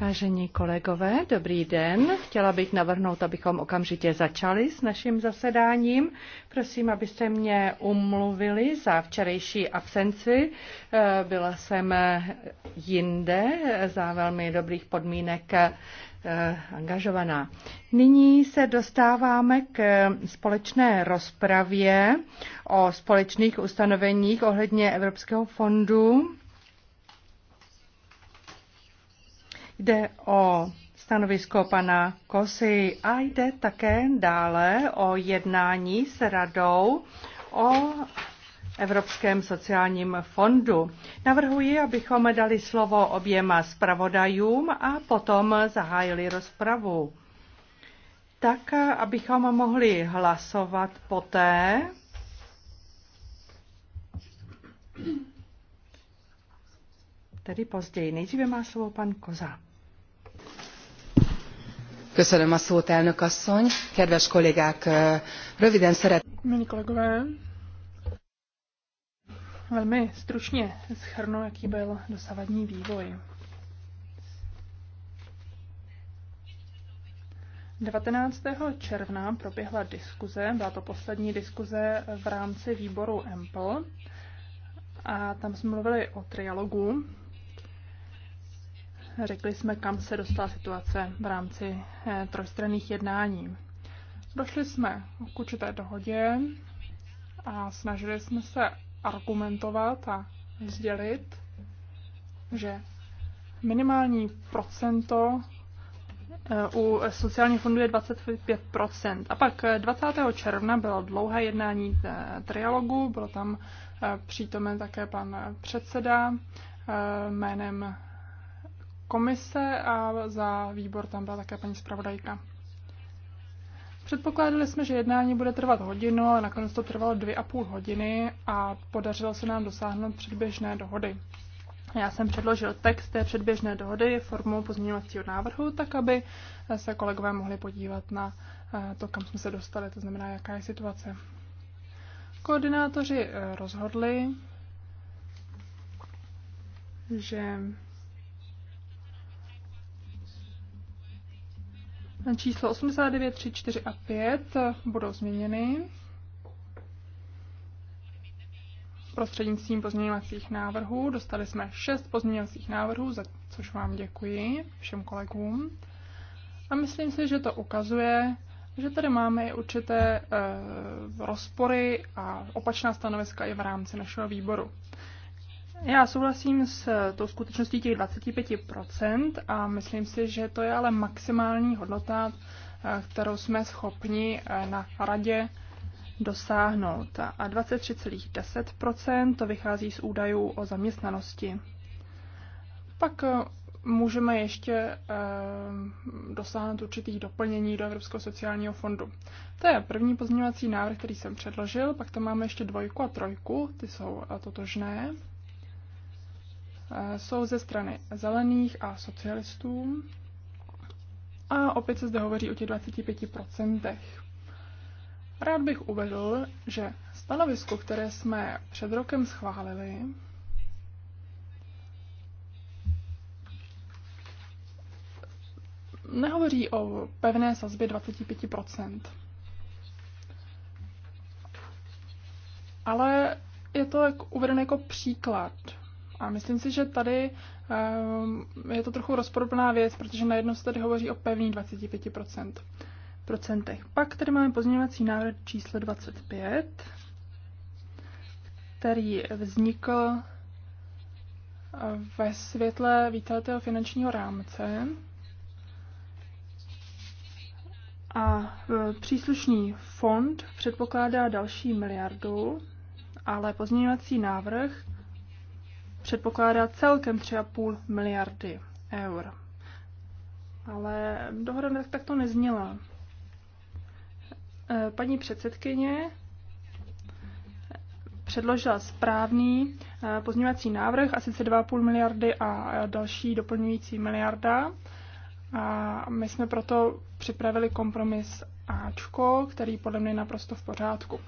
Vážení kolegové, dobrý den. Chtěla bych navrhnout, abychom okamžitě začali s naším zasedáním. Prosím, abyste mě umluvili za včerejší absenci. Eh, byla jsem jinde za velmi dobrých podmínek eh, Eh, angažovaná. Nyní se dostáváme k společné rozpravě o společných ustanoveních ohledně Evropského fondu. Jde o stanovisko pana Kosy a jde také dále o jednání s radou o Evropském sociálním fondu. Navrhuji, abychom dali slovo oběma zpravodajům a potom zahájili rozpravu. Tak, abychom mohli hlasovat poté. Tedy později. Nejdříve má slovo pan Koza. Köszönöm a szót, elnök asszony. Kedves kollégák, röviden szeret... Milí kolegové, velmi stručně schrnu, jaký byl dosavadní vývoj. 19. června proběhla diskuze, byla to poslední diskuze v rámci výboru EMPL a tam jsme mluvili o trialogu. Řekli jsme, kam se dostala situace v rámci eh, trojstranných jednání. Došli jsme k určité dohodě a snažili jsme se argumentovat a sdělit, že minimální procento eh, u sociálních fondů je 25%. A pak 20. Eh, června bylo dlouhé jednání eh, trialogu, bylo tam přítomen také pan předseda jménem komise a za výbor tam byla také paní zpravodajka. Předpokládali jsme, že jednání bude trvat hodinu, ale nakonec to trvalo dvě a půl hodiny a podařilo se nám dosáhnout předběžné dohody. Já jsem předložil text té předběžné dohody formou pozměňovacího návrhu, tak aby se kolegové mohli podívat na eh, to, kam jsme se dostali, to znamená, jaká je situace. Koordinátoři eh, rozhodli, že Číslo 89, 3, 4 a 5 budou změněny prostřednictvím pozměňovacích návrhů. Dostali jsme šest pozměňovacích návrhů, za což vám děkuji všem kolegům. A myslím si, že to ukazuje, že tady máme i určité e, rozpory a opačná stanoviska i v rámci našeho výboru. Já souhlasím s eh, tou skutečností těch 25% a myslím si, že to je ale maximální hodnota, eh, kterou jsme schopni eh, na radě dosáhnout. A 23,10% to vychází z údajů o zaměstnanosti. Pak můžeme ještě dosáhnout určitých doplnění do Evropského sociálního fondu. To je první pozměňovací návrh, který jsem předložil, pak tam máme ještě dvojku a trojku, ty jsou totožné. Eh, jsou ze strany zelených a socialistů. A opět se zde hovoří o těch 25%. Rád bych uvedl, že stanovisko, které jsme před rokem schválili, nehovoří o pevné sazbě 25%. Ale je to jak uveden jako příklad a myslím si, že tady ehm, je to trochu rozporuplná věc, protože najednou se tady hovoří o pevných 25%. Procentech. Pak tady máme pozměňovací návrh číslo 25, který vznikl eh, ve světle víceletého finančního rámce a eh, příslušný fond předpokládá další miliardu, ale pozměňovací návrh předpokládá celkem 3,5 miliardy eur. Ale dohoda tak to nezněla. E, paní předsedkyně předložila správný e, pozměňovací návrh, asi 2,5 miliardy a další doplňující miliarda. A my jsme proto připravili kompromis Ačko, který podle mě je naprosto v pořádku.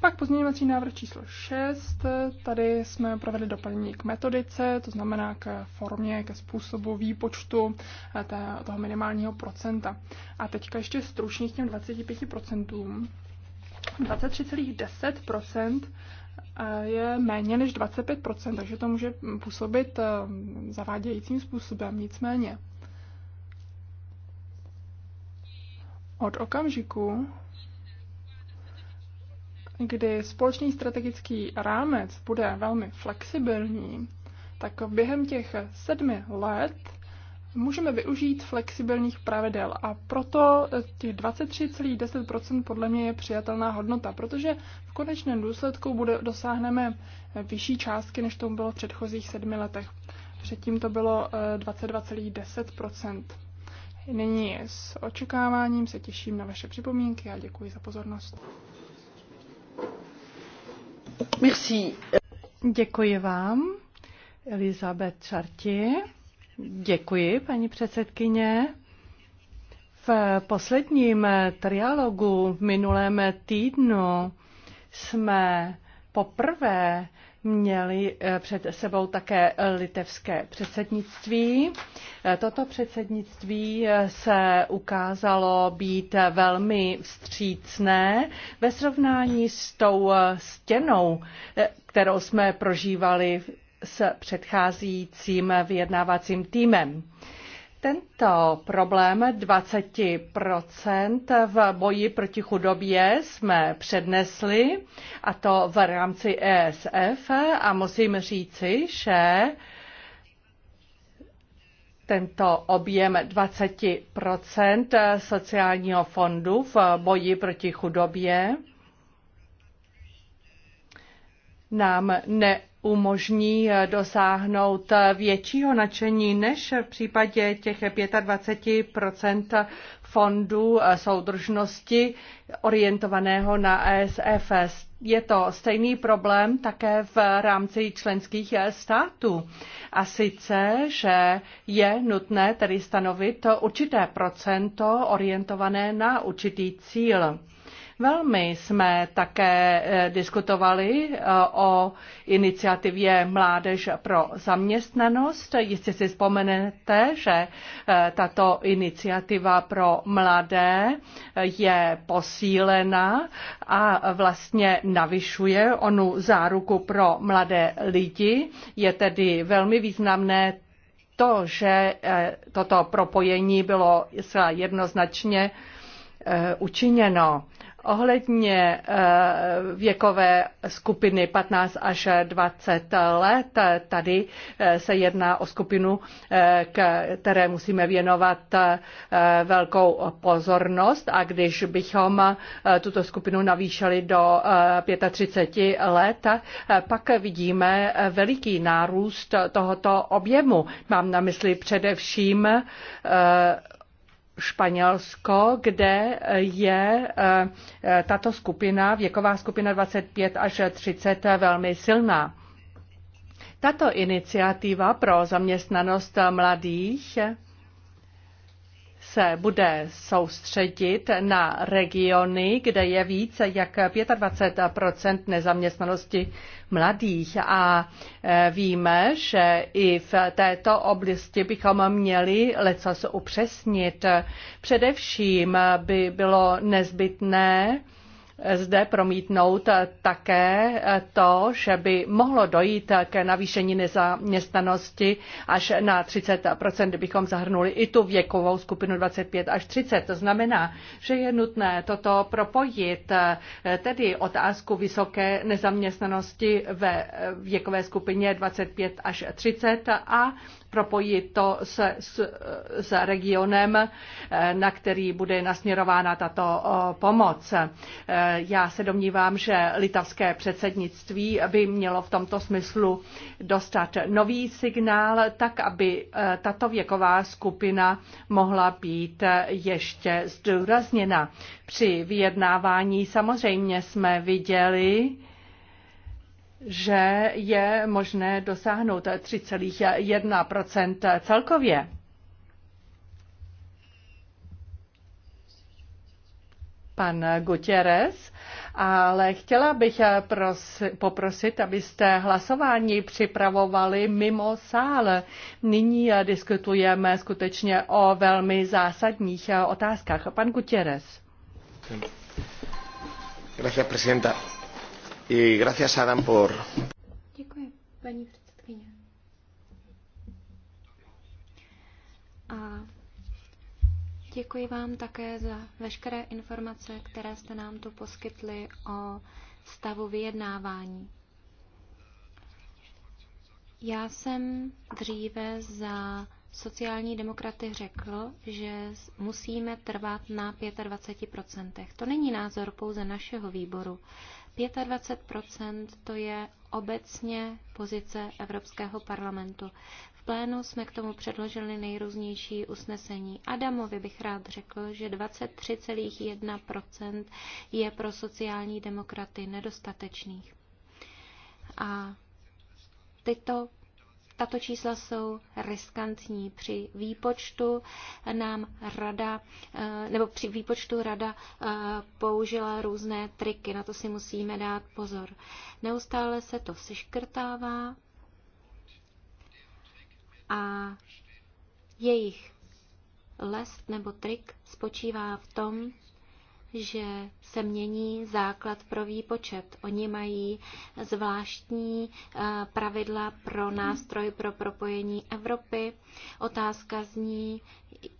Pak pozměňovací návrh číslo 6. Tady jsme provedli doplnění k metodice, to znamená k formě, ke způsobu výpočtu eh, toho minimálního procenta. A teďka ještě stručně k těm 25%. 23,10% eh, je méně než 25%, takže to může působit eh, zavádějícím způsobem, nicméně. Od okamžiku, kdy společný strategický rámec bude velmi flexibilní, tak během těch sedmi let můžeme využít flexibilních pravidel a proto těch 23,10% podle mě je přijatelná hodnota, protože v konečném důsledku bude, dosáhneme vyšší částky, než tomu bylo v předchozích sedmi letech. Předtím to bylo 22,10%. Eh, Nyní s očekáváním se těším na vaše připomínky a děkuji za pozornost. Děkuji vám, Elizabeth Chartier. Děkuji, paní předsedkyně. V posledním trialogu v minulém týdnu jsme poprvé měli eh, před sebou také litevské předsednictví. Eh, toto předsednictví eh, se ukázalo být velmi vstřícné ve srovnání s tou stěnou, kterou jsme prožívali s předcházícím vyjednávacím týmem. Tento problém 20 v boji proti chudobě jsme přednesli, a to v rámci ESF, a musím říci, že tento objem 20 sociálního fondu v boji proti chudobě nám ne umožní eh, dosáhnout eh, většího nadšení než v případě těch 25 fondu eh, soudržnosti orientovaného na ESF. Je to stejný problém také v rámci členských států. A sice, že je nutné tedy stanovit určité procento orientované na určitý cíl. Velmi jsme také eh, diskutovali eh, o iniciativě Mládež pro zaměstnanost. Jistě si vzpomenete, že eh, tato iniciativa pro mladé je posílena a vlastně navyšuje onu záruku pro mladé lidi. Je tedy velmi významné to, že toto propojení bylo jednoznačně učiněno. Ohledně eh, věkové skupiny 15 až 20 let, tady eh, se jedná o skupinu, eh, které musíme věnovat velkou pozornost a když bychom tuto skupinu navýšili do 35 let, pak vidíme veliký nárůst tohoto objemu. Mám na mysli především Španělsko, kde je eh, tato skupina, věková skupina 25 až 30 eh, velmi silná. Tato iniciativa pro zaměstnanost mladých se bude soustředit na regiony, kde je více jak 25 nezaměstnanosti mladých. A e, víme, že i v této oblasti bychom měli lecos upřesnit. Především by bylo nezbytné zde promítnout také to, že by mohlo dojít k navýšení nezaměstnanosti až na 30 kdybychom zahrnuli i tu věkovou skupinu 25 až 30. To znamená, že je nutné toto propojit, tedy otázku vysoké nezaměstnanosti ve věkové skupině 25 až 30 a propojit to se, s, s regionem, eh, na který bude nasměrována tato pomoc. Eh, já se domnívám, že litavské předsednictví by mělo v tomto smyslu dostat nový signál, tak aby eh, tato věková skupina mohla být ještě zdůrazněna. Při vyjednávání samozřejmě jsme viděli, že je možné dosáhnout 3,1 celkově. Pan Gutierrez ale chtěla bych poprosit, abyste hlasování připravovali mimo sál. Nyní diskutujeme skutečně o velmi zásadních otázkách. Pan Gutierrez. Gracias, Y gracias, Adam, por... Děkuji, paní předsedkyně. A děkuji vám také za veškeré informace, které jste nám tu poskytli o stavu vyjednávání. Já jsem dříve za sociální demokraty řekl, že musíme trvat na 25%. To není názor pouze našeho výboru. 25% to je obecně pozice Evropského parlamentu. V plénu jsme k tomu předložili nejrůznější usnesení. Adamovi bych rád řekl, že 23,1% je pro sociální demokraty nedostatečných. A tyto tato čísla jsou riskantní. Při výpočtu nám rada, eh, nebo při výpočtu rada eh, použila různé triky, na to si musíme dát pozor. Neustále se to seškrtává a jejich lest nebo trik spočívá v tom, že se mění základ pro výpočet. Oni mají zvláštní eh, pravidla pro nástroj pro propojení Evropy. Otázka zní,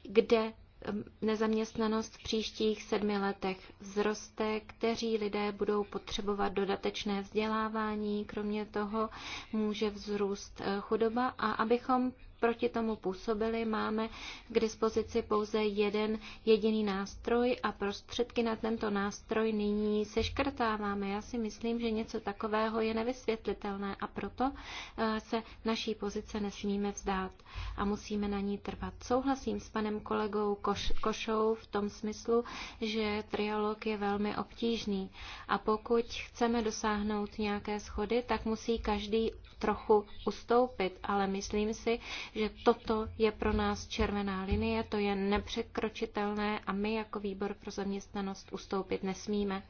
kde hm, nezaměstnanost v příštích sedmi letech vzroste, kteří lidé budou potřebovat dodatečné vzdělávání, kromě toho může vzrůst eh, chudoba a abychom proti tomu působili. Máme k dispozici pouze jeden jediný nástroj a prostředky na tento nástroj nyní seškrtáváme. Já si myslím, že něco takového je nevysvětlitelné a proto eh, se naší pozice nesmíme vzdát a musíme na ní trvat. Souhlasím s panem kolegou Koš, Košou v tom smyslu, že trialog je velmi obtížný a pokud chceme dosáhnout nějaké schody, tak musí každý trochu ustoupit, ale myslím si, že toto je pro nás červená linie, to je nepřekročitelné a my jako výbor pro zaměstnanost ustoupit nesmíme.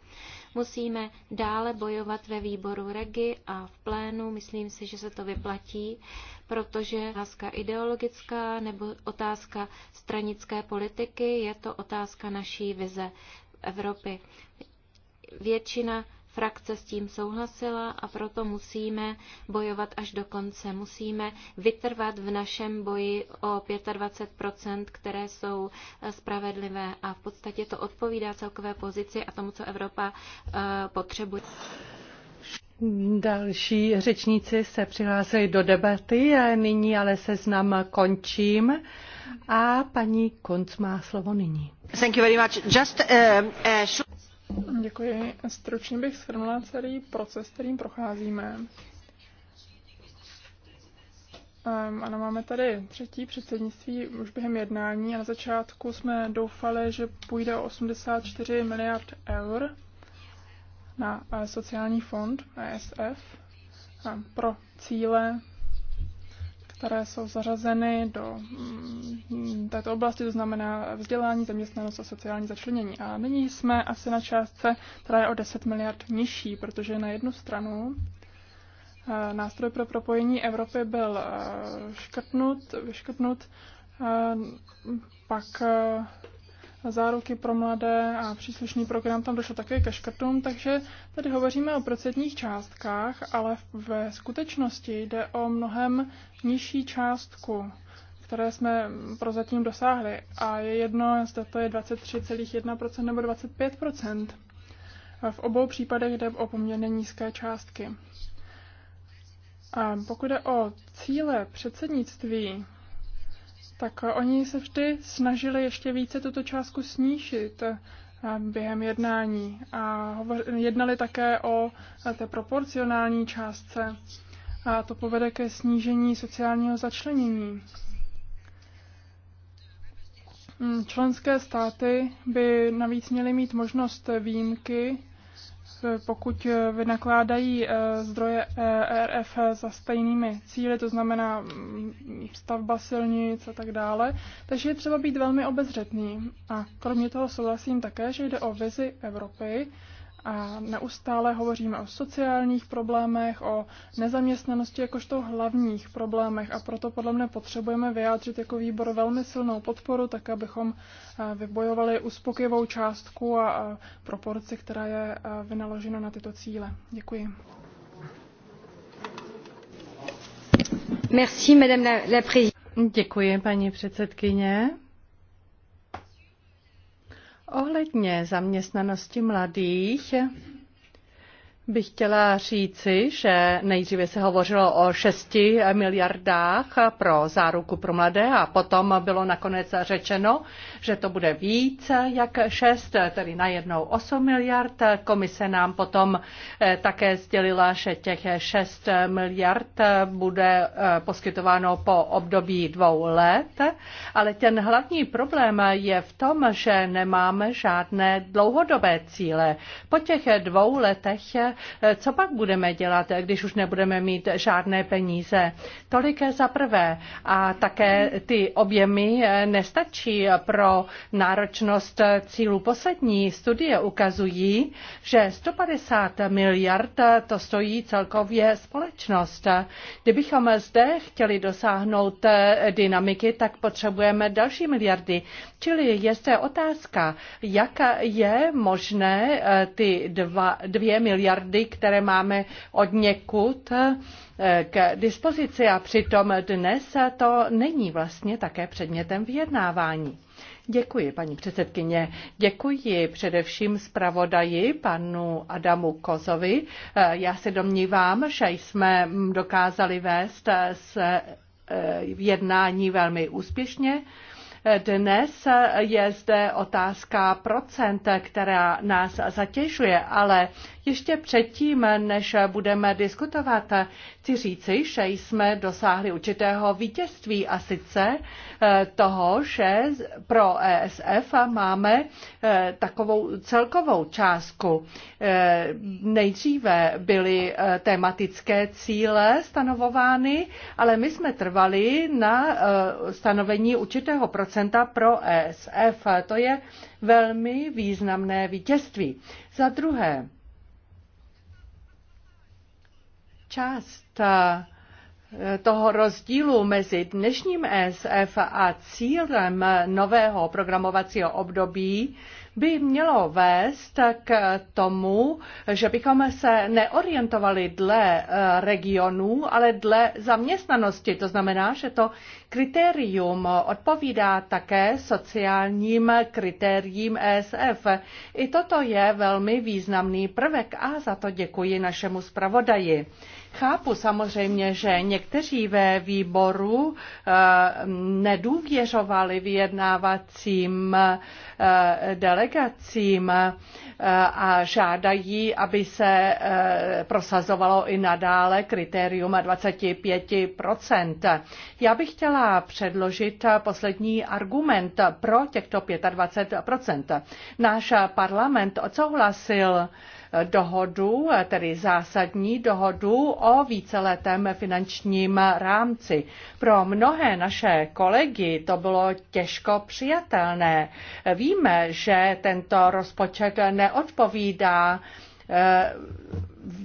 Musíme dále bojovat ve výboru REGI a v plénu, myslím si, že se to vyplatí, protože otázka ideologická nebo otázka stranické politiky je to otázka naší vize Evropy. Většina frakce s tím souhlasila a proto musíme bojovat až do konce. Musíme vytrvat v našem boji o 25%, které jsou eh, spravedlivé a v podstatě to odpovídá celkové pozici a tomu, co Evropa eh, potřebuje. Další řečníci se přihlásili do debaty, nyní ale seznam končím. A paní Konc má slovo nyní. Thank you very much. Just, uh, uh, Děkuji. Stručně bych shrnula celý proces, kterým procházíme. Ano, máme tady třetí předsednictví už během jednání a na začátku jsme doufali, že půjde o 84 miliard eur na eh, sociální fond ESF pro cíle které jsou zařazeny do mm, této oblasti, to znamená vzdělání, zaměstnanost a sociální začlenění. A nyní jsme asi na částce, která je o 10 miliard nižší, protože na jednu stranu eh, nástroj pro propojení Evropy byl eh, škrtnut, vyškrtnut, eh, pak záruky pro mladé a příslušný program, tam došlo také ke škrtům, takže tady hovoříme o procentních částkách, ale ve skutečnosti jde o mnohem nižší částku, které jsme prozatím dosáhli. A je jedno, jestli to je 23,1% nebo 25%. V obou případech jde o poměrně nízké částky. A pokud jde o cíle předsednictví, tak eh, oni se vždy snažili ještě více tuto částku snížit eh, během jednání a jednali také o eh, té proporcionální částce a to povede ke snížení sociálního začlenění. Hmm, členské státy by navíc měly mít možnost výjimky pokud eh, vynakládají eh, zdroje eh, e RF za stejnými cíly, to znamená mm, stavba silnic a tak dále. Takže je třeba být velmi obezřetný. A kromě toho souhlasím také, že jde o vizi Evropy, a neustále hovoříme o sociálních problémech, o nezaměstnanosti jakožto hlavních problémech a proto podle mne potřebujeme vyjádřit jako výbor velmi silnou podporu, tak abychom vybojovali uspokojivou částku a proporci, která je vynaložena na tyto cíle. Děkuji. Merci, madame la, la Děkuji, paní předsedkyně. Ohledně zaměstnanosti mladých bych chtěla říci, že nejdříve se hovořilo o 6 miliardách pro záruku pro mladé a potom bylo nakonec řečeno, že to bude více jak 6, tedy najednou 8 miliard. Komise nám potom eh, také sdělila, že těch 6 miliard bude eh, poskytováno po období dvou let, ale ten hlavní problém je v tom, že nemáme žádné dlouhodobé cíle. Po těch dvou letech Eh, co pak budeme dělat, eh, když už nebudeme mít žádné peníze? Tolik eh, za prvé. A také ty objemy nestačí pro náročnost cílu. Poslední studie ukazují, že 150 miliard to stojí celkově společnost. Kdybychom zde chtěli dosáhnout dynamiky, tak potřebujeme další miliardy. Čili je zde otázka, jak je možné ty dva, dvě miliardy miliardy, které máme od někud eh, k dispozici a přitom dnes to není vlastně také předmětem vyjednávání. Děkuji, paní předsedkyně. Děkuji především zpravodaji, panu Adamu Kozovi. Eh, já se domnívám, že jsme dokázali vést eh, s jednání velmi úspěšně. Dnes je zde otázka procent, která nás zatěžuje, ale ještě předtím, než budeme diskutovat, chci říci, že jsme dosáhli určitého vítězství a sice eh, toho, že pro ESF máme eh, takovou celkovou částku. Eh, nejdříve byly tematické cíle stanovovány, ale my jsme trvali na stanovení určitého procenta pro ESF. To je velmi významné vítězství. Za druhé, část eh, toho rozdílu mezi dnešním ESF a cílem nového programovacího období by mělo vést k tomu, že bychom se neorientovali dle eh, regionů, ale dle zaměstnanosti. To znamená, že to kritérium odpovídá také sociálním kritériím ESF. I toto je velmi významný prvek a za to děkuji našemu zpravodaji. Chápu samozřejmě, že někteří ve výboru eh, nedůvěřovali vyjednávacím eh, delegacím eh, a žádají, aby se prosazovalo i nadále kritérium 25 Já bych chtěla předložit poslední argument pro těchto 25 Náš parlament odsouhlasil dohodu, tedy zásadní dohodu o víceletém finančním rámci. Pro mnohé naše kolegy to bylo těžko přijatelné. Víme, že tento rozpočet neodpovídá Eh,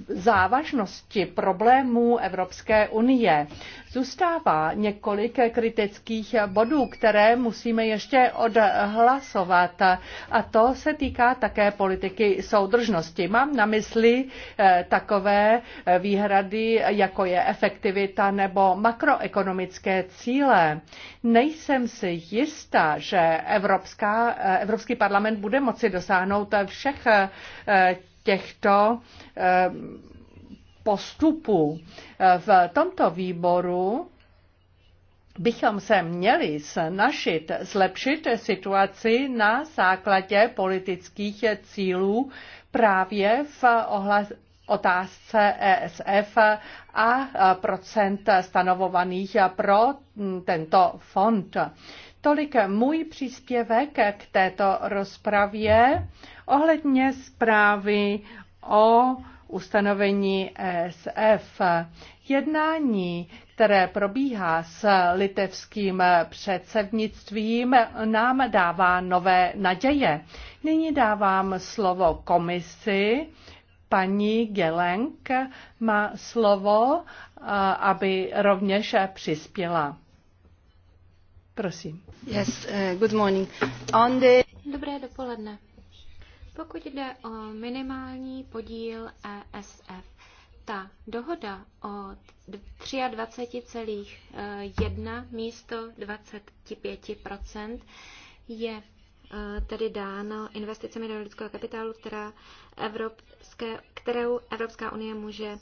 závažnosti problémů Evropské unie. Zůstává několik kritických bodů, které musíme ještě odhlasovat a to se týká také politiky soudržnosti. Mám na mysli eh, takové eh, výhrady, jako je efektivita nebo makroekonomické cíle. Nejsem si jistá, že Evropská, Evropský parlament bude moci dosáhnout všech těchto eh, postupů. Eh, v tomto výboru bychom se měli snažit zlepšit situaci na základě politických cílů právě v ohlas, otázce ESF a eh, procent stanovovaných pro hm, tento fond. Tolik můj příspěvek k této rozpravě ohledně zprávy o ustanovení ESF. Jednání, které probíhá s litevským předsednictvím, nám dává nové naděje. Nyní dávám slovo komisi. Paní Gelenk má slovo, aby rovněž přispěla. Prosím. Yes, uh, good morning. On the... Dobré dopoledne. Pokud jde o minimální podíl ESF, ta dohoda o 23,1 místo 25 je e, tedy dáno investicemi do lidského kapitálu, která Evropské, kterou Evropská unie může e,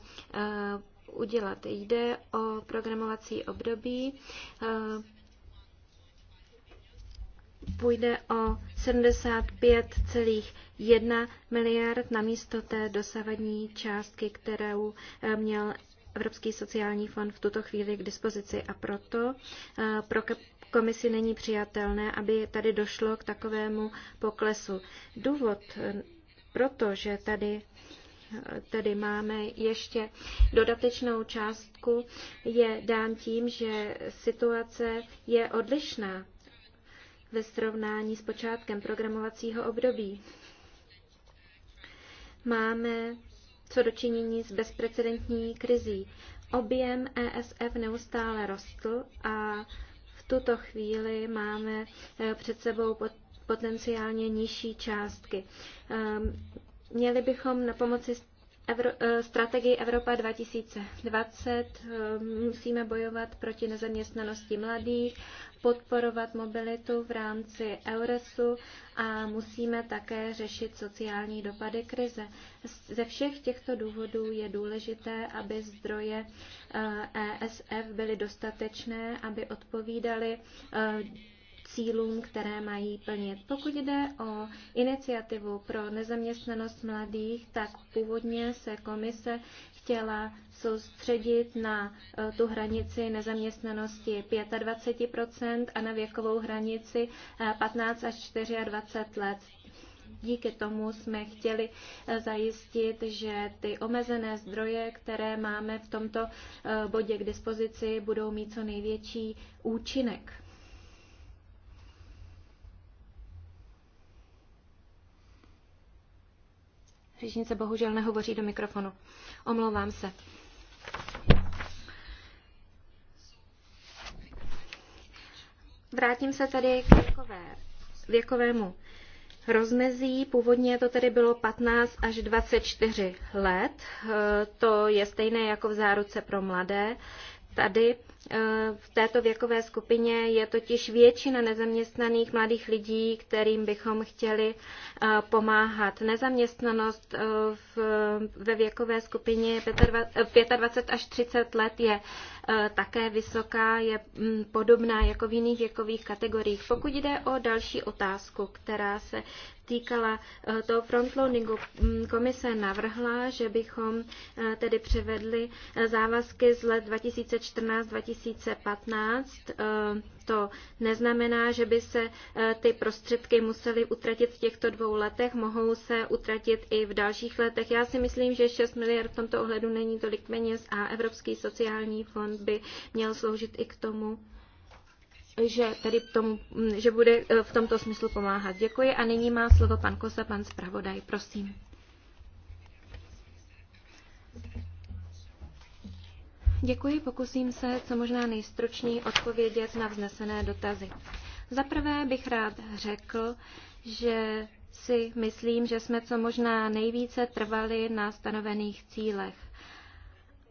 udělat. Jde o programovací období e, půjde o 75,1 miliard na místo té dosavadní částky, kterou eh, měl Evropský sociální fond v tuto chvíli k dispozici a proto eh, pro komisi není přijatelné, aby tady došlo k takovému poklesu. Důvod, eh, že tady tady máme ještě dodatečnou částku, je dán tím, že situace je odlišná ve srovnání s počátkem programovacího období. Máme co dočinění s bezprecedentní krizí. Objem ESF neustále rostl a v tuto chvíli máme eh, před sebou potenciálně nižší částky. Ehm, měli bychom na pomoci Evro- eh, strategii Evropa 2020 eh, musíme bojovat proti nezaměstnanosti mladých, podporovat mobilitu v rámci Euresu a musíme také řešit sociální dopady krize. Ze všech těchto důvodů je důležité, aby zdroje ESF eh, e byly dostatečné, aby odpovídaly cílům, které mají plnit. Pokud jde o iniciativu pro nezaměstnanost mladých, tak původně se komise chtěla soustředit na eh, tu hranici nezaměstnanosti 25 a na věkovou hranici 15 eh, až 24 let. Díky tomu jsme chtěli eh, zajistit, že ty omezené zdroje, které máme v tomto bodě k dispozici, budou mít co největší účinek. Řečnice bohužel nehovoří do mikrofonu. Omlouvám se. Vrátím se tady k věkové, věkovému rozmezí. Původně to tedy bylo 15 až 24 let. E, to je stejné jako v záruce pro mladé. Tady Eh, v této věkové skupině je totiž většina nezaměstnaných mladých lidí, kterým bychom chtěli eh, pomáhat. Nezaměstnanost eh, ve věkové skupině 25 až 30 let je také vysoká, je mm, podobná jako v jiných věkových kategoriích. Pokud jde o další otázku, která se týkala eh, toho frontloadingu, mm, komise navrhla, že bychom eh, tedy převedli eh, závazky z let 2014-2015. To neznamená, že by se ty prostředky musely utratit v těchto dvou letech, mohou se utratit i v dalších letech. Já si myslím, že 6 miliard v tomto ohledu není tolik peněz a Evropský sociální fond by měl sloužit i k tomu, že tedy tomu, že bude eh, v tomto smyslu pomáhat. Děkuji a nyní má slovo pan Kosa, pan zpravodaj, prosím. Děkuji, pokusím se co možná nejstručněji odpovědět na vznesené dotazy. Za prvé bych rád řekl, že si myslím, že jsme co možná nejvíce trvali na stanovených cílech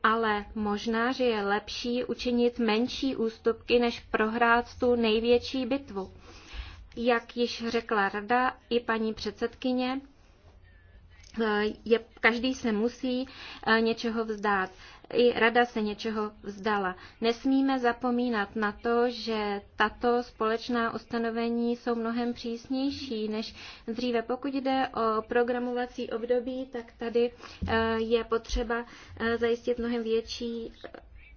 ale možná, že je lepší učinit menší ústupky, než prohrát tu největší bitvu. Jak již řekla rada i paní předsedkyně, eh, je, každý se musí eh, něčeho vzdát i rada se něčeho vzdala. Nesmíme zapomínat na to, že tato společná ustanovení jsou mnohem přísnější než dříve. Pokud jde o programovací období, tak tady eh, je potřeba eh, zajistit mnohem větší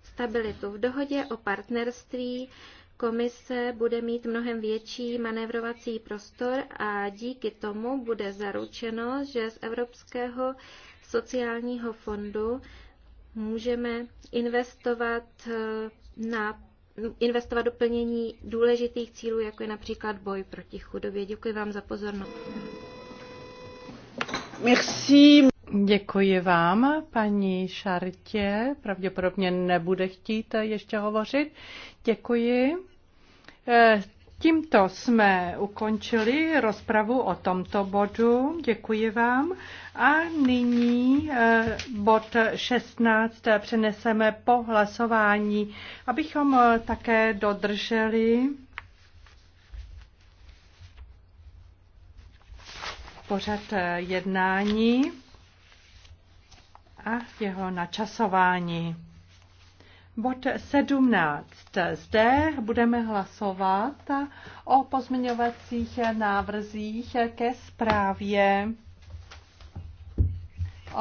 stabilitu. V dohodě o partnerství komise bude mít mnohem větší manévrovací prostor a díky tomu bude zaručeno, že z Evropského sociálního fondu můžeme investovat eh, na investovat do plnění důležitých cílů, jako je například boj proti chudobě. Děkuji vám za pozornost. Merci. Děkuji vám, paní Šartě. Pravděpodobně nebude chtít ještě hovořit. Děkuji. Eh, Tímto jsme ukončili rozpravu o tomto bodu. Děkuji vám. A nyní eh, bod 16 eh, přeneseme po hlasování, abychom eh, také dodrželi pořad jednání a jeho načasování. Bod 17. Zde budeme hlasovat o pozměňovacích návrzích ke zprávě,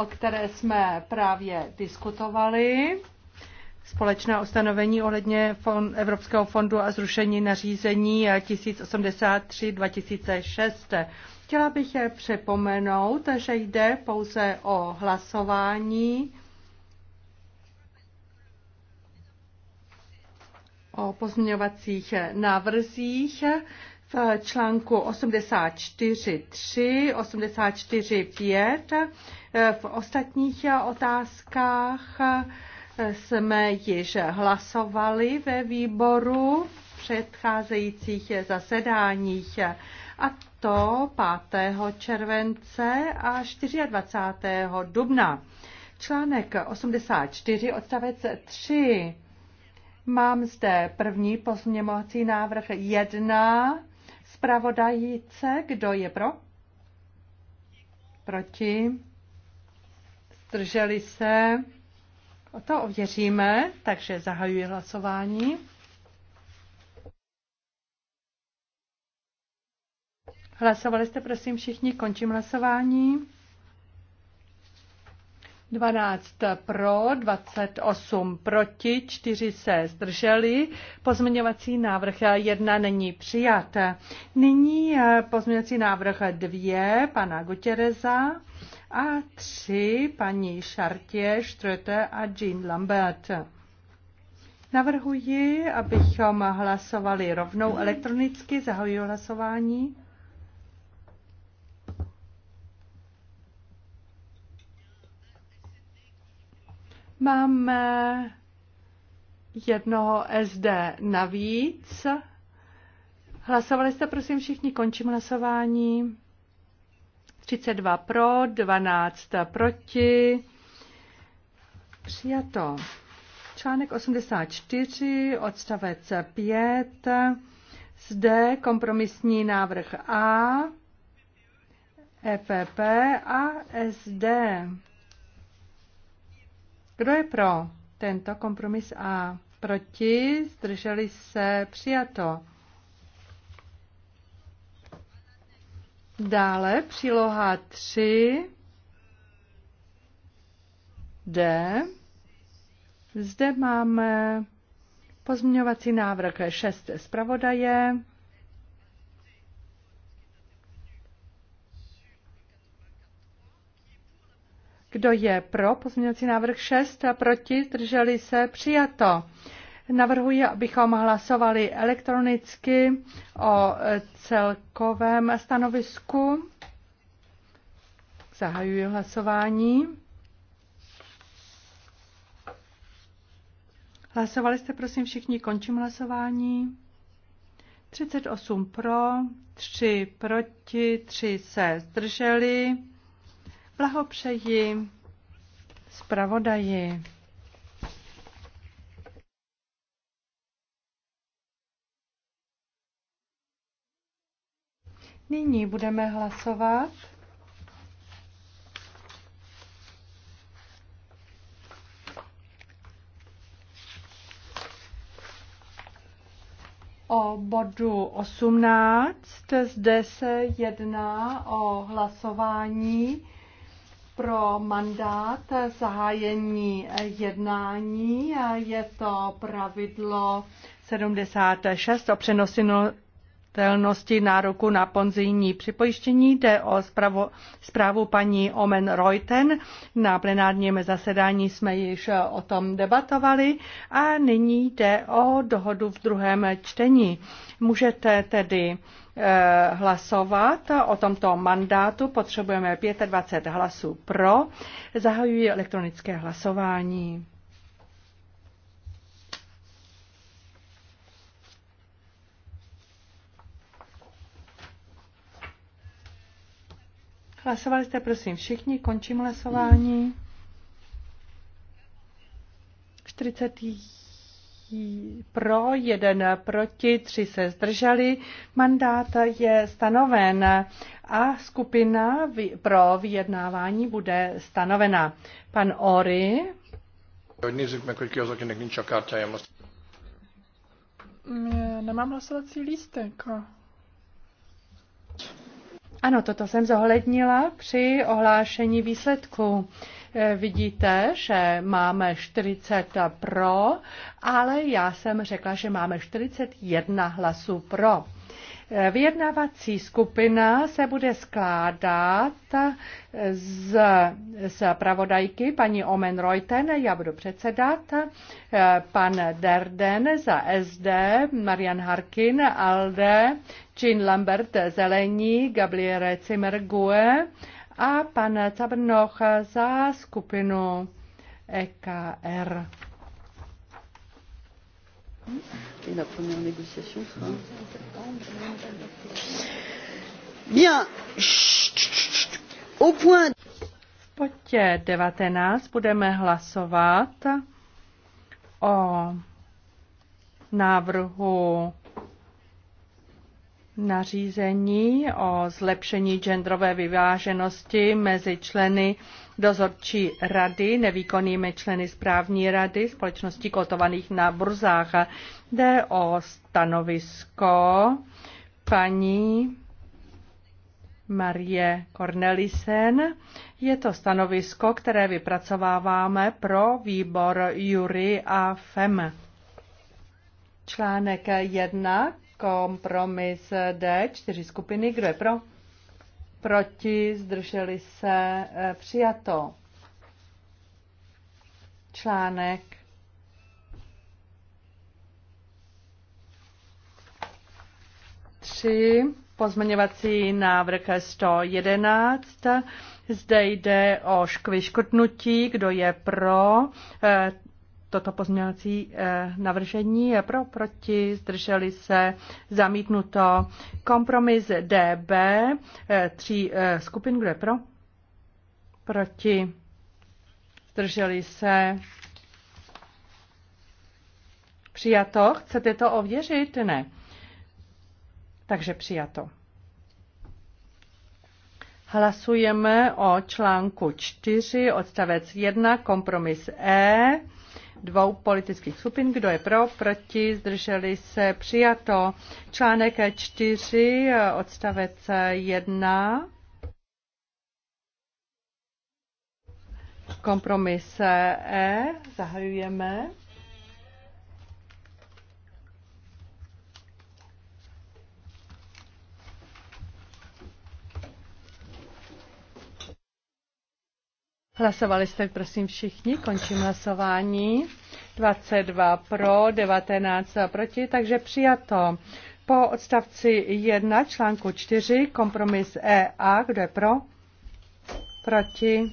o které jsme právě diskutovali. Společná ustanovení ohledně Evropského fondu a zrušení nařízení 1083-2006. Chtěla bych je připomenout, že jde pouze o hlasování o pozměňovacích návrzích v článku 84.3, 84.5. V ostatních otázkách jsme již hlasovali ve výboru v předcházejících zasedáních a to 5. července a 24. dubna. Článek 84 odstavec 3 Mám zde první pozměňovací návrh jedna. zpravodajíce. Kdo je pro? Proti? Zdrželi se? O to ověříme, takže zahajuji hlasování. Hlasovali jste prosím všichni, končím hlasování. 12 pro, 28 proti, 4 se zdrželi. Pozměňovací návrh 1 není přijat. Nyní pozměňovací návrh 2 pana Gutereza a 3 paní Šartě, Štrete a Jean Lambert. Navrhuji, abychom hlasovali rovnou elektronicky. Zahajuji hlasování. Máme jednoho SD navíc. Hlasovali jste, prosím, všichni, končím hlasování. 32 pro, 12 proti. Přijato. Článek 84, odstavec 5. Zde kompromisní návrh A, EPP a SD. Kdo je pro tento kompromis A? Proti? Zdrželi se? Přijato. Dále příloha 3. D. Zde máme pozměňovací návrh 6 zpravodaje. Kdo je pro pozměňovací návrh 6 a proti, drželi se, přijato. Navrhuji, abychom hlasovali elektronicky o celkovém stanovisku. Zahajuji hlasování. Hlasovali jste, prosím, všichni, končím hlasování. 38 pro, 3 proti, 3 se zdrželi. Blahopřeji zpravodaji. Nyní budeme hlasovat. O bodu 18 zde se jedná o hlasování pro mandát zahájení jednání. Je to pravidlo 76 o přenositelnosti nároku na ponzijní připojištění. Jde o zpravo, zprávu paní Omen Reuten. Na plenárním zasedání jsme již o tom debatovali a nyní jde o dohodu v druhém čtení. Můžete tedy Eh, hlasovat o tomto mandátu. Potřebujeme 25 hlasů pro. Zahajuji elektronické hlasování. Hlasovali jste, prosím, všichni. Končím hlasování. 40 pro, jeden proti, tři se zdrželi. Mandát je stanoven a skupina pro vyjednávání bude stanovena. Pan Ory. Nemám hlasovací lístek. Ano, toto jsem zohlednila při ohlášení výsledku. Eh, vidíte, že máme 40 pro, ale já jsem řekla, že máme 41 hlasů pro. Eh, vyjednávací skupina se bude skládat eh, z, z pravodajky paní Omen Reuten, já budu předsedat, pan Derden za SD, Marian Harkin, Alde, Jean Lambert Zelení, Gabriele Zimmergue a pan Cabrnoch za skupinu EKR. Bien. V potě 19 budeme hlasovat o návrhu nařízení o zlepšení genderové vyváženosti mezi členy dozorčí rady, nevýkonnými členy správní rady společností kotovaných na burzách. Jde o stanovisko paní Marie Cornelisen. Je to stanovisko, které vypracováváme pro výbor Jury a FEM. Článek 1 Kompromis D, čtyři skupiny. Kdo je pro? Proti, zdrželi se, eh, přijato. Článek tři, pozměňovací návrh 111. Zde jde o škviškrtnutí, kdo je pro, eh, toto pozměňovací eh, navržení je pro, proti, zdrželi se, zamítnuto. Kompromis DB, eh, tří eh, skupin, kdo je pro, proti, zdrželi se, přijato. Chcete to ověřit? Ne. Takže přijato. Hlasujeme o článku 4, odstavec 1, kompromis E dvou politických skupin. Kdo je pro, proti, zdrželi se, přijato. Článek 4, odstavec 1. Kompromise E. Zahajujeme. Hlasovali jste, prosím, všichni. Končím hlasování. 22 pro, 19 proti, takže přijato. Po odstavci 1 článku 4 kompromis EA, kdo je pro? Proti?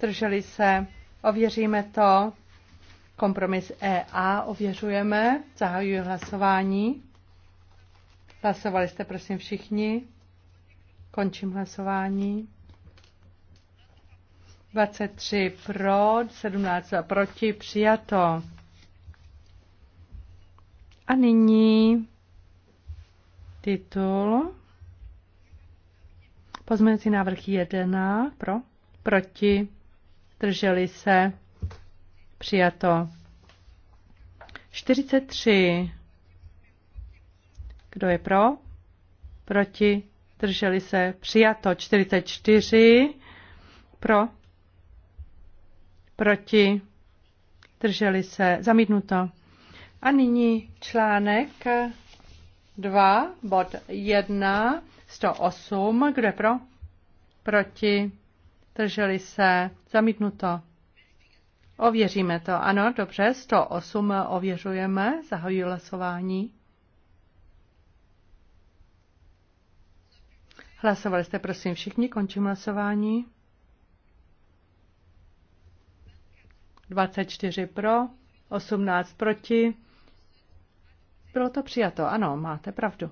Drželi se? Ověříme to. Kompromis EA ověřujeme. Zahajuji hlasování. Hlasovali jste, prosím, všichni. Končím hlasování. 23 pro, 17 proti, přijato. A nyní titul. Pozměňovací návrh 1 pro, proti, drželi se, přijato. 43. Kdo je pro? Proti, drželi se, přijato. 44 pro, proti, drželi se, zamítnuto. A nyní článek 2, bod 1, 108, kdo je pro, proti, drželi se, zamítnuto. Ověříme to, ano, dobře, 108 ověřujeme, zahojí hlasování. Hlasovali jste prosím všichni, končím hlasování. 24 pro, 18 proti. Bylo to přijato, ano, máte pravdu.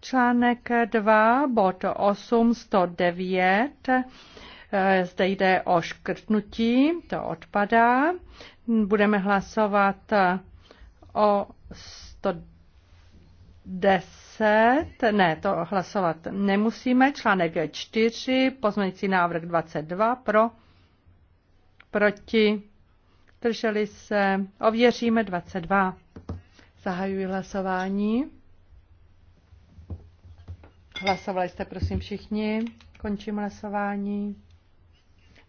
Článek 2, bod 8, 109. Eh, zde jde o škrtnutí, to odpadá. Budeme hlasovat eh, o 110, ne, to hlasovat nemusíme. Článek 4, pozměňující návrh 22 pro proti, drželi se, ověříme 22. Zahajuji hlasování. Hlasovali jste, prosím, všichni. Končím hlasování.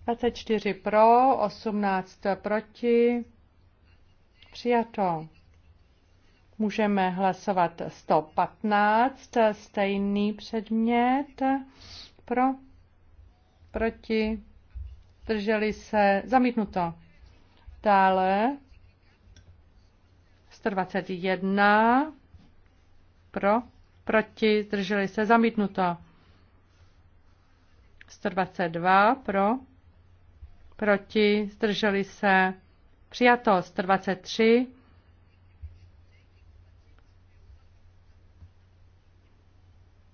24 pro, 18 proti. Přijato. Můžeme hlasovat 115, stejný předmět. Pro, proti, zdrželi se, zamítnuto. Dále 121 pro, proti, zdrželi se, zamítnuto. 122 pro, proti, zdrželi se, přijato. 123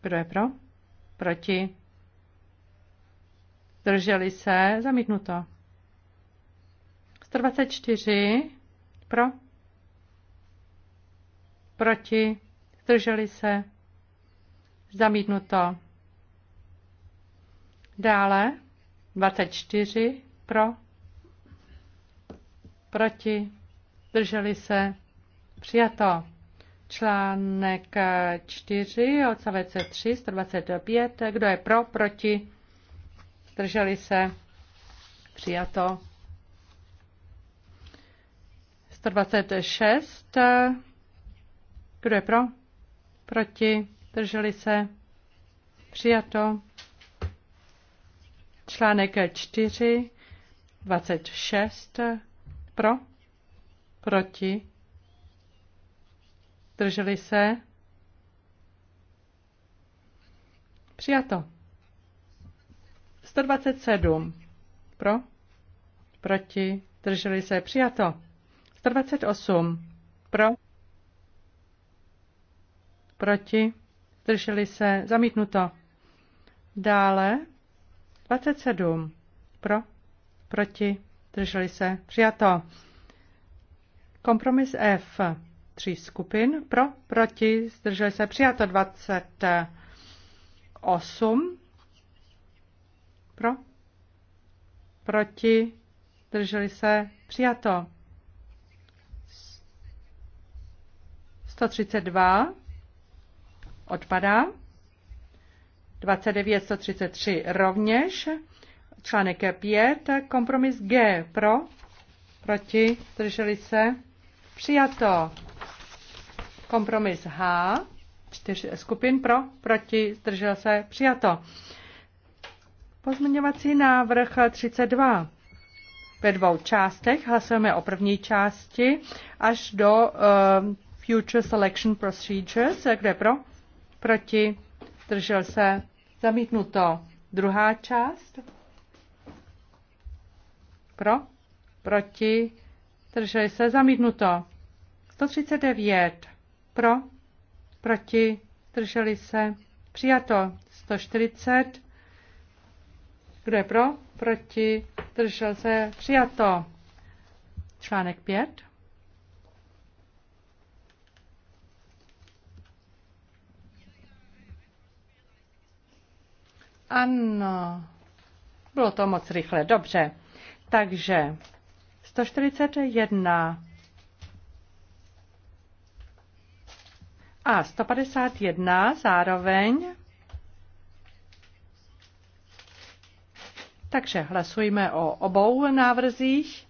Kdo je pro? Proti? Zdrželi se? Zamítnuto. 124 pro? Proti? Zdrželi se? Zamítnuto. Dále 24 pro? Proti? Zdrželi se? Přijato. Článek 4, odstavec 3, 125. Kdo je pro, proti? zdrželi se, přijato. 126, kdo je pro, proti, zdrželi se, přijato. Článek 4, 26, pro, proti, zdrželi se, přijato. 127 pro, proti, drželi se, přijato. 128 pro, proti, drželi se, zamítnuto. Dále 27 pro, proti, drželi se, přijato. Kompromis F. Tří skupin pro, proti, zdrželi se, přijato 28 pro? Proti? Drželi se? Přijato. 132 odpadá. 29, 133 rovněž. Článek 5, kompromis G pro, proti, drželi se, přijato. Kompromis H, čtyř skupin pro, proti, zdržel se, přijato. Pozměňovací návrh 32. Ve dvou částech hlasujeme o první části až do uh, Future Selection Procedures. Kde pro? Proti? Držel se? Zamítnuto. Druhá část? Pro? Proti? Drželi se? Zamítnuto. 139. Pro? Proti? Drželi se? Přijato. 140 kdo je pro? Proti? Držel se? Přijato. Článek 5. Ano. Bylo to moc rychle. Dobře. Takže 141 a 151 zároveň. Takže hlasujme o obou návrzích.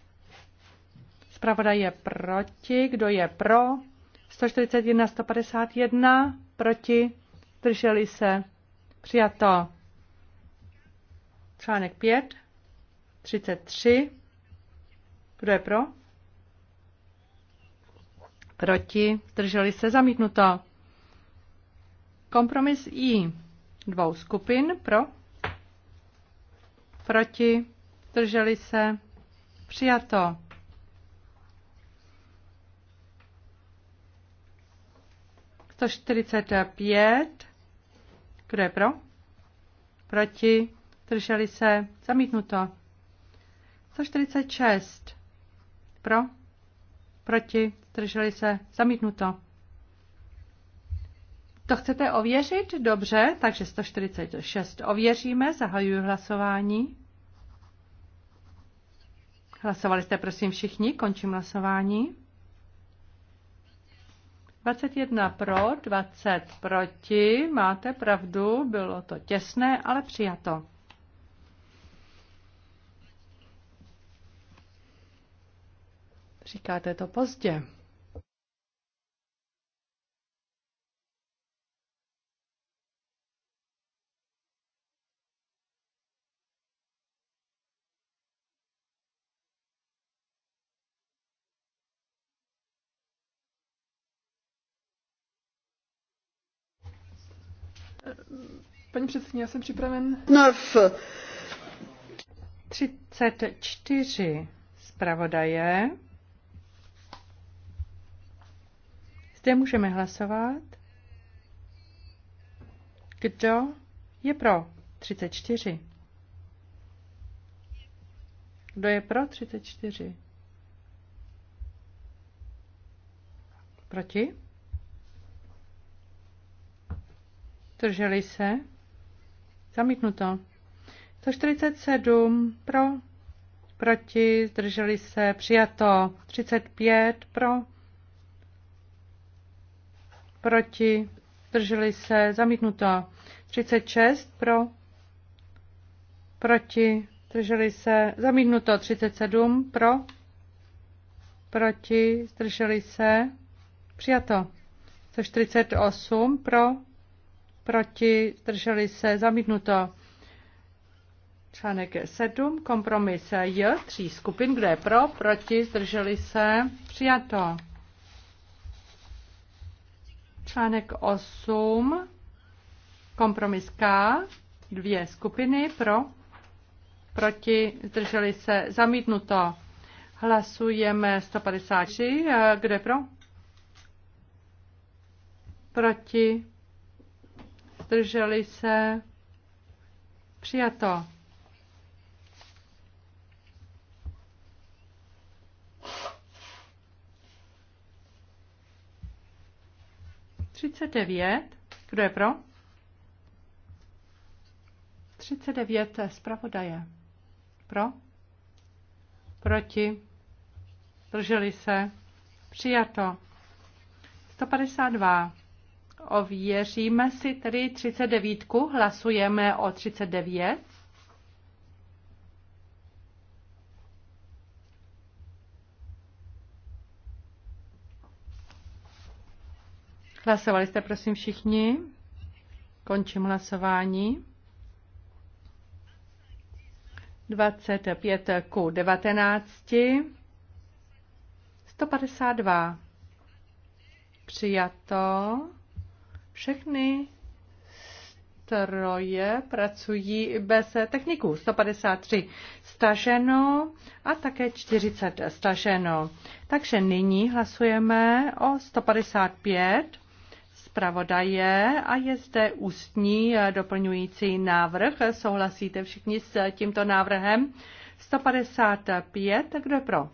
Zpravodaj je proti. Kdo je pro? 141, 151. Proti? Drželi se? Přijato. Článek 5. 33. Kdo je pro? Proti? Drželi se? Zamítnuto. Kompromis I. Dvou skupin. Pro? proti, Drželi se, přijato. Sto čtyřicet pět, kdo je pro? Proti, Drželi se, zamítnuto. 146. Pro? Proti? Drželi se? Zamítnuto. To chcete ověřit? Dobře, takže 146 ověříme, zahajuji hlasování. Hlasovali jste prosím všichni, končím hlasování. 21 pro, 20 proti, máte pravdu, bylo to těsné, ale přijato. Říkáte to pozdě. Paní předsedkyně, já jsem připraven. 34 zpravodaje. Zde můžeme hlasovat. Kdo je pro 34? Kdo je pro 34? Proti? Drželi se? Zamítnuto. 147 pro, proti, zdrželi se, přijato. 35 pro, proti, zdrželi se, zamítnuto. 36 pro, proti, zdrželi se, zamítnuto. 37 pro, proti, zdrželi se, přijato. 148 pro, proti, zdrželi se, zamítnuto. Článek 7, kompromis J, tří skupin, kde je pro, proti, zdrželi se, přijato. Článek 8, kompromis K, dvě skupiny, pro, proti, zdrželi se, zamítnuto. Hlasujeme 153, kde pro? Proti, zdrželi se, přijato. Třicet devět, kdo je pro? Třicet devět, zpravodaje. Pro? Proti? Drželi se? Přijato. 152. Ověříme si tedy 39. Hlasujeme o 39. Hlasovali jste, prosím, všichni. Končím hlasování. 25 k. 19. 152. Přijato. Všechny stroje pracují bez techniků. 153 staženo a také 40 staženo. Takže nyní hlasujeme o 155 zpravodaje a je zde ústní doplňující návrh. Souhlasíte všichni s tímto návrhem? 155, kdo je pro?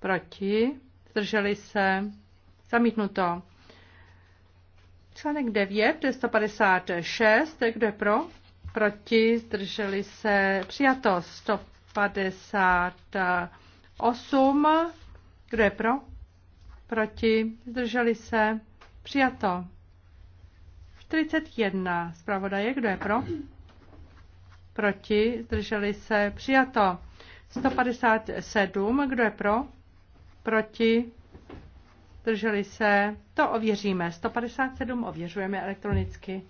Proti? Zdrželi se? Zamítnuto. Článek 9, 156, kdo je pro? Proti, zdrželi se, přijato 158, kdo je pro? Proti, zdrželi se, přijato 41, zpravodaje, kdo je pro? Proti, zdrželi se, přijato 157, kdo je pro? Proti, Zdrželi se? To ověříme. 157 ověřujeme elektronicky.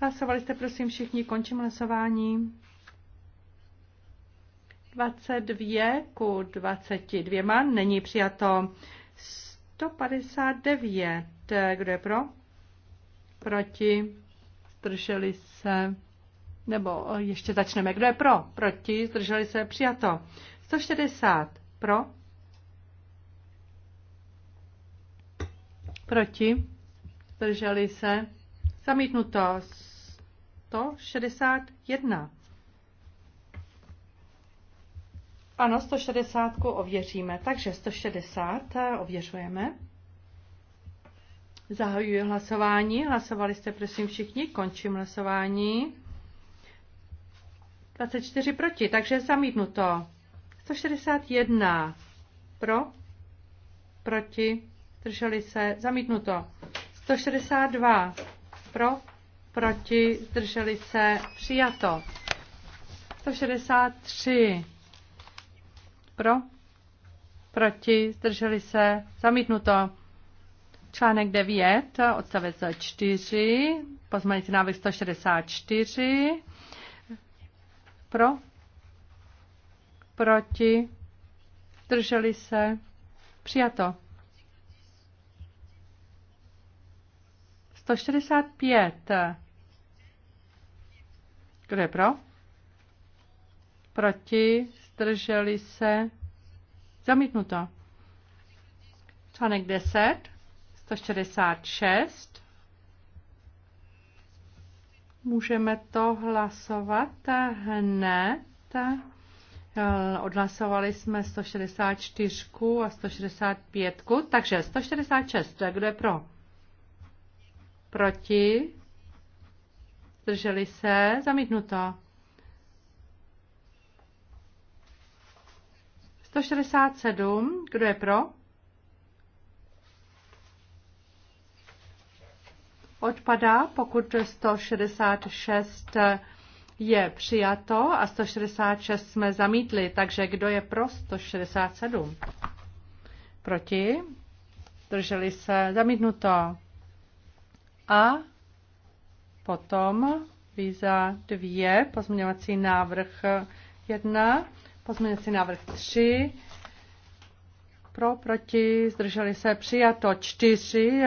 Hlasovali jste, prosím, všichni. Končím hlasování. 22 ku 22. Není přijato 159. Kdo je pro? Proti. Zdrželi se. Nebo eh, ještě začneme. Kdo je pro? Proti. Zdrželi se. Přijato. 160. Pro? Proti? Zdrželi se? Zamítnuto 161. Ano, 160 ověříme, takže 160 eh, ověřujeme. Zahajuji hlasování. Hlasovali jste, prosím, všichni. Končím hlasování. 24 proti, takže zamítnuto. 161 pro, proti, zdrželi se, zamítnuto. 162 pro, proti, zdrželi se, přijato. 163 pro, proti, zdrželi se, zamítnuto. Článek 9, odstavec 4, pozmanící návrh 164, pro, proti, zdrželi se, přijato. 145. Kdo je pro? Proti, zdrželi se, zamítnuto. Článek 10, 166. Můžeme to hlasovat hned. Eh, odhlasovali jsme 164 a 165, takže 166, kdo je pro? Proti? Zdrželi se? Zamítnuto. 167, kdo je pro? Odpadá, pokud 166 je přijato a 166 jsme zamítli, takže kdo je pro 167? Proti? Drželi se zamítnuto. A potom víza 2, pozměňovací návrh 1, pozměňovací návrh 3, pro, proti, zdrželi se přijato 4,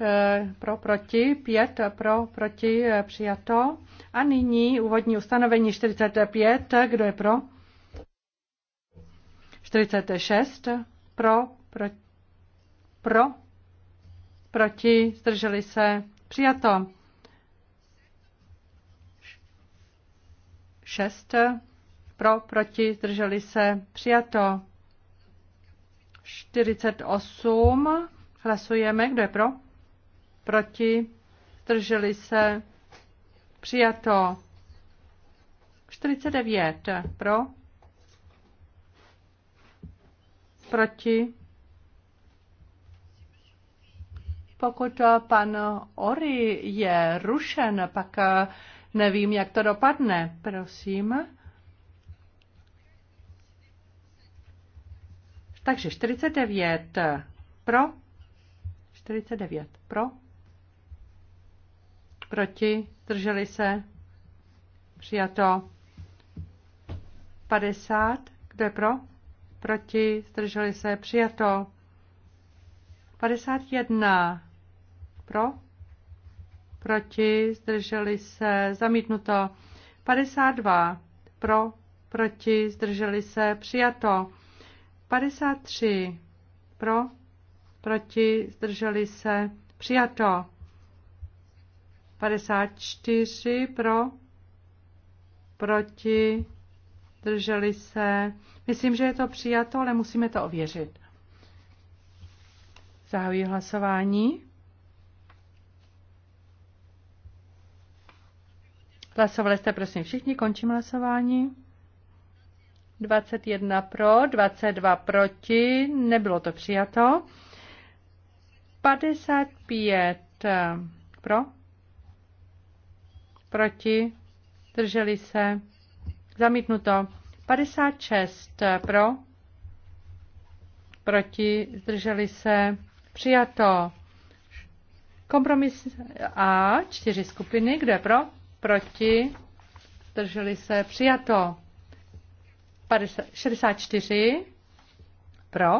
Eh, pro proti, pět pro proti eh, přijato. A nyní úvodní ustanovení 45, kdo je pro? 46 pro, pro, pro proti, zdrželi se, přijato. 6 pro, proti, zdrželi se, přijato. 48 hlasujeme, kdo je pro? proti, zdrželi se, přijato 49 pro, proti. Pokud pan Ori je rušen, pak nevím, jak to dopadne. Prosím. Takže 49 pro. 49 pro. Proti? Zdrželi se? Přijato. 50. Kdo je pro? Proti? Zdrželi se? Přijato. 51. Pro? Proti? Zdrželi se? Zamítnuto. 52. Pro? Proti? Zdrželi se? Přijato. 53. Pro? Proti? Zdrželi se? Přijato. 54 pro, proti, drželi se. Myslím, že je to přijato, ale musíme to ověřit. Zahajuji hlasování. Hlasovali jste prosím všichni, končím hlasování. 21 pro, 22 proti, nebylo to přijato. 55 eh, pro, proti, drželi se, zamítnuto. 56 pro, proti, zdrželi se, přijato. Kompromis A, čtyři skupiny, kdo je pro, proti, zdrželi se, přijato. 64 pro,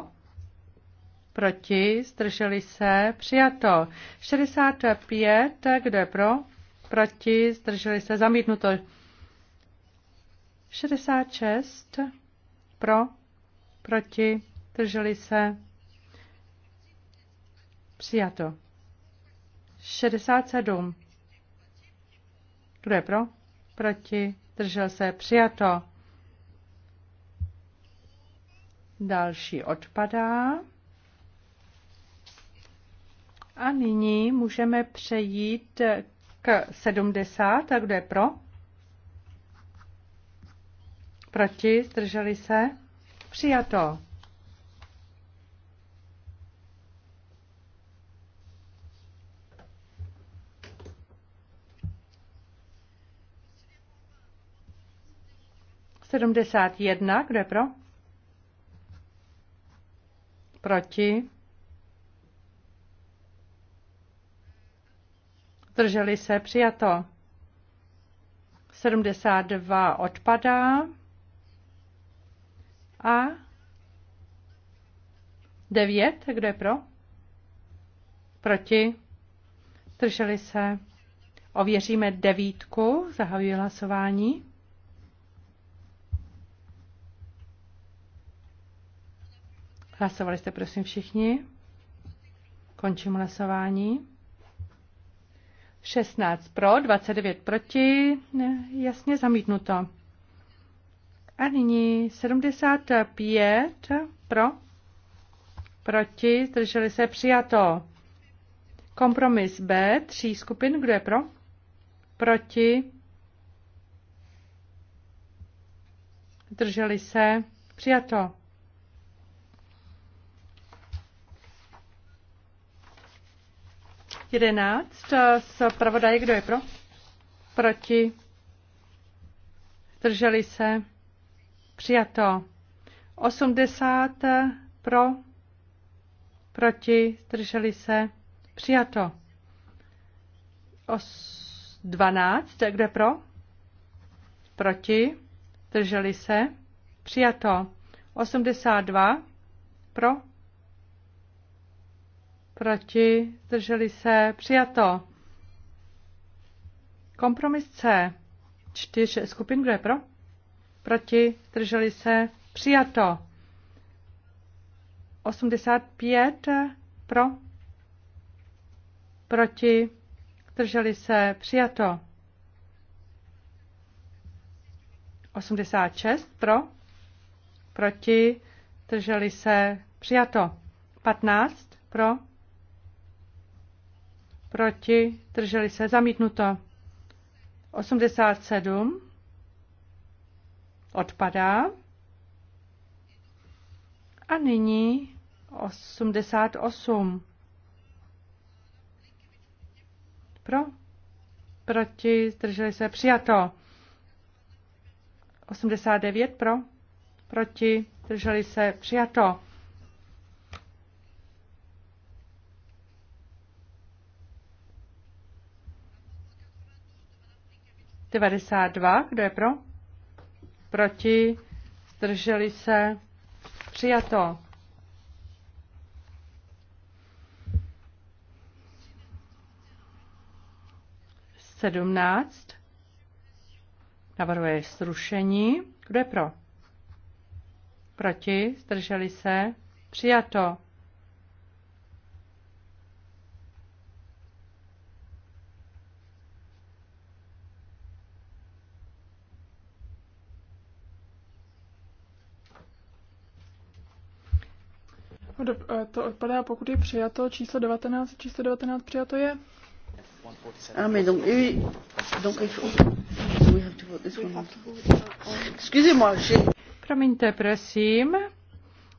proti, zdrželi se, přijato. 65, kdo je pro, proti, zdrželi se, zamítnuto. 66 pro, proti, zdrželi se, přijato. 67. Kdo je pro? Proti, držel se, přijato. Další odpadá. A nyní můžeme přejít k 70. Kdo je pro? Proti? Zdrželi se? Přijato. Sedmdesát jedna, kdo je pro? Proti? zdrželi se, přijato. 72 odpadá a 9, kdo je pro? Proti? Zdrželi se. Ověříme devítku, zahajuji hlasování. Hlasovali jste prosím všichni. Končím hlasování. 16 pro, 29 proti, jasně zamítnuto. A nyní 75 pro, proti, zdrželi se přijato. Kompromis B, tří skupin, kdo je pro? Proti, zdrželi se, přijato. 11. Zpravodaj, kdo je pro? Proti? Zdrželi se? Přijato. 80 pro? Proti? Zdrželi se? Přijato. Os 12. Kdo je pro? Proti? Zdrželi se? Přijato. 82 pro? proti, zdrželi se, přijato. Kompromis C, čtyř skupin, kdo je pro, proti, zdrželi se, přijato. 85 pro, proti, zdrželi se, přijato. 86 pro, proti, zdrželi se, přijato. 15 pro, proti, drželi se, zamítnuto. 87 odpadá. A nyní 88. Pro, proti, zdrželi se, přijato. 89 pro, proti, zdrželi se, přijato. 92. Kdo je pro? Proti? Zdrželi se? Přijato. Sedmnáct. Navrhuje zrušení. Kdo je pro? Proti? Zdrželi se? Přijato. to odpadá, pokud je přijato číslo 19, číslo 19 přijato je. Ah mais donc, et, donc il faut, we have to vote this one. Excusez-moi, j'ai... Promiňte, prosím.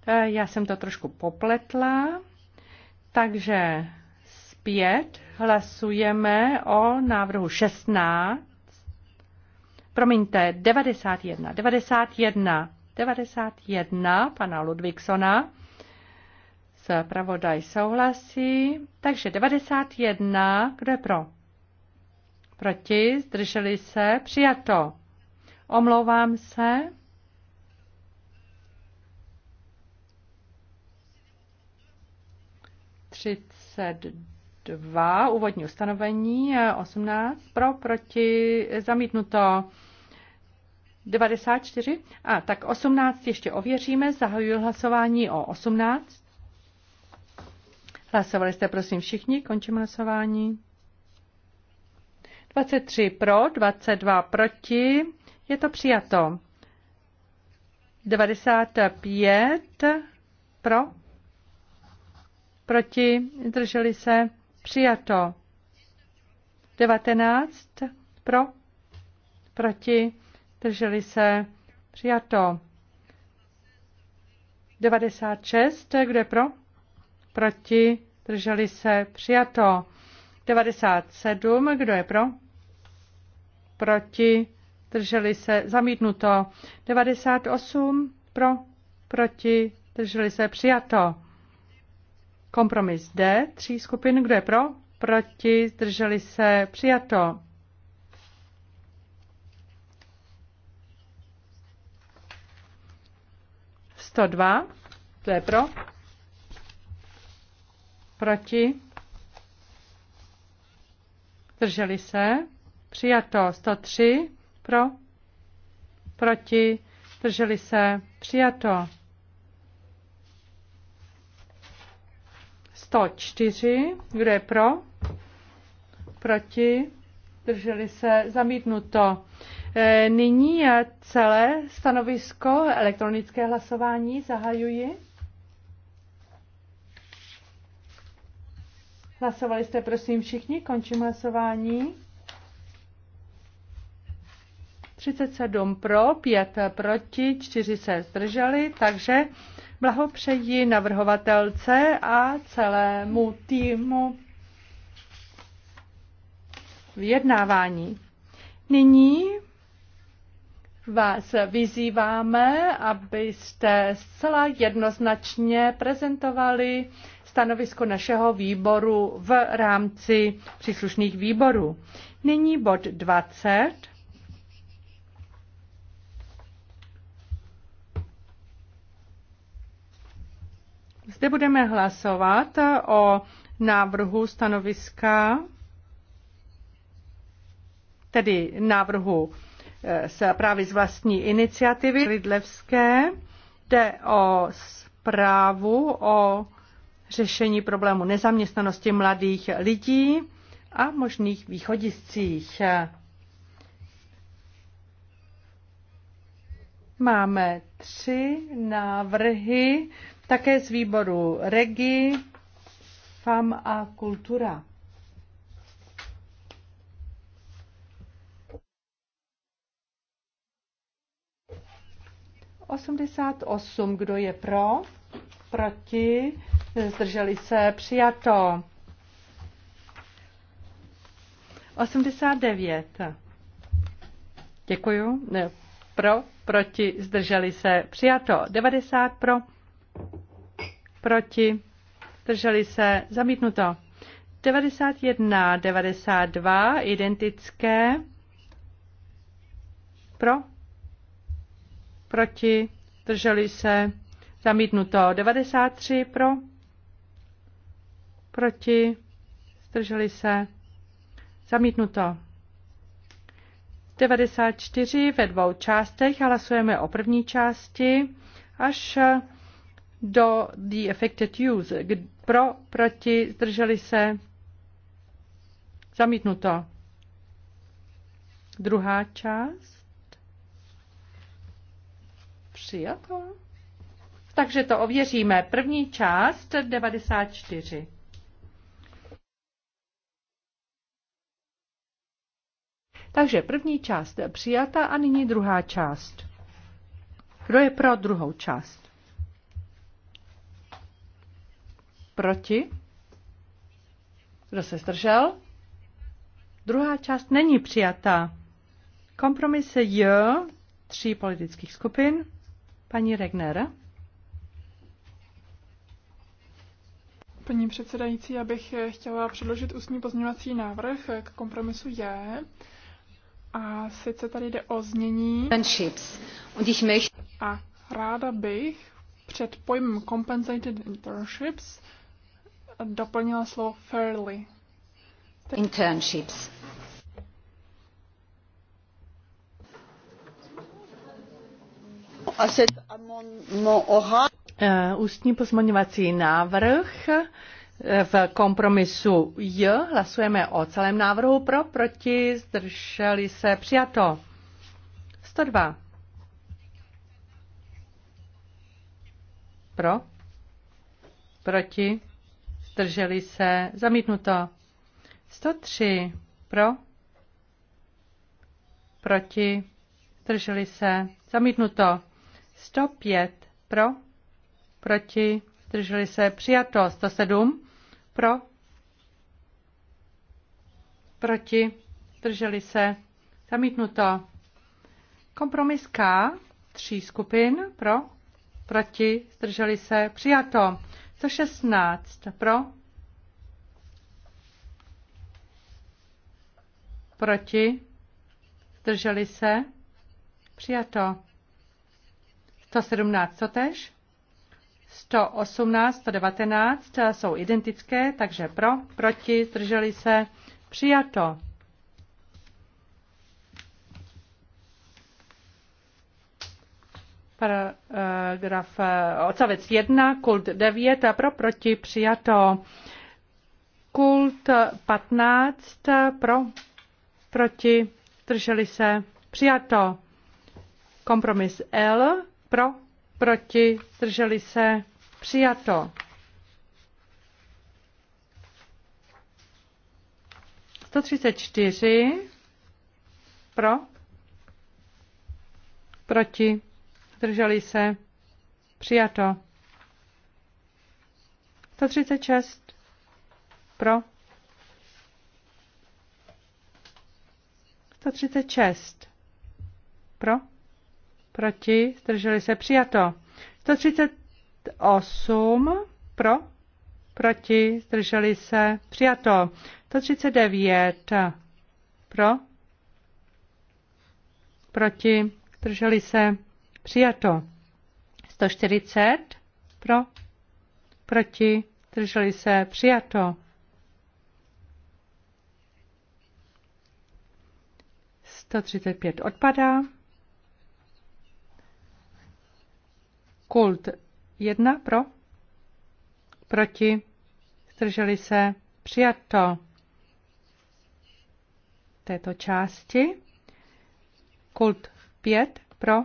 Eh, já jsem to trošku popletla. Takže zpět hlasujeme o návrhu 16. Promiňte, 91. 91. 91 pana Ludvíksona. Zpravodaj souhlasí. Takže 91, kdo je pro? Proti, zdrželi se, přijato. Omlouvám se. Třicet dva, úvodní ustanovení, 18, pro, proti, zamítnuto. 94? A tak 18 ještě ověříme. Zahajuji hlasování o 18. Hlasovali jste prosím všichni, končím hlasování. 23 pro, 22 proti, je to přijato. 95 pro, proti, drželi se, přijato. 19 pro, proti, drželi se, přijato. 96, kde pro? proti, drželi se, přijato. 97, kdo je pro? Proti, drželi se, zamítnuto. 98, pro, proti, drželi se, přijato. Kompromis D, tří skupin, kdo je pro? Proti, zdrželi se, přijato. Sto dva, to je pro. Proti? Drželi se? Přijato 103. Pro? Proti? Drželi se? Přijato 104. Kdo je pro? Proti? Drželi se? Zamítnuto. E, nyní je celé stanovisko elektronické hlasování. Zahajuji. Hlasovali jste prosím všichni, končím hlasování. 37 pro, 5 proti, 4 se zdrželi, takže blahopřeji navrhovatelce a celému týmu vyjednávání. Nyní vás vyzýváme, abyste zcela jednoznačně prezentovali stanovisko našeho výboru v rámci příslušných výborů. Nyní bod 20. Zde budeme hlasovat o návrhu stanoviska, tedy návrhu se eh, právě z vlastní iniciativy Lidlevské. Jde o zprávu o řešení problému nezaměstnanosti mladých lidí a možných východiscích. Máme tři návrhy, také z výboru Regi, FAM a Kultura. Osmdesát osm, kdo je pro, proti, zdrželi se, přijato. 89. Děkuju. Ne, pro, proti, zdrželi se, přijato. 90 pro, proti, zdrželi se, zamítnuto. 91, 92, identické. Pro, proti, zdrželi se, zamítnuto. 93 pro, Proti? Zdrželi se? Zamítnuto. 94 ve dvou částech. Hlasujeme o první části až do the affected use. Pro, proti, zdrželi se. Zamítnuto. Druhá část. Přijato. Takže to ověříme. První část 94. Takže první část přijata a nyní druhá část. Kdo je pro druhou část? Proti? Kdo se zdržel? Druhá část není přijatá. Kompromis je tří politických skupin. Paní Regner. Paní předsedající, já bych chtěla předložit ústní pozměňovací návrh k kompromisu je a sice tady jde o znění. A ráda bych před pojmem compensated internships doplnila slovo fairly. Internships. Eh, ústní pozmaňovací návrh v kompromisu J hlasujeme o celém návrhu pro, proti, zdrželi se, přijato. 102. Pro, proti, zdrželi se, zamítnuto. 103. Pro, proti, zdrželi se, zamítnuto. 105. Pro, proti, zdrželi se, přijato. 107 pro? Proti? Drželi se? Zamítnuto. Kompromis K. Tří skupin. Pro? Proti? Zdrželi se? Přijato. 116. Pro? Proti? Zdrželi se? Přijato. 117. Totež? 118, 119 eh, jsou identické, takže pro, proti, zdrželi se, přijato. Paragraf eh, odstavec 1, kult 9, eh, pro, proti, přijato. Kult 15, pro, proti, zdrželi se, přijato. Kompromis L, pro, proti, zdrželi se, přijato. 134 pro, proti, zdrželi se, přijato. šest pro, šest pro, proti, zdrželi se přijato. 138 pro, proti, zdrželi se přijato. 139 pro, proti, zdrželi se přijato. 140 pro, proti, zdrželi se přijato. 135 odpadá. Kult jedna pro, proti, zdrželi se, přijato této části. Kult pět pro,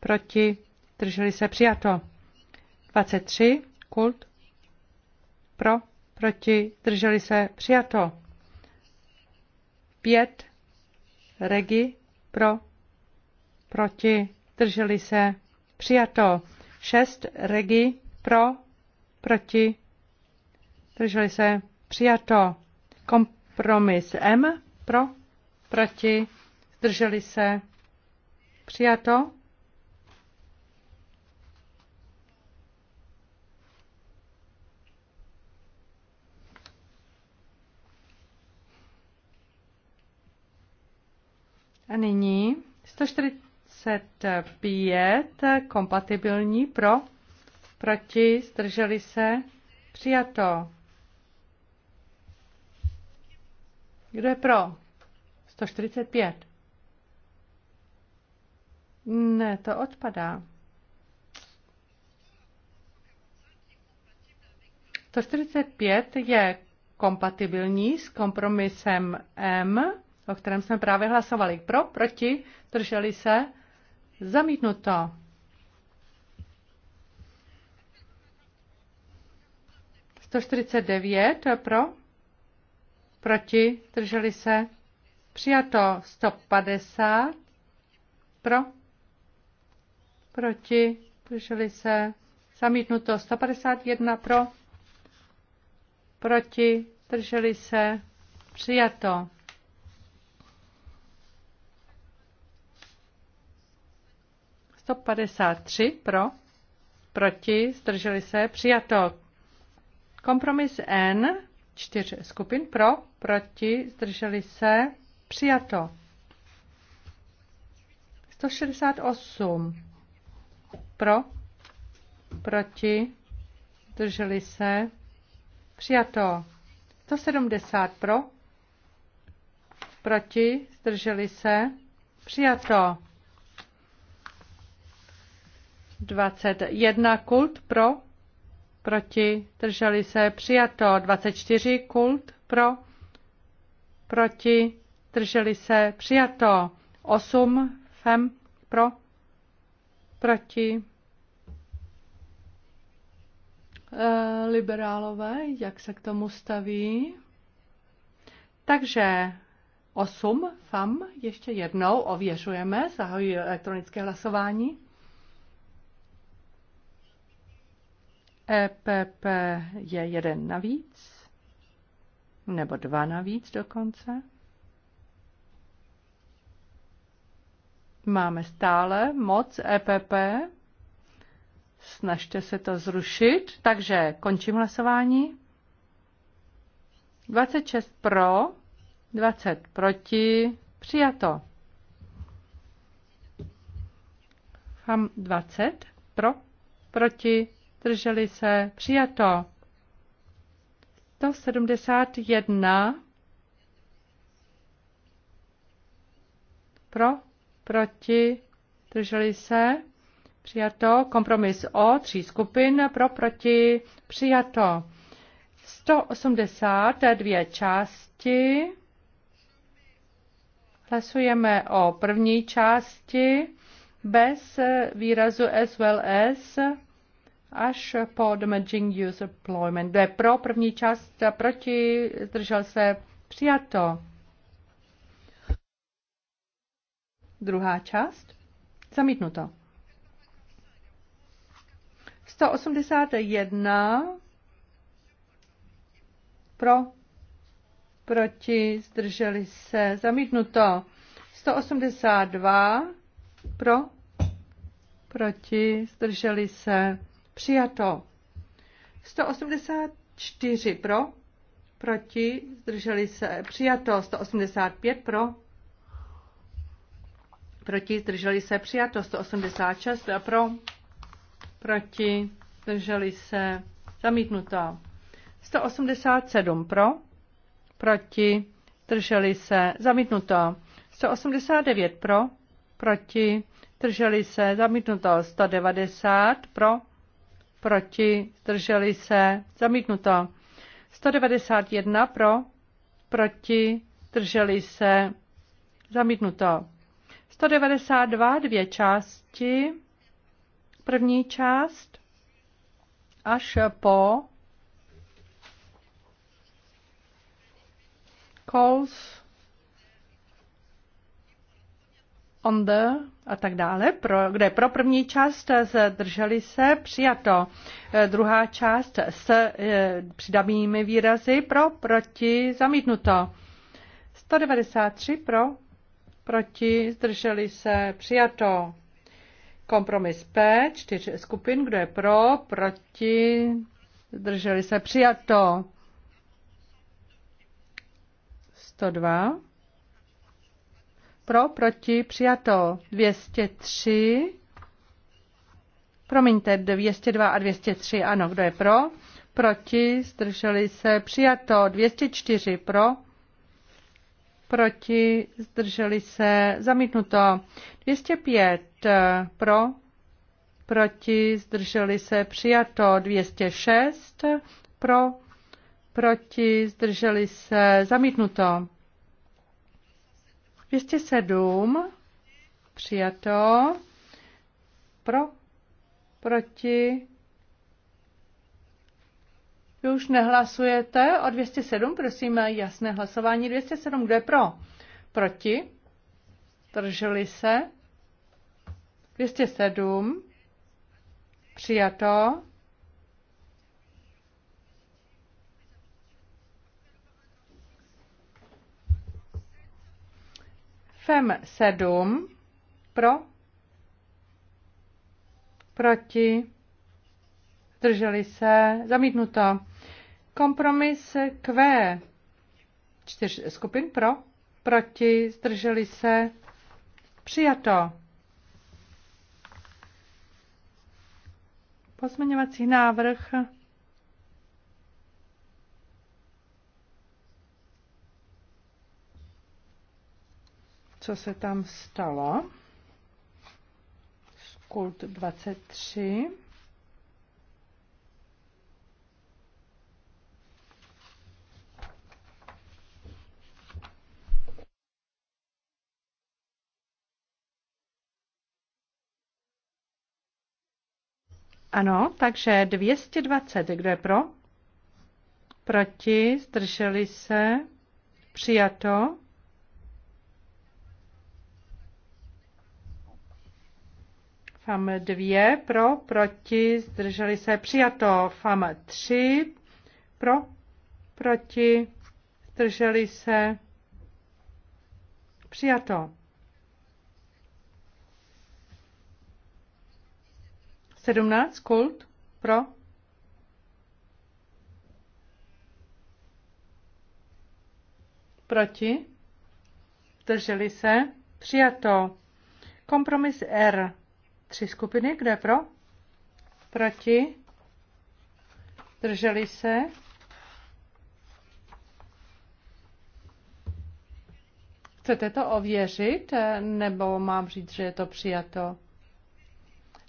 proti, zdrželi se, přijato. 23. Kult pro, proti, zdrželi se, přijato. 5. Regi pro, proti, zdrželi se, přijato. 6 regi pro, proti, drželi se, přijato. Kompromis M pro, proti, zdrželi se, přijato. A nyní 104, 25 kompatibilní pro, proti, zdrželi se, přijato. Kdo je pro? 145. Ne, to odpadá. 145 je kompatibilní s kompromisem M, o kterém jsme právě hlasovali. Pro, proti, drželi se, Zamítnuto. Sto čtyřicet devět pro. Proti. Drželi se. Přijato 150. Pro. Proti. Drželi se. Zamítnuto 151 pro. Proti. Drželi se. Přijato. 153 pro, proti, zdrželi se, přijato. Kompromis N, čtyř skupin pro, proti, zdrželi se, přijato. 168 pro, proti, zdrželi se, přijato. 170 pro, proti, zdrželi se, přijato. 21 kult pro, proti, drželi se, přijato. 24 kult pro, proti, drželi se, přijato. 8 fem pro, proti. E, liberálové, jak se k tomu staví? Takže 8 fam ještě jednou ověřujeme, zahajuji elektronické hlasování. EPP je jeden navíc, nebo dva navíc dokonce. Máme stále moc EPP. Snažte se to zrušit. Takže končím hlasování. 26 pro, 20 proti, přijato. Fam 20 pro, proti, zdrželi se, přijato. 171 pro, proti, zdrželi se, přijato. Kompromis O, tří skupin, pro, proti, přijato. 180, dvě části. Hlasujeme o první části bez výrazu as well as až po Damaging User Employment. Kdo je pro první část, proti, zdržel se, přijato. Druhá část, zamítnuto. 181 pro, proti, zdrželi se, zamítnuto. 182 pro, proti, zdrželi se, Přijato. 184 pro, proti, zdrželi se. Přijato. 185 pro, proti, zdrželi se. Přijato. 186 pro, proti, zdrželi se. Zamítnuto. 187 pro, proti, zdrželi se. Zamítnuto. 189 pro, proti, zdrželi se. Zamítnuto. 190 pro, proti, zdrželi se, zamítnuto. 191 pro, proti, zdrželi se, zamítnuto. 192, dvě části. První část až po calls on the a tak dále, pro, kde pro první část zdrželi se přijato, e, druhá část s e, přidanými výrazy pro, proti, zamítnuto. 193 pro, proti, zdrželi se přijato. Kompromis P, čtyř skupin, kdo je pro, proti, zdrželi se přijato. 102 pro, proti, přijato 203. Promiňte, 202 a 203, ano, kdo je pro? Proti, zdrželi se, přijato 204 pro, proti, zdrželi se, zamítnuto 205 pro, proti, zdrželi se, přijato 206 pro, proti, zdrželi se, zamítnuto 207 přijato. Pro, proti. Vy už nehlasujete o 207, prosím, jasné hlasování. 207, kdo je pro? Proti? Drželi se? 207. Přijato. FEM 7 pro, proti, zdrželi se, zamítnuto. Kompromis Q, čtyř skupin pro, proti, zdrželi se, přijato. Pozměňovací návrh co se tam stalo. Kult 23. Ano, takže 220. Kdo je pro? Proti? Zdrželi se? Přijato? FAM 2 pro, proti, zdrželi se přijato. FAM 3 pro, proti, zdrželi se přijato. Sedmnáct, kult pro. Proti. Drželi se. Přijato. Kompromis R tři skupiny. Kdo je pro? Proti? Drželi se? Chcete to ověřit, eh, nebo mám říct, že je to přijato?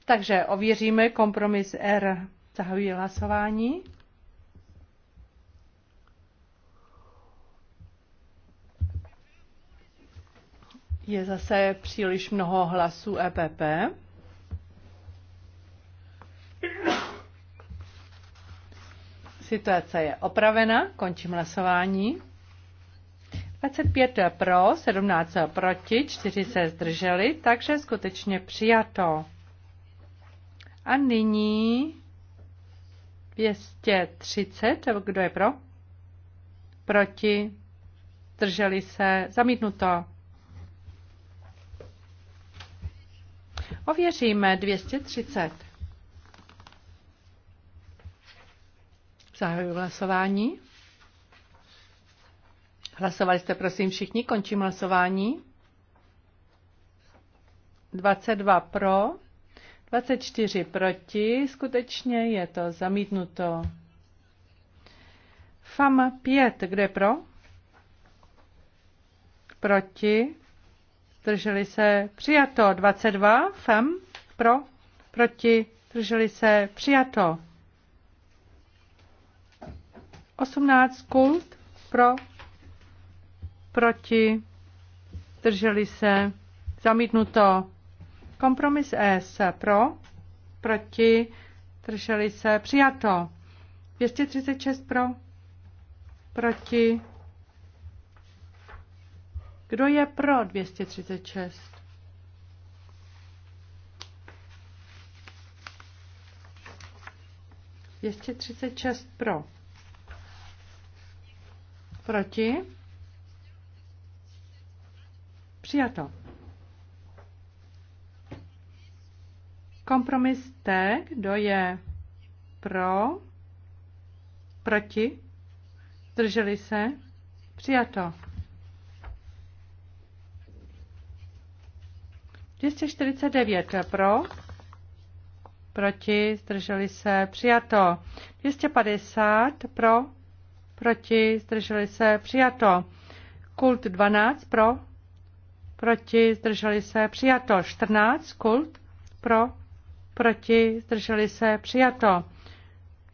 Takže ověříme kompromis R. Zahajuji hlasování. Je zase příliš mnoho hlasů EPP. Situace je opravena, končím hlasování. 25 pro, 17 proti, 4 se zdrželi, takže skutečně přijato. A nyní 230, kdo je pro? Proti, zdrželi se, zamítnuto. Ověříme 230. Zahajuji hlasování. Hlasovali jste prosím všichni, končím hlasování. 22 pro, 24 proti, skutečně je to zamítnuto. FAM 5, kde je pro? Proti, drželi se, přijato 22, FAM pro, proti, drželi se, přijato. 18 kult pro, proti, drželi se, zamítnuto. Kompromis S pro, proti, drželi se, přijato. 236 pro, proti. Kdo je pro 236? Ještě 36 pro. Proti? Přijato. Kompromis T, kdo je pro, proti, Zdrželi se, přijato. 249 pro, proti, zdrželi se, přijato. 250 pro, proti, zdrželi se, přijato. Kult 12 pro, proti, zdrželi se, přijato. 14 kult pro, proti, zdrželi se, přijato.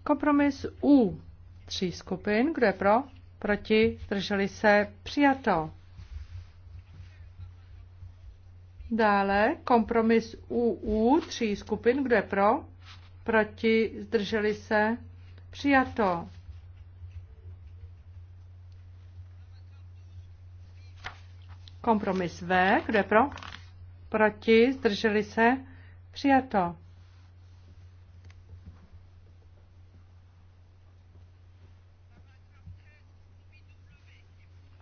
Kompromis U tří skupin, kdo je pro, proti, zdrželi se, přijato. Dále kompromis UU tří skupin, kdo je pro, proti, zdrželi se, přijato. Kompromis V, kde pro? Proti, zdrželi se, přijato.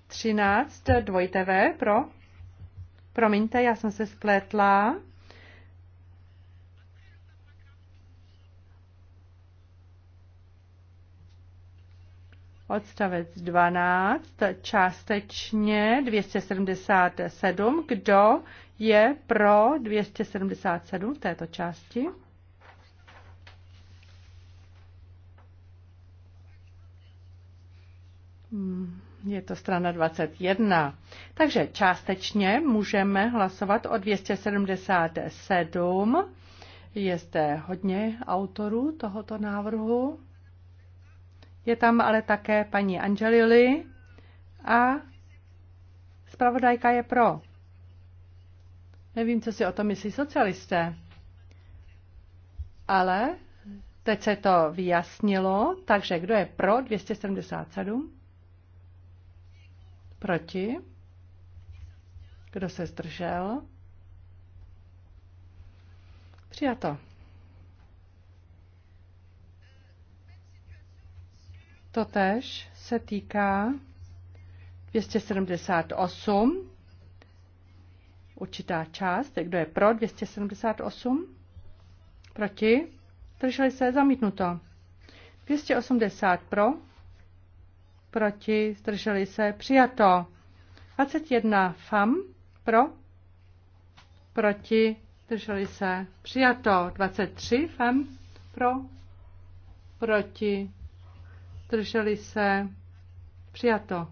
Třináct, dvojité V, pro? Promiňte, já jsem se spletla. Odstavec 12, částečně 277. Kdo je pro 277 v této části? Hmm, je to strana 21. Takže částečně můžeme hlasovat o 277. Je zde hodně autorů tohoto návrhu. Je tam ale také paní Angelili a zpravodajka je pro. Nevím, co si o tom myslí socialisté. Ale teď se to vyjasnilo, takže kdo je pro 277? Proti? Kdo se zdržel? Přijato. Totež se týká 278, určitá část, kdo je pro 278, proti, drželi se, zamítnuto. 280 pro, proti, zdrželi se, přijato. 21 FAM pro, proti, zdrželi se, přijato. 23 FAM pro, proti, zdrželi se, přijato.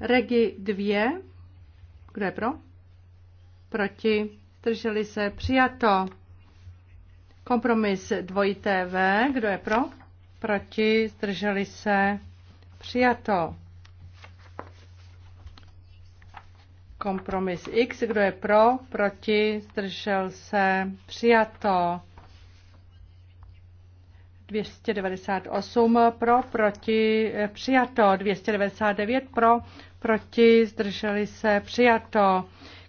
Regi 2, kdo je pro? Proti, zdrželi se, přijato. Kompromis dvojité V, kdo je pro? Proti, zdrželi se, přijato. Kompromis X, kdo je pro, proti, zdržel se, přijato. 298 pro, proti, přijato. 299 pro, proti, zdrželi se, přijato.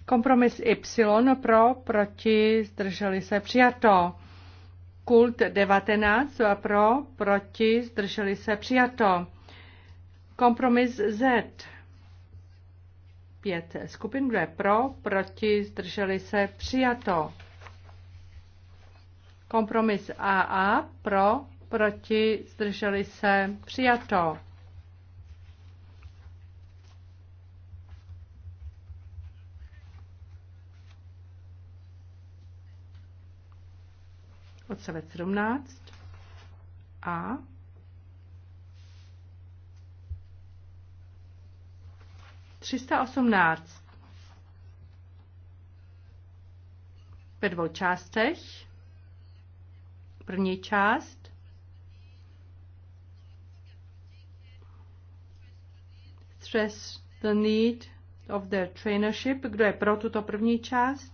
Kompromis Y pro, proti, zdrželi se, přijato. Kult 19 pro, proti, zdrželi se, přijato. Kompromis Z Pět skupin, kdo je pro, proti, zdrželi se, přijato. Kompromis AA, pro, proti, zdrželi se, přijato. Odstavec 17 a 318 ve dvou částech. První část stress the need of the trainership. Kdo je pro tuto první část?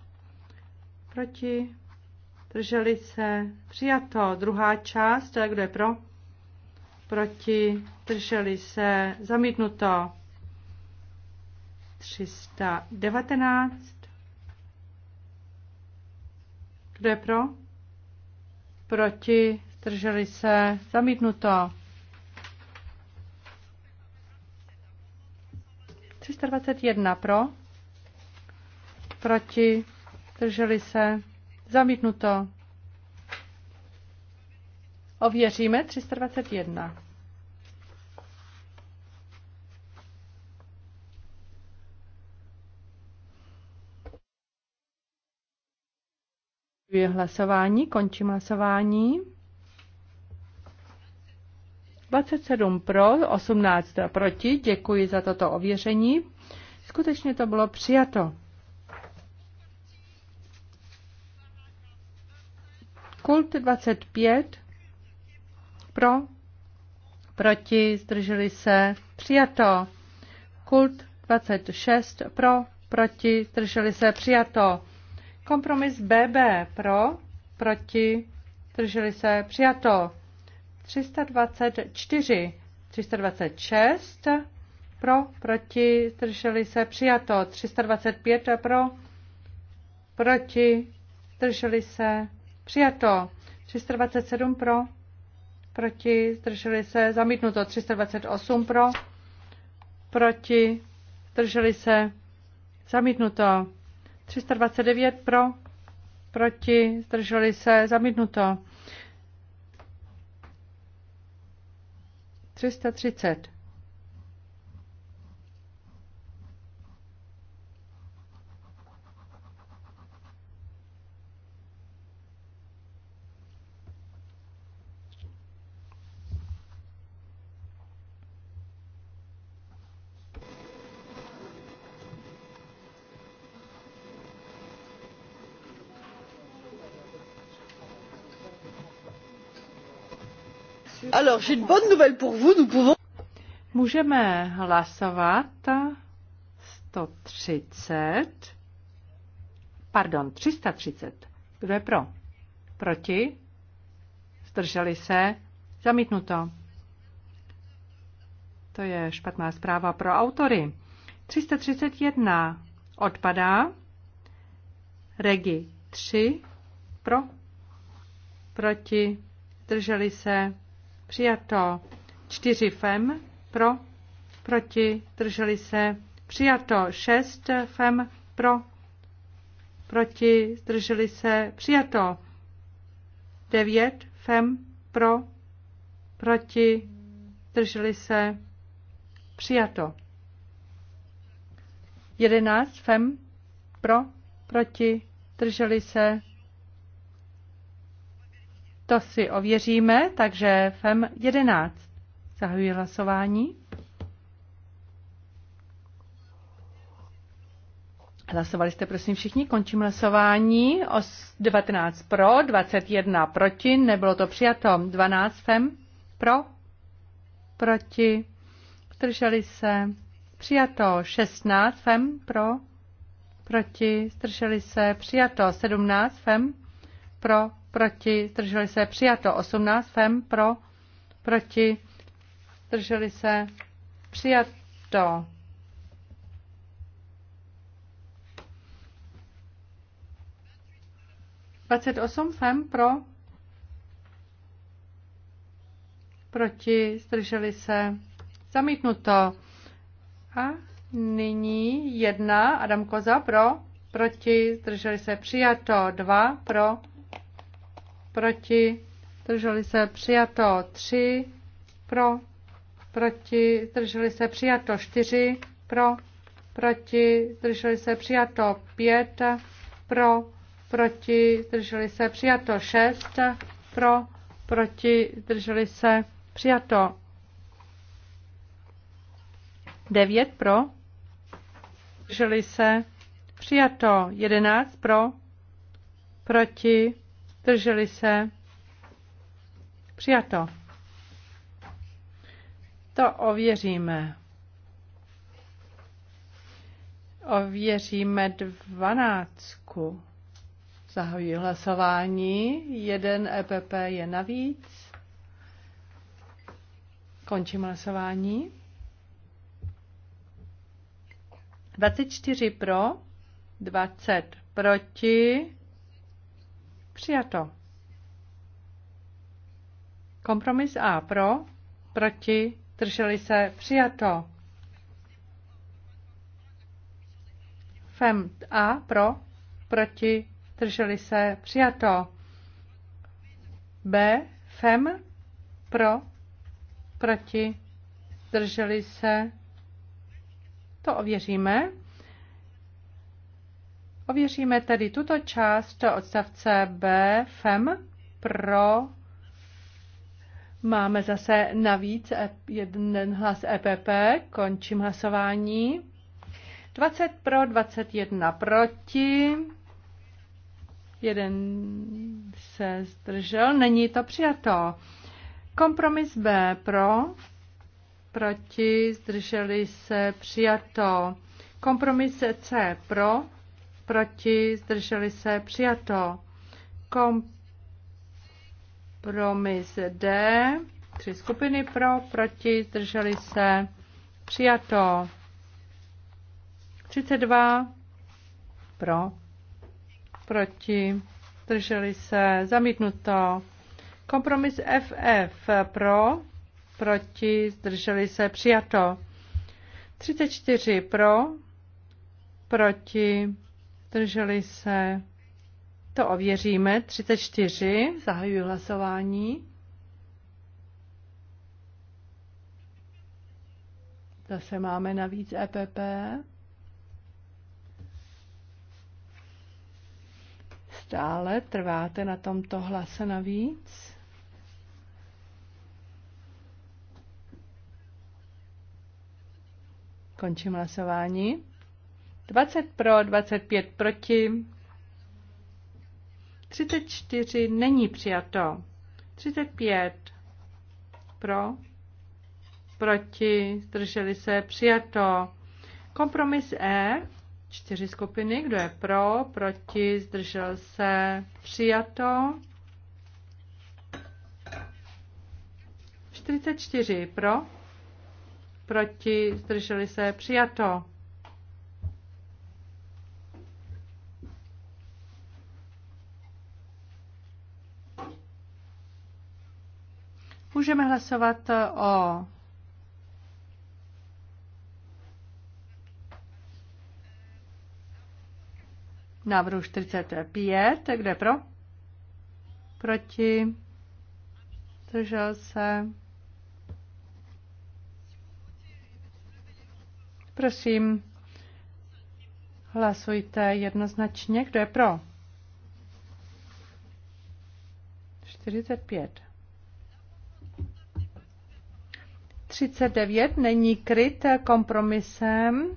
Proti? Drželi se? Přijato. Druhá část. Kdo je pro? Proti? Drželi se? Zamítnuto. 319. Kdo je pro? Proti? Zdrželi se? Zamítnuto. 321 pro? Proti? Zdrželi se? Zamítnuto. Ověříme 321. Je hlasování, končím hlasování. 27 pro, 18 proti. Děkuji za toto ověření. Skutečně to bylo přijato. Kult 25 pro, proti, zdrželi se, přijato. Kult 26 pro, proti, zdrželi se, přijato. Kompromis BB pro, proti, drželi se, přijato. 324, 326 pro, proti, drželi se, přijato. 325 pro, proti, drželi se, přijato. 327 pro, proti, zdrželi se, zamítnuto 328 pro, proti, zdrželi se, zamítnuto 329 pro, proti, zdrželi se, zamítnuto. 330. Alors, j'ai une bonne nouvelle pour vous, nous pouvons... Můžeme hlasovat 130, pardon, 330. Kdo je pro? Proti? Zdrželi se? Zamítnuto. To je špatná zpráva pro autory. 331 odpadá. Regi 3 pro, proti, zdrželi se, Přijato. 4 fem pro, proti, drželi se. Přijato. 6 fem pro, proti, drželi se. Přijato. 9 fem pro, proti, drželi se. Přijato. 11 fem pro, proti, drželi se. To si ověříme, takže FEM 11. Zahajuji hlasování. Hlasovali jste prosím všichni, končím hlasování. os 19 pro, 21 proti, nebylo to přijato. 12 FEM pro, proti, zdrželi se. Přijato 16 FEM pro, proti, zdrželi se. Přijato 17 FEM pro, proti, drželi se, přijato 18, fem pro, proti, drželi se, přijato. Dvacet osm fem pro, proti, zdrželi se, zamítnuto. A nyní jedna, Adam Koza pro, proti, zdrželi se, přijato, dva pro, proti, drželi se přijato 3, pro, proti, drželi se přijato 4, pro, proti, drželi se přijato 5, pro, proti, drželi se přijato 6, pro, proti, drželi se přijato 9 pro, drželi se přijato 11 pro, proti, Zdrželi se? Přijato. To ověříme. Ověříme dvanáctku. Zahajuji hlasování. Jeden EPP je navíc. Končím hlasování. 24 pro, 20 proti. Přijato. Kompromis A pro, proti, drželi se, přijato. FEM A pro, proti, drželi se, přijato. B, FEM pro, proti, drželi se, to ověříme. Ověříme tedy tuto část odstavce B FEM pro. Máme zase navíc jeden hlas EPP. Končím hlasování. 20 pro, 21 proti. Jeden se zdržel. Není to přijato. Kompromis B pro, proti, zdrželi se, přijato. Kompromis C pro, proti, zdrželi se, přijato. Kompromis D, tři skupiny pro, proti, zdrželi se, přijato. 32 pro, proti, zdrželi se, zamítnuto. Kompromis FF pro, proti, zdrželi se, přijato. 34 pro, proti, Zdrželi se. To ověříme. 34. Zahajuji hlasování. Zase máme navíc EPP. Stále trváte na tomto hlase navíc. Končím hlasování. 20 pro, 25 proti. 34 není přijato. 35 pro, proti, zdrželi se, přijato. Kompromis E, čtyři skupiny, kdo je pro, proti, zdržel se, přijato. 44 pro, proti, zdrželi se, přijato. Můžeme hlasovat eh, o návrhu 45. Kdo je pro? Proti? Držel se? Prosím, hlasujte jednoznačně. Kdo je pro? 45. 39 není kryt kompromisem,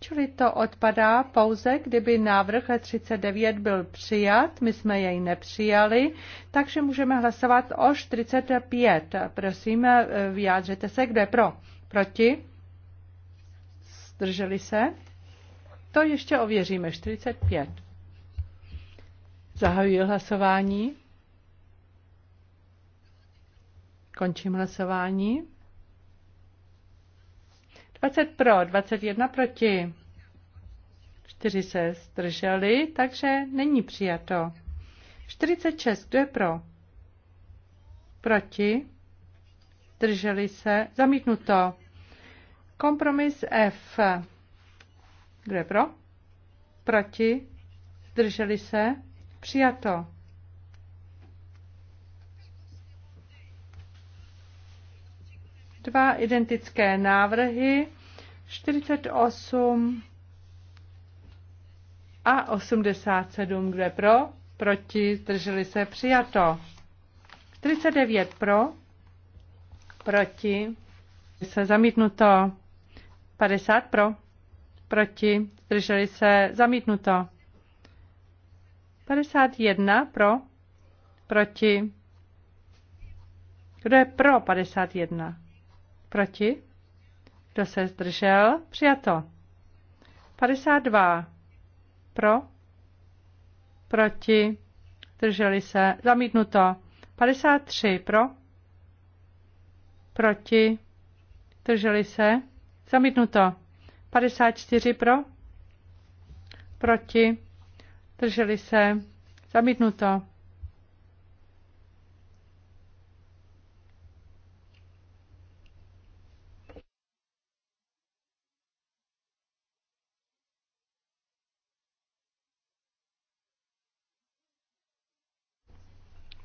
čili to odpadá pouze, kdyby návrh 39 byl přijat, my jsme jej nepřijali, takže můžeme hlasovat o 45. Prosím, eh, vyjádřete se, kdo je pro. Proti? Zdrželi se? To ještě ověříme. 45. Zahajuji hlasování. Končím hlasování. 20 pro, 21 proti. 4 se zdrželi, takže není přijato. 46, kdo je pro? Proti. Drželi se. Zamítnuto. Kompromis F. Kdo je pro? Proti. Zdrželi se. Přijato. Dva identické návrhy 48 a 87, kde pro, proti, zdrželi se, přijato. 39 pro, proti, se zamítnuto. 50 pro, proti, zdrželi se, zamítnuto. 51 pro, proti. Kdo je pro 51? Proti? Kdo se zdržel? Přijato. 52. Pro? Proti? Zdrželi se? Zamítnuto. 53. Pro? Proti? Zdrželi se? Zamítnuto. 54. Pro? Proti? Zdrželi se? Zamítnuto.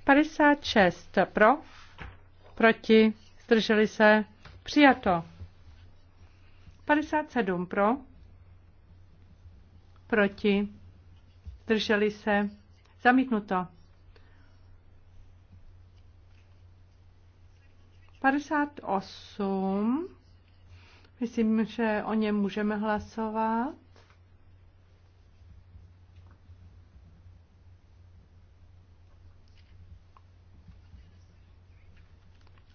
56 pro, proti, zdrželi se, přijato. 57 pro, proti, zdrželi se, zamítnuto. 58, myslím, že o něm můžeme hlasovat.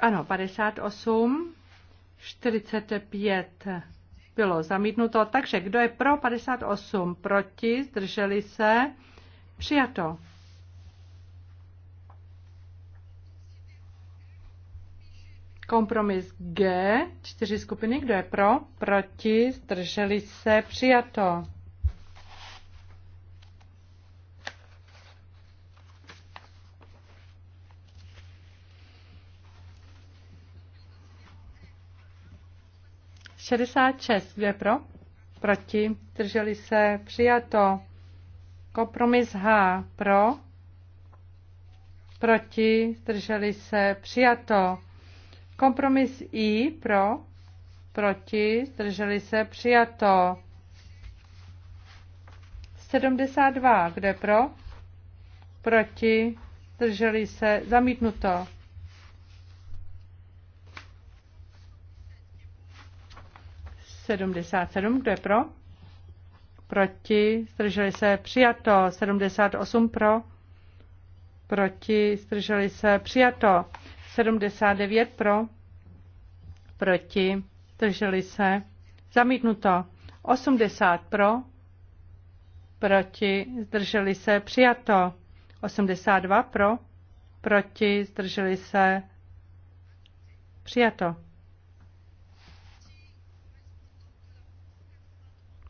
Ano, 58, 45 bylo zamítnuto. Takže kdo je pro 58, proti, zdrželi se, přijato. Kompromis G, čtyři skupiny, kdo je pro, proti, zdrželi se, přijato. 66, kdo je pro? Proti, drželi se, přijato. Kompromis H, pro? Proti, drželi se, přijato. Kompromis I, pro? Proti, drželi se, přijato. 72, kde pro? Proti, drželi se, zamítnuto. 77, kdo je pro? Proti, zdrželi se, přijato. 78 pro, proti, zdrželi se, přijato. 79 pro, proti, zdrželi se, zamítnuto. 80 pro, proti, zdrželi se, přijato. 82 pro, proti, zdrželi se, přijato.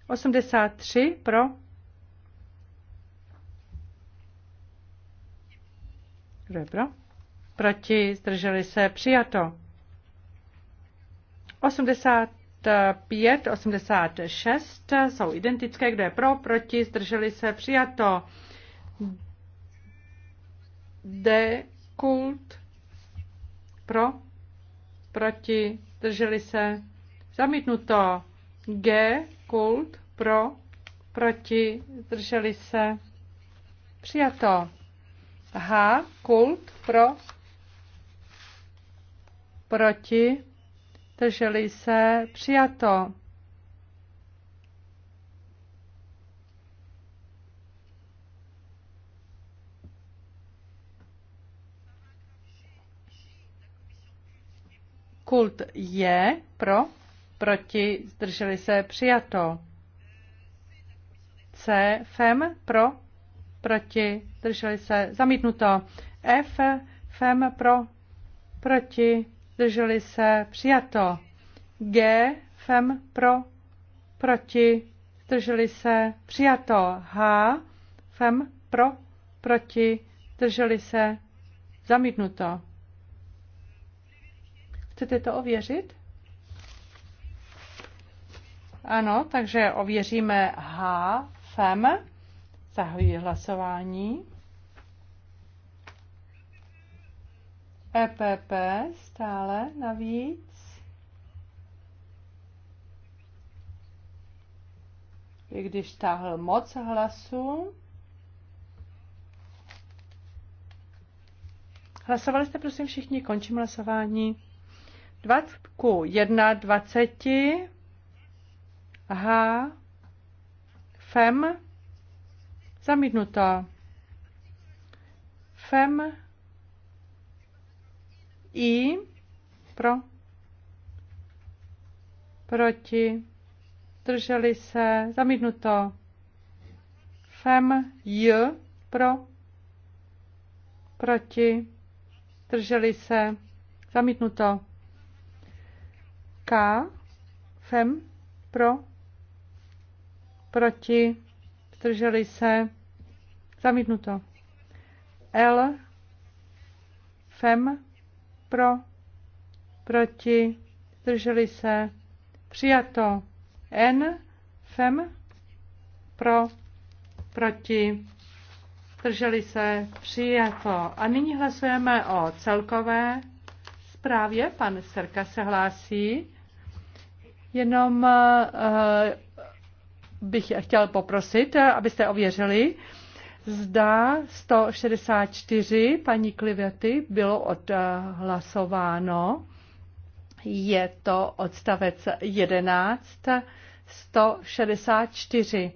83 pro. Kdo je pro? Proti, zdrželi se, přijato. 85, 86 jsou identické, kdo je pro, proti, zdrželi se, přijato. D, kult, pro, proti, zdrželi se, zamítnuto. G, kult, pro, proti, zdrželi se, přijato. H, kult, pro, proti, zdrželi se, přijato. Kult je pro, proti, zdrželi se, přijato. C, FEM, pro, proti, zdrželi se, zamítnuto. F, FEM, pro, proti, zdrželi se, přijato. G, FEM, pro, proti, zdrželi se, přijato. H, FEM, pro, proti, zdrželi se, zamítnuto. Chcete to ověřit? Ano, takže ověříme H, FEM. Zahajuji hlasování. EPP stále navíc. I když táhl moc hlasů. Hlasovali jste prosím všichni, končím hlasování. 20 21, 20 H, FEM, zamítnuto. FEM, I, pro, proti, drželi se, zamítnuto. FEM, J, pro, proti, drželi se, zamítnuto. K, FEM, pro, proti, zdrželi se, zamítnuto. L, FEM, pro, proti, zdrželi se, přijato. N, FEM, pro, proti, zdrželi se, přijato. A nyní hlasujeme o celkové zprávě. Pan Serka se hlásí. Jenom uh, bych chtěl poprosit, abyste ověřili, zda 164 paní Klivety bylo odhlasováno. Je to odstavec 11 164.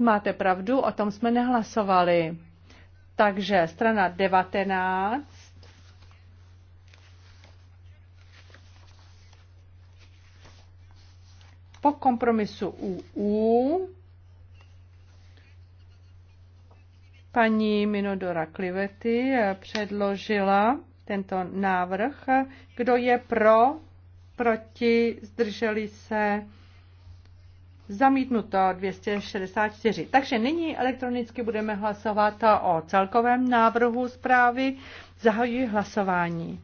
Máte pravdu, o tom jsme nehlasovali. Takže strana 19 po kompromisu u u paní Minodora Klivety předložila tento návrh. Kdo je pro, proti, zdrželi se, zamítnuto 264. Takže nyní elektronicky budeme hlasovat o celkovém návrhu zprávy. Zahajuji hlasování.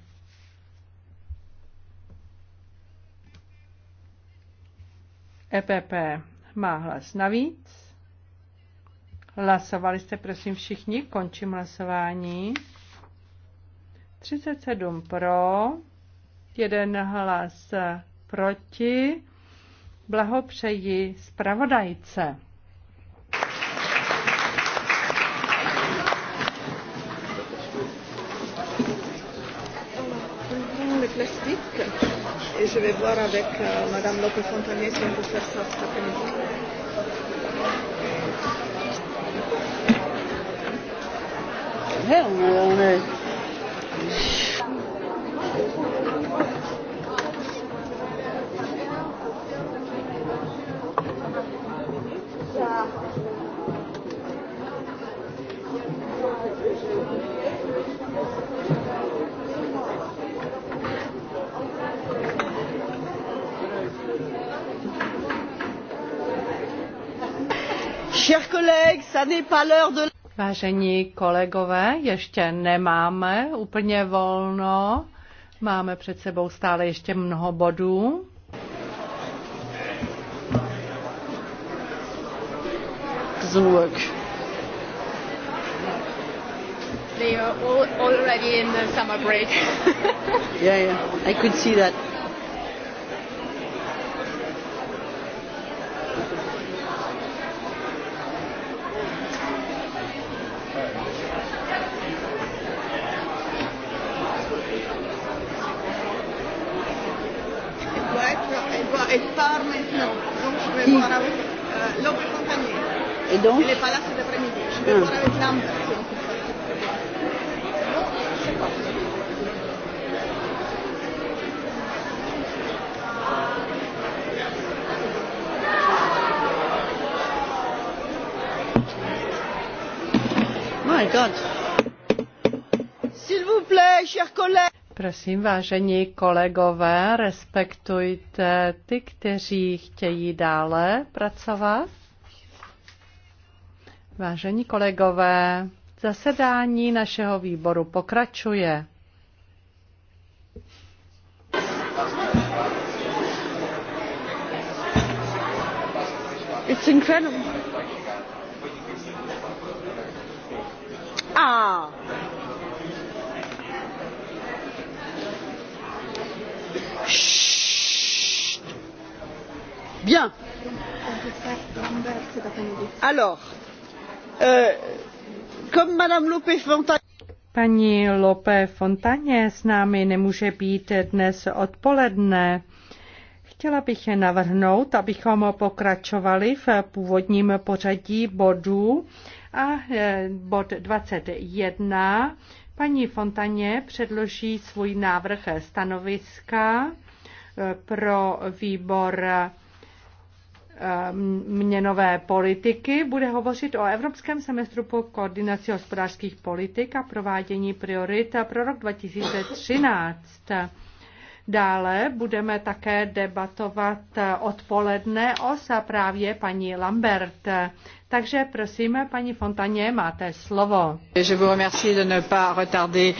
EPP má hlas navíc. Hlasovali jste, prosím, všichni. Končím hlasování. 37 pro, jeden hlas proti. Blahopřeji zpravodajce. je vais voir avec euh, Madame Lopez Fontanier si on peut faire ça cet après-midi. Yeah, on est, on est Vážení kolegové, ještě nemáme úplně volno. Máme před sebou stále ještě mnoho bodů. Doesn't They are all already in the summer break. yeah, yeah, I could see that. cet après-midi. Je vais ah. voir avec l'âme. My God. Prosím, vážení kolegové, respektujte ty, kteří chtějí dále pracovat. Vážení kolegové, zasedání našeho výboru pokračuje. It's incredible. Ah. Shh. Bien. Alors, Eh, Paní Lope Fontaně s námi nemůže být dnes odpoledne. Chtěla bych je navrhnout, abychom pokračovali v původním pořadí bodů a eh, bod 21. Paní Fontaně předloží svůj návrh stanoviska eh, pro výbor Ehm, měnové politiky bude hovořit o Evropském semestru po koordinaci hospodářských politik a provádění priorit pro rok 2013. Dále budeme také debatovat odpoledne o zprávě paní Lambert. Takže prosím, paní Fontaně, máte slovo. Je vous remercie de ne pas retarder.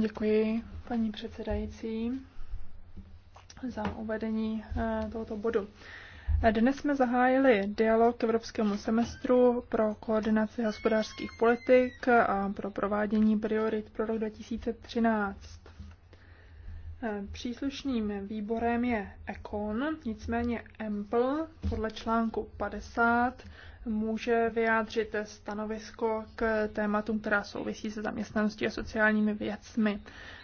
Děkuji, paní předsedající, za uvedení eh, tohoto bodu. Dnes jsme zahájili dialog k evropskému semestru pro koordinaci hospodářských politik a pro provádění priorit pro rok 2013. Eh, příslušným výborem je ECON, nicméně EMPL podle článku 50 může vyjádřit stanovisko k tématům, která souvisí se zaměstnaností a sociálními věcmi.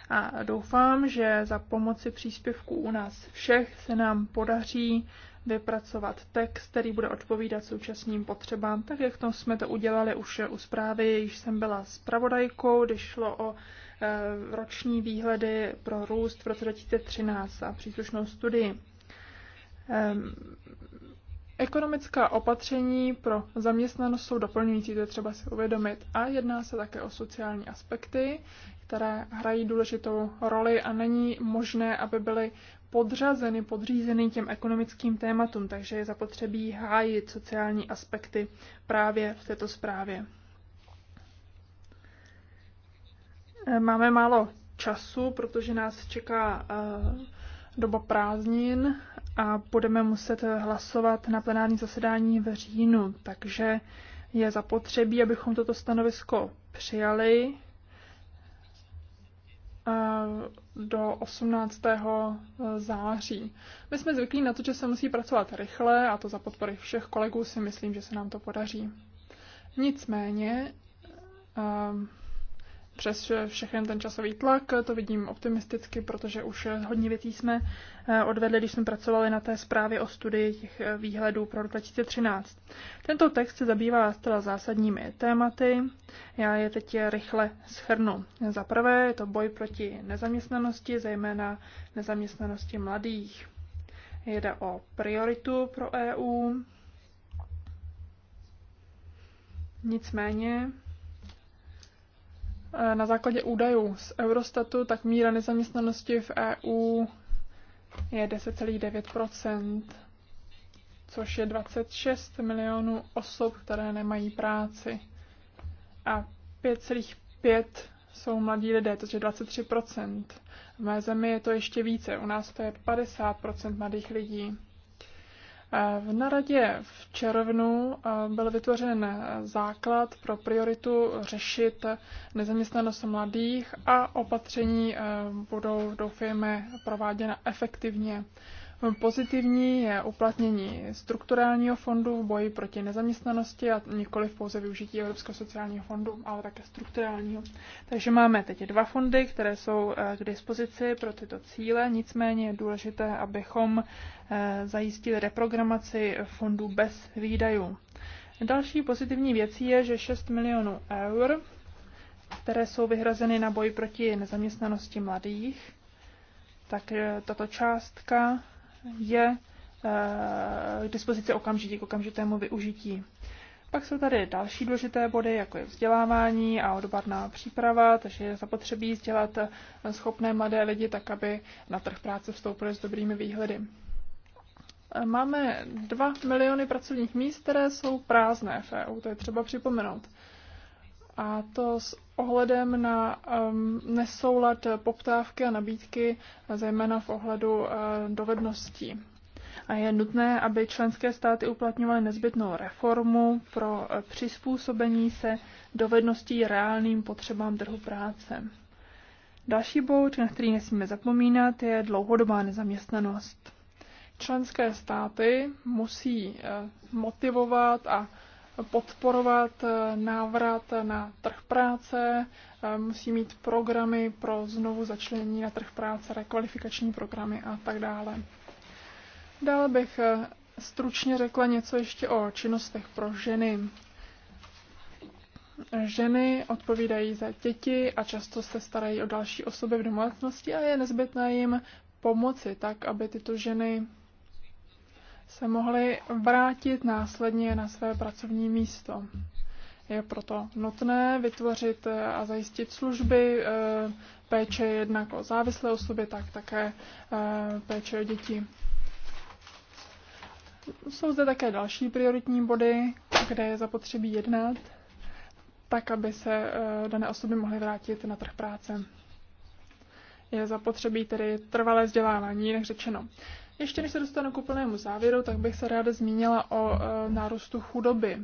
A doufám, že za pomoci příspěvků u nás všech se nám podaří vypracovat text, který bude odpovídat současným potřebám, tak jak to jsme to udělali už u zprávy, již jsem byla zpravodajkou, když šlo o eh, roční výhledy pro růst v roce 2013 a příslušnou studii. Ehm, ekonomická opatření pro zaměstnanost jsou doplňující, to je třeba si uvědomit, a jedná se také o sociální aspekty které hrají důležitou roli a není možné, aby byly podřazeny, podřízeny těm ekonomickým tématům, takže je zapotřebí hájit sociální aspekty právě v této zprávě. Eh, máme málo času, protože nás čeká eh, doba prázdnin a budeme muset hlasovat na plenární zasedání v říjnu, takže je zapotřebí, abychom toto stanovisko přijali do 18. E, září. My jsme zvyklí na to, že se musí pracovat rychle a to za podpory všech kolegů si myslím, že se nám to podaří. Nicméně e, přes všechen ten časový tlak, to vidím optimisticky, protože už hodně věcí jsme eh, odvedli, když jsme pracovali na té zprávě o studii těch eh, výhledů pro 2013. Tento text se zabývá zcela zásadními tématy. Já je teď rychle schrnu. Za prvé je to boj proti nezaměstnanosti, zejména nezaměstnanosti mladých. Jde o prioritu pro EU. Nicméně Eh, na základě údajů z Eurostatu, tak míra nezaměstnanosti v EU je 10,9%, což je 26 milionů osob, které nemají práci. A 5,5 jsou mladí lidé, což je 23%. V mé zemi je to ještě více, u nás to je 50% mladých lidí. V naradě v červnu byl vytvořen základ pro prioritu řešit nezaměstnanost mladých a opatření budou, doufejme, prováděna efektivně. Pozitivní je uplatnění strukturálního fondu v boji proti nezaměstnanosti a nikoli v pouze využití Evropského sociálního fondu, ale také strukturálního. Takže máme teď dva fondy, které jsou eh, k dispozici pro tyto cíle, nicméně je důležité, abychom eh, zajistili reprogramaci fondů bez výdajů. Další pozitivní věcí je, že 6 milionů eur, které jsou vyhrazeny na boj proti nezaměstnanosti mladých, tak eh, tato částka je eh, k dispozici okamžitě k okamžitému využití. Pak jsou tady další důležité body, jako je vzdělávání a odborná příprava, takže je zapotřebí vzdělat eh, schopné mladé lidi tak, aby na trh práce vstoupili s dobrými výhledy. Eh, máme 2 miliony pracovních míst, které jsou prázdné v EU, to je třeba připomenout a to s ohledem na um, nesoulad poptávky a nabídky, zejména v ohledu uh, dovedností. A je nutné, aby členské státy uplatňovaly nezbytnou reformu pro uh, přizpůsobení se dovedností reálným potřebám trhu práce. Další bod, na který nesmíme zapomínat, je dlouhodobá nezaměstnanost. Členské státy musí uh, motivovat a podporovat eh, návrat na trh práce, eh, musí mít programy pro znovu začlenění na trh práce, rekvalifikační programy a tak dále. Dále bych eh, stručně řekla něco ještě o činnostech pro ženy. Ženy odpovídají za děti a často se starají o další osoby v domácnosti a je nezbytné jim pomoci tak, aby tyto ženy se mohli vrátit následně na své pracovní místo. Je proto nutné vytvořit eh, a zajistit služby eh, péče jednak o závislé osoby, tak také eh, péče o děti. Jsou zde také další prioritní body, kde je zapotřebí jednat, tak aby se dané osoby mohly vrátit na trh práce. Je zapotřebí tedy trvalé vzdělávání, jinak řečeno. Ještě než se dostanu k úplnému závěru, tak bych se ráda zmínila o e, nárůstu chudoby.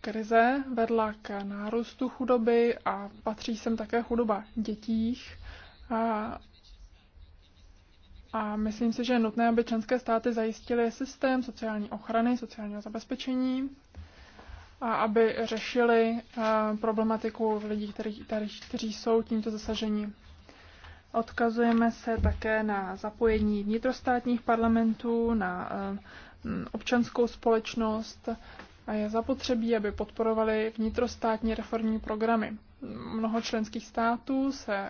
Krize vedla k nárůstu chudoby a patří sem také chudoba dětích. A, a myslím si, že je nutné, aby členské státy zajistily systém sociální ochrany, sociálního zabezpečení a aby řešili e, problematiku lidí, kteří, kteří jsou tímto zasaženi. Odkazujeme se také na zapojení vnitrostátních parlamentů, na eh, občanskou společnost a je zapotřebí, aby podporovali vnitrostátní reformní programy. Mnoho členských států se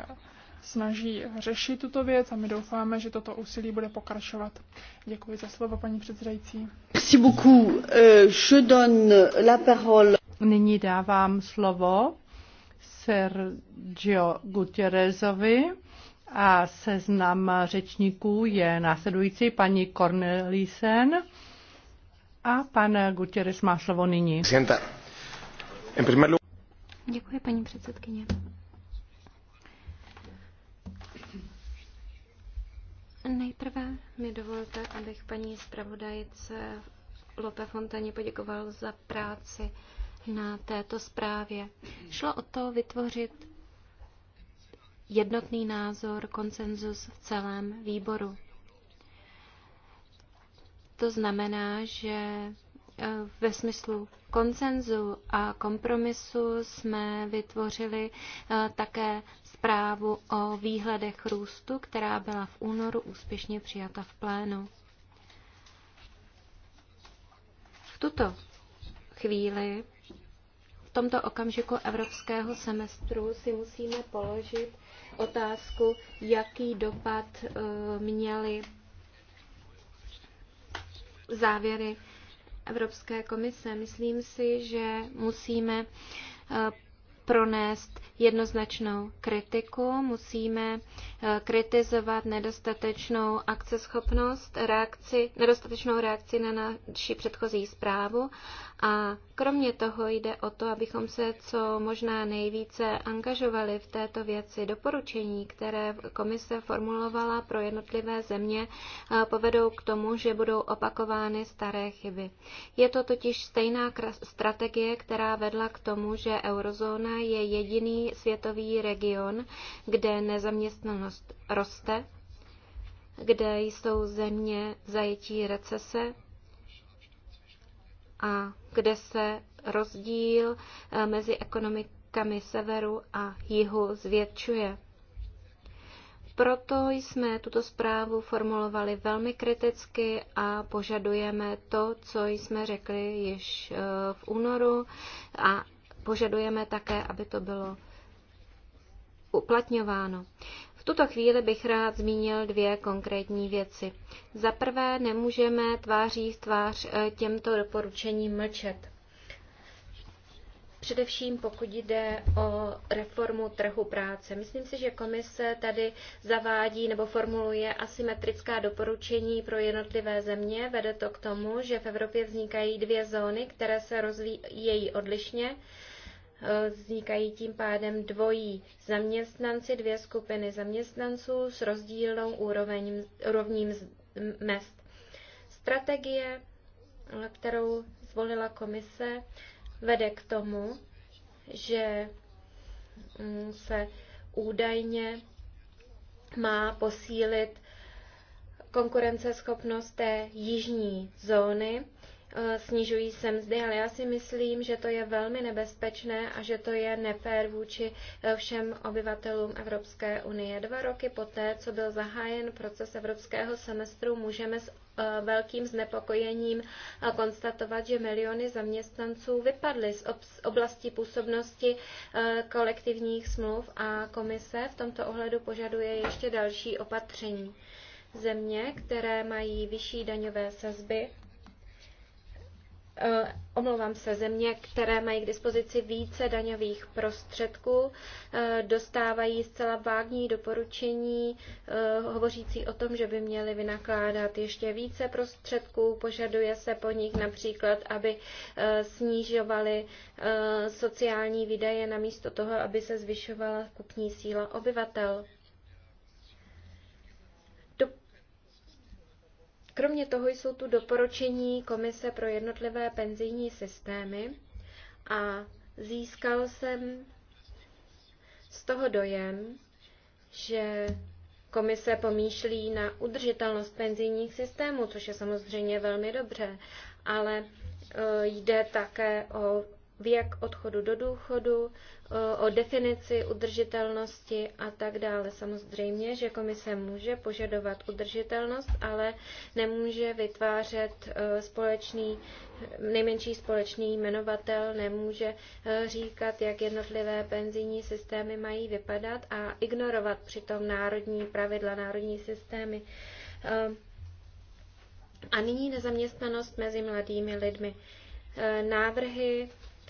snaží řešit tuto věc a my doufáme, že toto úsilí bude pokračovat. Děkuji za slovo, paní předsedající. Euh, Nyní dávám slovo Sergio Gutierrezovi a seznam řečníků je následující paní Cornelisen a pan Gutierrez má slovo nyní. Děkuji, paní předsedkyně. Nejprve mi dovolte, abych paní zpravodajce Lope Fontaně poděkoval za práci na této zprávě. Šlo o to vytvořit jednotný názor, konsenzus v celém výboru. To znamená, že e, ve smyslu konsenzu a kompromisu jsme vytvořili e, také zprávu o výhledech růstu, která byla v únoru úspěšně přijata v plénu. V tuto chvíli, v tomto okamžiku evropského semestru, si musíme položit otázku, jaký dopad eh, měly závěry Evropské komise. Myslím si, že musíme eh, pronést jednoznačnou kritiku, musíme eh, kritizovat nedostatečnou akceschopnost, reakci, nedostatečnou reakci na naši předchozí zprávu a kromě toho jde o to, abychom se co možná nejvíce angažovali v této věci. Doporučení, které komise formulovala pro jednotlivé země, eh, povedou k tomu, že budou opakovány staré chyby. Je to totiž stejná strategie, která vedla k tomu, že eurozóna je jediný světový region, kde nezaměstnanost roste, kde jsou země zajetí recese, a kde se rozdíl eh, mezi ekonomikami severu a jihu zvětšuje. Proto jsme tuto zprávu formulovali velmi kriticky a požadujeme to, co jsme řekli již eh, v únoru a požadujeme také, aby to bylo uplatňováno. V tuto chvíli bych rád zmínil dvě konkrétní věci. Za prvé, nemůžeme tváří v tvář eh, těmto doporučením mlčet. Především pokud jde o reformu trhu práce. Myslím si, že komise tady zavádí nebo formuluje asymetrická doporučení pro jednotlivé země. Vede to k tomu, že v Evropě vznikají dvě zóny, které se rozvíjejí odlišně. E, vznikají tím pádem dvojí zaměstnanci, dvě skupiny zaměstnanců s rozdílnou úroveň, úrovním mest. Strategie, kterou zvolila komise, vede k tomu, že mm, se údajně má posílit konkurenceschopnost té jižní zóny Eh, snižují se mzdy, ale já si myslím, že to je velmi nebezpečné a že to je nefér vůči eh, všem obyvatelům Evropské unie. Dva roky poté, co byl zahájen proces evropského semestru, můžeme s eh, velkým znepokojením konstatovat, že miliony zaměstnanců vypadly z oblasti působnosti kolektivních smluv a komise v tomto ohledu požaduje ještě další opatření. Země, které mají vyšší daňové sazby, Eh, omlouvám se, země, které mají k dispozici více daňových prostředků, eh, dostávají zcela vágní doporučení eh, hovořící o tom, že by měly vynakládat ještě více prostředků. Požaduje se po nich například, aby snižovali sociální výdaje namísto toho, aby se zvyšovala kupní síla obyvatel. Kromě toho jsou tu doporučení Komise pro jednotlivé penzijní systémy a získal jsem z toho dojem, že Komise pomýšlí na udržitelnost penzijních systémů, což je samozřejmě velmi dobře, ale e, jde také o věk odchodu do důchodu, o definici udržitelnosti a tak dále. Samozřejmě, že komise může požadovat udržitelnost, ale nemůže vytvářet e, společný, nejmenší společný jmenovatel, nemůže e, říkat, jak jednotlivé penzijní systémy mají vypadat a ignorovat přitom národní pravidla, národní systémy. E, a nyní nezaměstnanost mezi mladými lidmi. Návrhy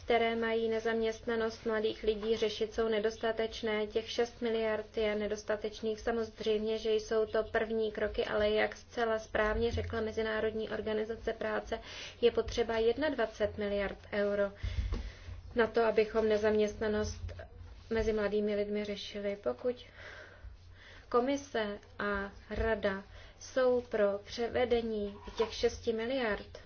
které mají nezaměstnanost mladých lidí řešit, jsou nedostatečné. Těch 6 miliard je nedostatečných. Samozřejmě, že jsou to první kroky, ale jak zcela správně řekla Mezinárodní organizace práce, je potřeba 21 miliard euro na to, abychom nezaměstnanost mezi mladými lidmi řešili. Pokud komise a rada jsou pro převedení těch 6 miliard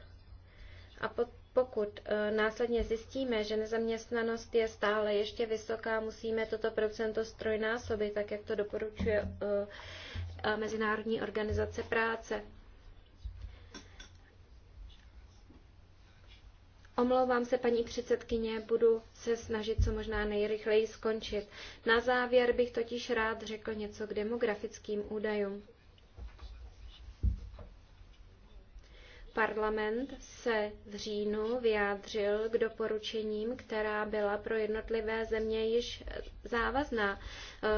a potom pokud e, následně zjistíme, že nezaměstnanost je stále ještě vysoká, musíme toto procento strojnásobit, tak jak to doporučuje e, e, Mezinárodní organizace práce. Omlouvám se, paní předsedkyně, budu se snažit co možná nejrychleji skončit. Na závěr bych totiž rád řekl něco k demografickým údajům. Parlament se v říjnu vyjádřil k doporučením, která byla pro jednotlivé země již závazná, eh,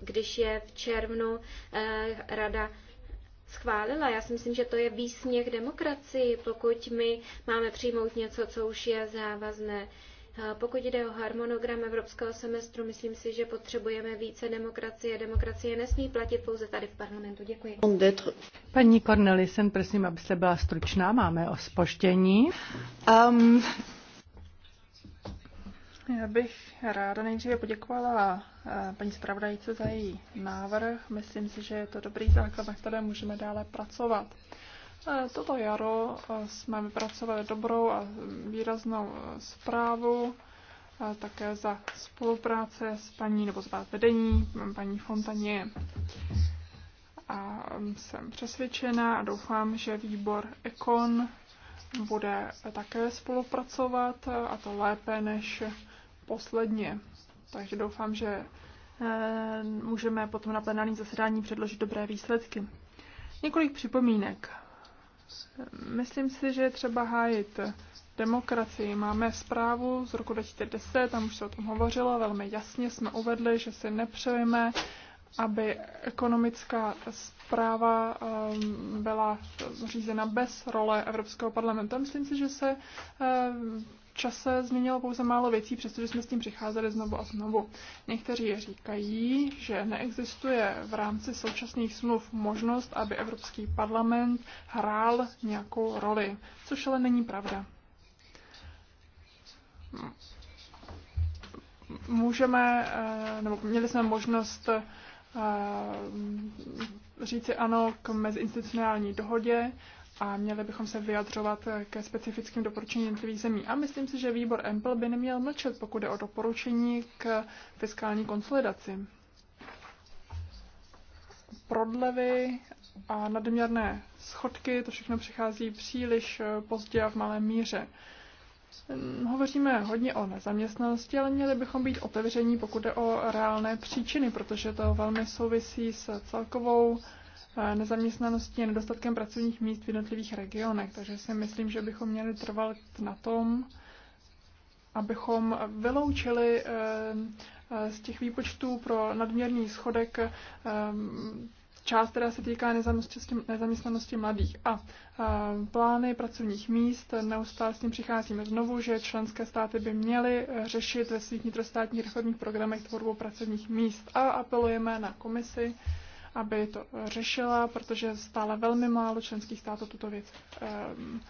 když je v červnu eh, Rada schválila. Já si myslím, že to je výsměch demokracii, pokud my máme přijmout něco, co už je závazné. Pokud jde o harmonogram evropského semestru, myslím si, že potřebujeme více demokracie. Demokracie nesmí platit pouze tady v parlamentu. Děkuji. Paní Cornelisen, prosím, abyste byla stručná. Máme o spoštění. Um, já bych ráda nejdříve poděkovala eh, paní zpravodajce za její návrh. Myslím si, že je to dobrý základ, na kterém můžeme dále pracovat. E, toto jaro e, jsme vypracovali dobrou a výraznou e, zprávu také za spolupráce s paní nebo s vedení paní Fontaně. A jsem přesvědčena a doufám, že výbor Ekon bude také spolupracovat a to lépe než posledně. Takže doufám, že můžeme potom na plenární zasedání předložit dobré výsledky. Několik připomínek. Myslím si, že je třeba hájit demokracii. Máme zprávu z roku 2010, tam už se o tom hovořilo, velmi jasně jsme uvedli, že si nepřejeme, aby ekonomická zpráva um, byla řízena bez role Evropského parlamentu. Myslím si, že se čase změnilo pouze málo věcí, přestože jsme s tím přicházeli znovu a znovu. Někteří říkají, že neexistuje v rámci současných smluv možnost, aby Evropský parlament hrál nějakou roli, což ale není pravda. Můžeme, eh, nebo měli jsme možnost eh, říci ano k mezinstitucionální dohodě, a měli bychom se vyjadřovat eh, ke specifickým doporučením jednotlivých zemí. A myslím si, že výbor EMPL by neměl mlčet, pokud je o doporučení k fiskální konsolidaci. Prodlevy a nadměrné schodky, to všechno přichází příliš eh, pozdě a v malé míře. Hm, hovoříme hodně o nezaměstnanosti, ale měli bychom být otevření, pokud je o reálné příčiny, protože to velmi souvisí s celkovou nezaměstnaností a nedostatkem pracovních míst v jednotlivých regionech. Takže si myslím, že bychom měli trvat na tom, abychom vyloučili eh, eh, z těch výpočtů pro nadměrný schodek eh, část, která se týká nezaměstnanosti mladých. A plány pracovních míst, neustále s tím přicházíme znovu, že členské státy by měly řešit ve svých vnitrostátních reformních programech tvorbu pracovních míst. A apelujeme na komisi, aby to řešila, protože stále velmi málo členských států tuto věc um,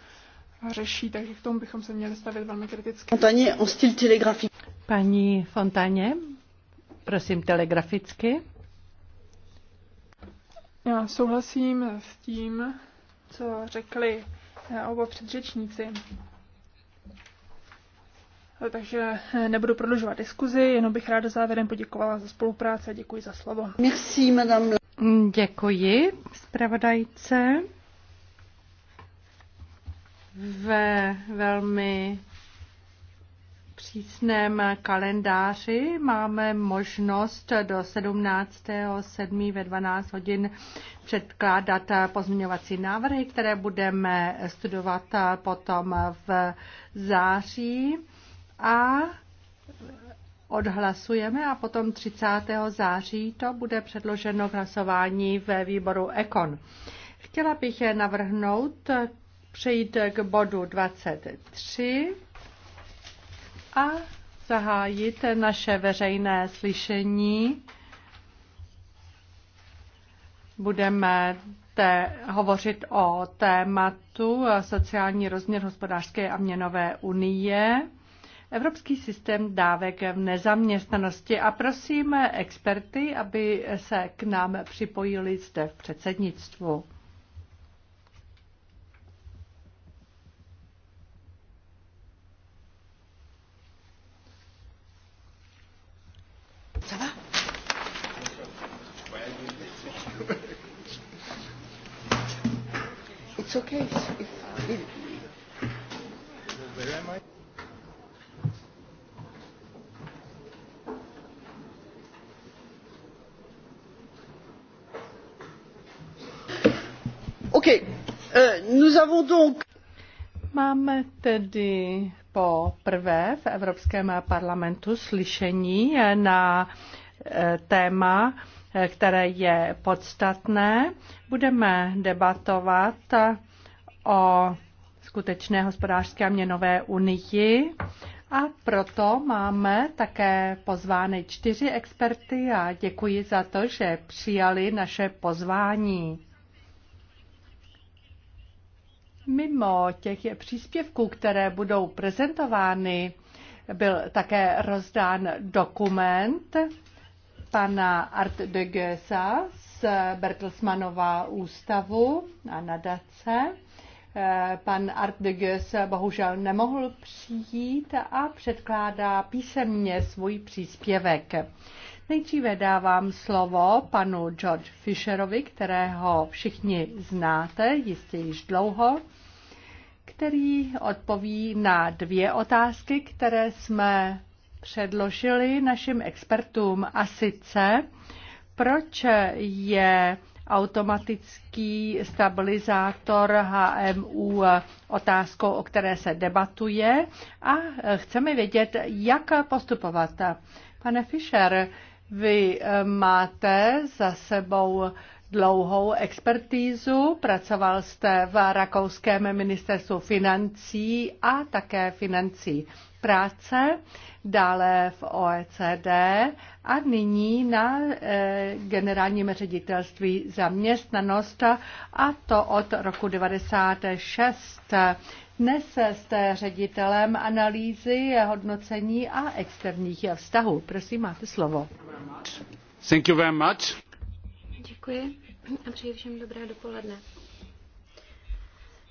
řeší, takže k tomu bychom se měli stavit velmi kriticky. Fontaně, o styl telegrafický. Paní Fontaně, prosím telegraficky. Já souhlasím s tím, co řekli eh, oba předřečníci. Eh, takže eh, nebudu prodlužovat diskuzi, jenom bych ráda závěrem poděkovala za spolupráci a děkuji za slovo. Merci, madame. Mm, děkuji zpravodajce. Ve velmi přísném kalendáři máme možnost do 17.7. ve 12 hodin předkládat pozměňovací návrhy, které budeme studovat potom v září. A odhlasujeme a potom 30. září to bude předloženo k hlasování ve výboru EKON. Chtěla bych je navrhnout přejít k bodu 23 a zahájit naše veřejné slyšení. Budeme te, hovořit o tématu sociální rozměr hospodářské a měnové unie. Evropský systém dávek v nezaměstnanosti a prosím experty, aby se k nám připojili zde v předsednictvu. It's okay. it's, it's... where am I? Eh, máme tedy po v Evropském parlamentu slyšení na eh, téma, eh, které je podstatné. Budeme debatovat o skutečné hospodářské a měnové unii a proto máme také pozvány čtyři experty a děkuji za to, že přijali naše pozvání. Mimo těch příspěvků, které budou prezentovány, byl také rozdán dokument pana Art de Goesa z Bertelsmanova ústavu a nadace. Eh, pan Art de Goes bohužel nemohl přijít a předkládá písemně svůj příspěvek. Nejdříve dávám slovo panu George Fisherovi, kterého všichni znáte, jistě již dlouho který odpoví na dvě otázky, které jsme předložili našim expertům. A sice, proč je automatický stabilizátor HMU otázkou, o které se debatuje a chceme vědět, jak postupovat. Pane Fischer, vy máte za sebou dlouhou expertízu, pracoval jste v rakouském ministerstvu financí a také financí práce, dále v OECD a nyní na eh, generálním ředitelství zaměstnanost a to od roku 96. Dnes jste ředitelem analýzy, hodnocení a externích vztahů. Prosím, máte slovo. Thank you very much. Děkuji a přeji všem dobré dopoledne.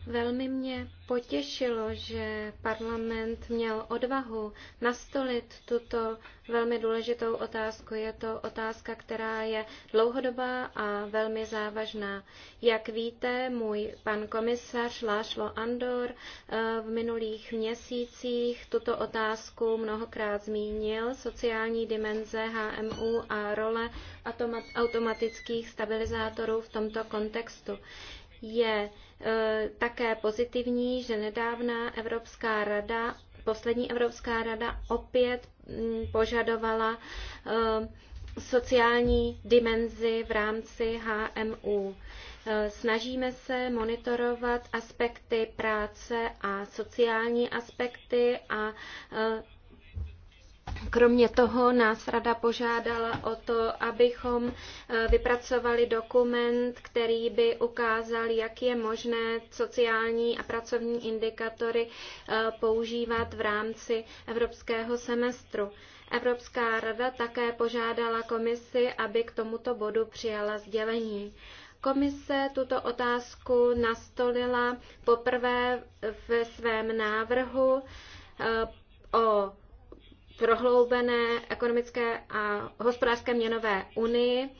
Velmi mě potěšilo, že parlament měl odvahu nastolit tuto velmi důležitou otázku. Je to otázka, která je dlouhodobá a velmi závažná. Jak víte, můj pan komisař Lášlo Andor eh, v minulých měsících tuto otázku mnohokrát zmínil. Sociální dimenze HMU a role automatických stabilizátorů v tomto kontextu je E, také pozitivní, že nedávná Evropská rada, poslední Evropská rada opět mm, požadovala e, sociální dimenzi v rámci HMU. E, snažíme se monitorovat aspekty práce a sociální aspekty a Kromě toho nás rada požádala o to, abychom eh, vypracovali dokument, který by ukázal, jak je možné sociální a pracovní indikatory eh, používat v rámci evropského semestru. Evropská rada také požádala komisi, aby k tomuto bodu přijala sdělení. Komise tuto otázku nastolila poprvé ve svém návrhu eh, o prohloubené ekonomické a hospodářské měnové unii.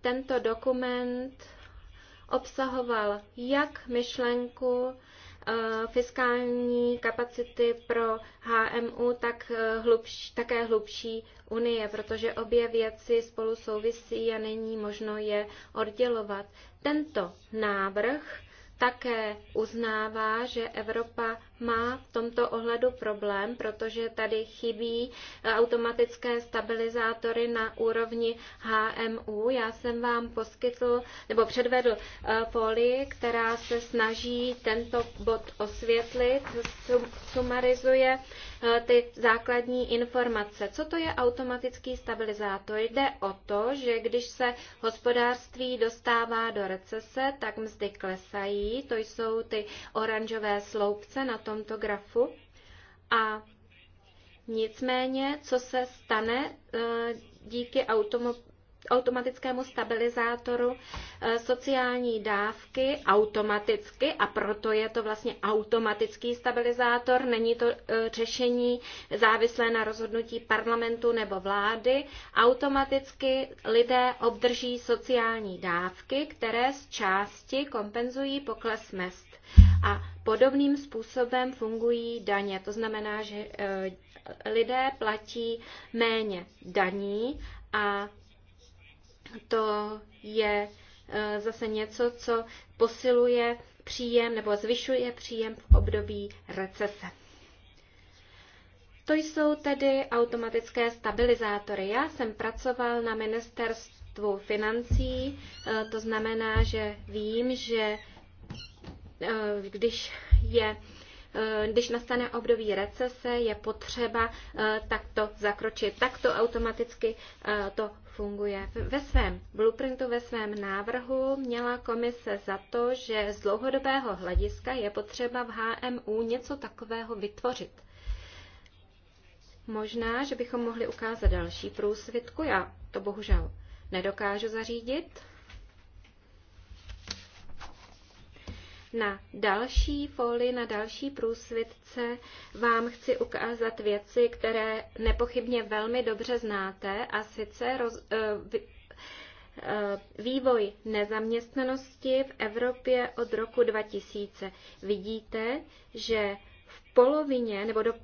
Tento dokument obsahoval jak myšlenku eh, fiskální kapacity pro HMU, tak eh, hlubší, také hlubší unie, protože obě věci spolu souvisí a není možno je oddělovat. Tento návrh také uznává, že Evropa má v tomto ohledu problém, protože tady chybí eh, automatické stabilizátory na úrovni HMU. Já jsem vám poskytl nebo předvedl eh, folii, která se snaží tento bod osvětlit, sumarizuje Eh, ty základní informace. Co to je automatický stabilizátor? Jde o to, že když se hospodářství dostává do recese, tak mzdy klesají. To jsou ty oranžové sloupce na tomto grafu. A nicméně, co se stane eh, díky automo- automatickému stabilizátoru eh, sociální dávky automaticky a proto je to vlastně automatický stabilizátor. Není to eh, řešení závislé na rozhodnutí parlamentu nebo vlády. Automaticky lidé obdrží sociální dávky, které z části kompenzují pokles mest. A podobným způsobem fungují daně. To znamená, že eh, lidé platí méně daní a to je eh, zase něco, co posiluje příjem nebo zvyšuje příjem v období recese. To jsou tedy automatické stabilizátory. Já jsem pracoval na ministerstvu financí, eh, to znamená, že vím, že eh, když je Eh, když nastane období recese, je potřeba eh, takto zakročit. Takto automaticky eh, to funguje. Ve svém blueprintu, ve svém návrhu měla komise za to, že z dlouhodobého hlediska je potřeba v HMU něco takového vytvořit. Možná, že bychom mohli ukázat další průsvitku, já to bohužel nedokážu zařídit, Na další folii, na další průsvitce vám chci ukázat věci, které nepochybně velmi dobře znáte a sice roz, eh, eh, vývoj nezaměstnanosti v Evropě od roku 2000. Vidíte, že v polovině nebo do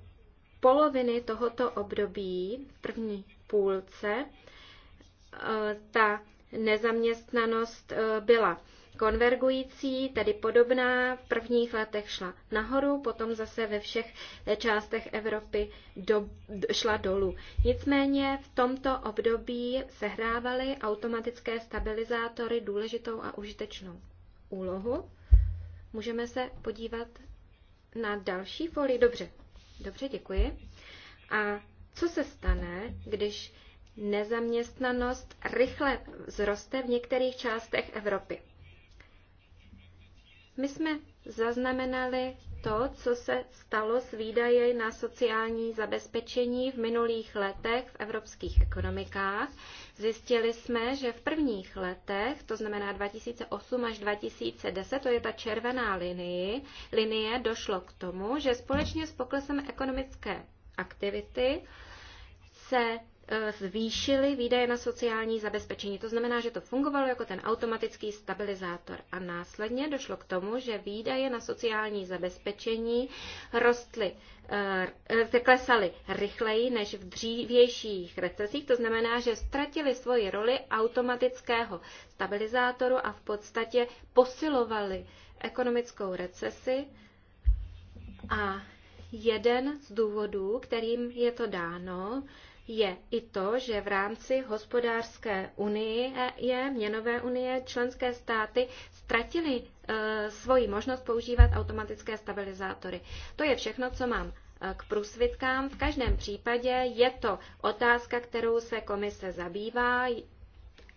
poloviny tohoto období, v první půlce, eh, ta nezaměstnanost byla konvergující, tedy podobná. V prvních letech šla nahoru, potom zase ve všech eh, částech Evropy do, šla dolů. Nicméně v tomto období sehrávaly automatické stabilizátory důležitou a užitečnou úlohu. Můžeme se podívat na další folii. Dobře, dobře, děkuji. A co se stane, když nezaměstnanost rychle vzroste v některých částech Evropy? My jsme zaznamenali to, co se stalo s výdaji na sociální zabezpečení v minulých letech v evropských ekonomikách. Zjistili jsme, že v prvních letech, to znamená 2008 až 2010, to je ta červená linie, linie došlo k tomu, že společně s poklesem ekonomické aktivity se Eh, zvýšili výdaje na sociální zabezpečení. To znamená, že to fungovalo jako ten automatický stabilizátor. A následně došlo k tomu, že výdaje na sociální zabezpečení rostly, eh, eh, klesaly rychleji než v dřívějších recesích. To znamená, že ztratili svoji roli automatického stabilizátoru a v podstatě posilovali ekonomickou recesi. A jeden z důvodů, kterým je to dáno, je i to, že v rámci hospodářské unie, je, měnové unie, členské státy ztratily e, svoji možnost používat automatické stabilizátory. To je všechno, co mám e, k průsvitkám. V každém případě je to otázka, kterou se komise zabývá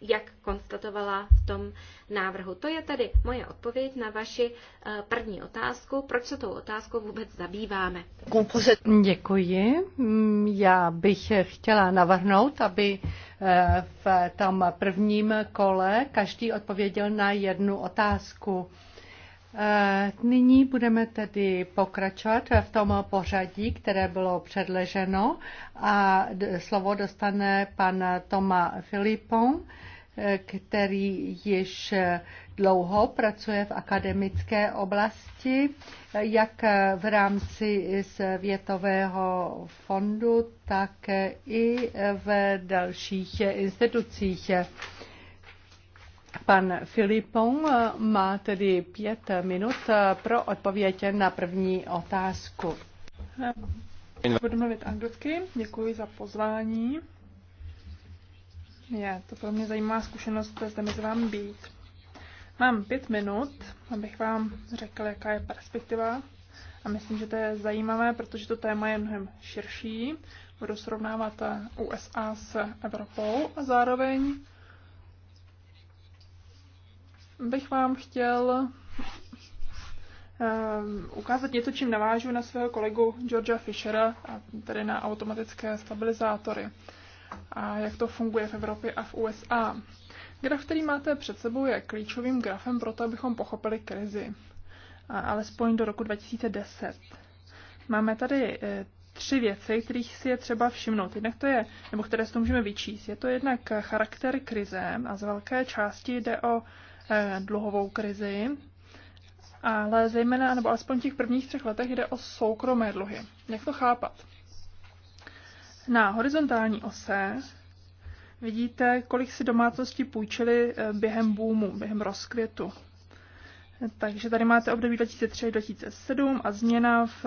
jak konstatovala v tom návrhu. To je tedy moje odpověď na vaši eh, první otázku. Proč se tou otázkou vůbec zabýváme? Děkuji. Mm, já bych chtěla navrhnout, aby eh, v tom prvním kole každý odpověděl na jednu otázku. Eh, nyní budeme tedy pokračovat v tom pořadí, které bylo předleženo a slovo dostane pan Toma Filipon který již dlouho pracuje v akademické oblasti, jak v rámci Světového fondu, tak i v dalších institucích. Pan Filipon má tedy pět minut pro odpověď na první otázku. Budu mluvit anglicky. Děkuji za pozvání. Je to pro mě zajímavá zkušenost zde mezi vám být. Mám pět minut, abych vám řekla, jaká je perspektiva. A myslím, že to je zajímavé, protože to téma je mnohem širší. Budu srovnávat USA s Evropou a zároveň bych vám chtěl eh, ukázat něco, čím navážu na svého kolegu Georgia Fishera, a tedy na automatické stabilizátory a jak to funguje v Evropě a v USA. Graf, který máte před sebou, je klíčovým grafem pro to, abychom pochopili krizi, a alespoň do roku 2010. Máme tady e, tři věci, kterých si je třeba všimnout. Jednak to je, nebo které si to můžeme vyčíst. Je to jednak charakter krize a z velké části jde o e, dluhovou krizi, ale zejména, nebo alespoň v těch prvních třech letech jde o soukromé dluhy. Jak to chápat? Na horizontální ose vidíte, kolik si domácnosti půjčili eh, během boomu, během rozkvětu. Takže tady máte období 2003-2007 a změna v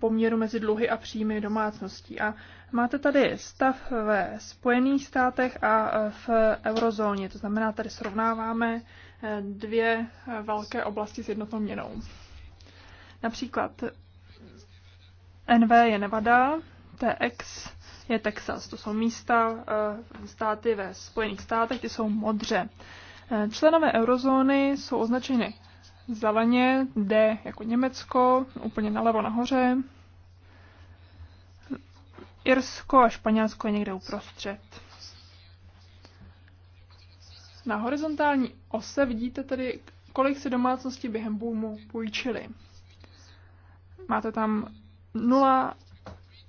poměru mezi dluhy a příjmy domácností. A máte tady stav ve Spojených státech a eh, v eurozóně. To znamená, tady srovnáváme eh, dvě velké oblasti s jednotnou měnou. Například NV je Nevada, TX je Texas. To jsou místa, eh, státy ve Spojených státech, ty jsou modře. Eh, členové eurozóny jsou označeny zeleně, D jako Německo, úplně nalevo nahoře. Irsko a Španělsko je někde uprostřed. Na horizontální ose vidíte tedy, kolik si domácnosti během boomu půjčily. Máte tam 0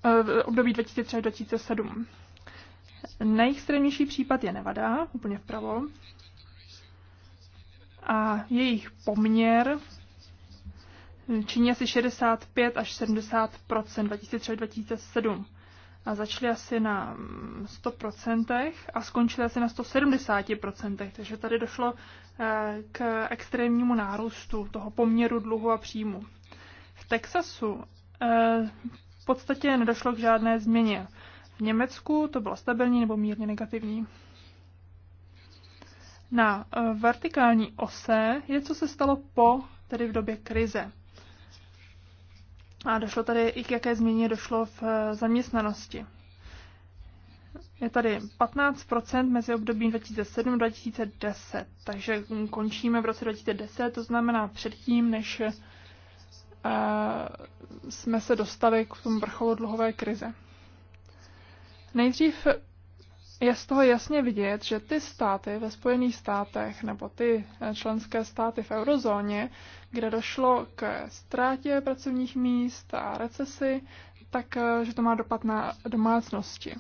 Eh, v období 2003-2007. Nejextrémnější případ je Nevada, úplně vpravo. A jejich poměr činí asi 65 až 70 2003-2007. A začaly asi na 100 a skončili asi na 170 takže tady došlo eh, k extrémnímu nárůstu toho poměru dluhu a příjmu. V Texasu eh, podstatě nedošlo k žádné změně. V Německu to bylo stabilní nebo mírně negativní. Na eh, vertikální ose je, co se stalo po, tedy v době krize. A došlo tady i k jaké změně došlo v eh, zaměstnanosti. Je tady 15% mezi obdobím 2007 a 2010, takže končíme v roce 2010, to znamená předtím, než jsme se dostali k tomu vrcholu dluhové krize. Nejdřív je z toho jasně vidět, že ty státy ve Spojených státech nebo ty členské státy v eurozóně, kde došlo k ztrátě pracovních míst a recesi, tak že to má dopad na domácnosti.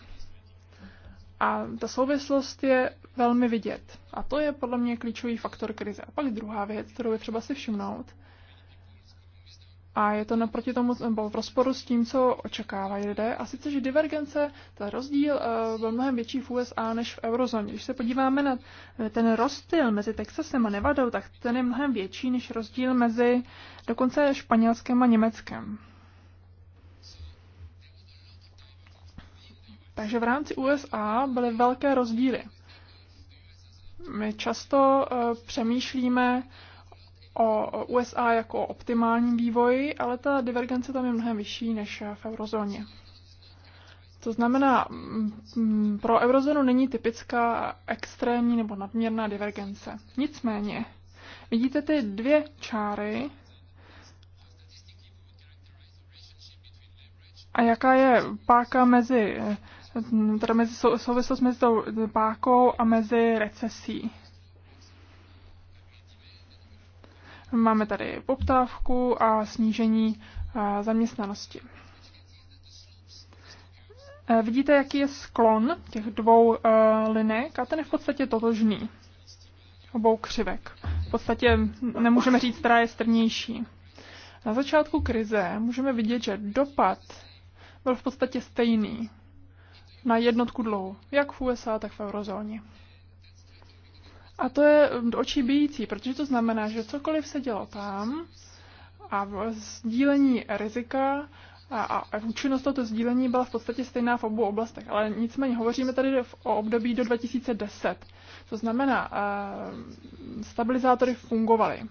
A ta souvislost je velmi vidět. A to je podle mě klíčový faktor krize. A pak druhá věc, kterou je třeba si všimnout, a je to naproti tomu, nebo v rozporu s tím, co očekávají lidé. A sice, že divergence, ten rozdíl eh, byl mnohem větší v USA než v eurozóně. Když se podíváme na eh, ten rozdíl mezi Texasem a Nevadou, tak ten je mnohem větší než rozdíl mezi dokonce Španělskem a Německem. Takže v rámci USA byly velké rozdíly. My často eh, přemýšlíme, o USA jako o optimálním vývoji, ale ta divergence tam je mnohem vyšší než v eurozóně. To znamená, mm, mm, pro eurozónu není typická extrémní nebo nadměrná divergence. Nicméně, vidíte ty dvě čáry a jaká je páka mezi, eh, teda mezi souvislost mezi tou pákou a mezi recesí. Máme tady poptávku a snížení eh, zaměstnanosti. Eh, vidíte, jaký je sklon těch dvou eh, linek a ten je v podstatě totožný obou křivek. V podstatě nemůžeme říct, která je strnější. Na začátku krize můžeme vidět, že dopad byl v podstatě stejný na jednotku dluhu, jak v USA, tak v eurozóně. A to je oči očí bíjící, protože to znamená, že cokoliv se dělo tam a sdílení rizika a, a účinnost tohoto sdílení byla v podstatě stejná v obou oblastech, ale nicméně hovoříme tady o období do 2010. To znamená, eh, stabilizátory fungovaly.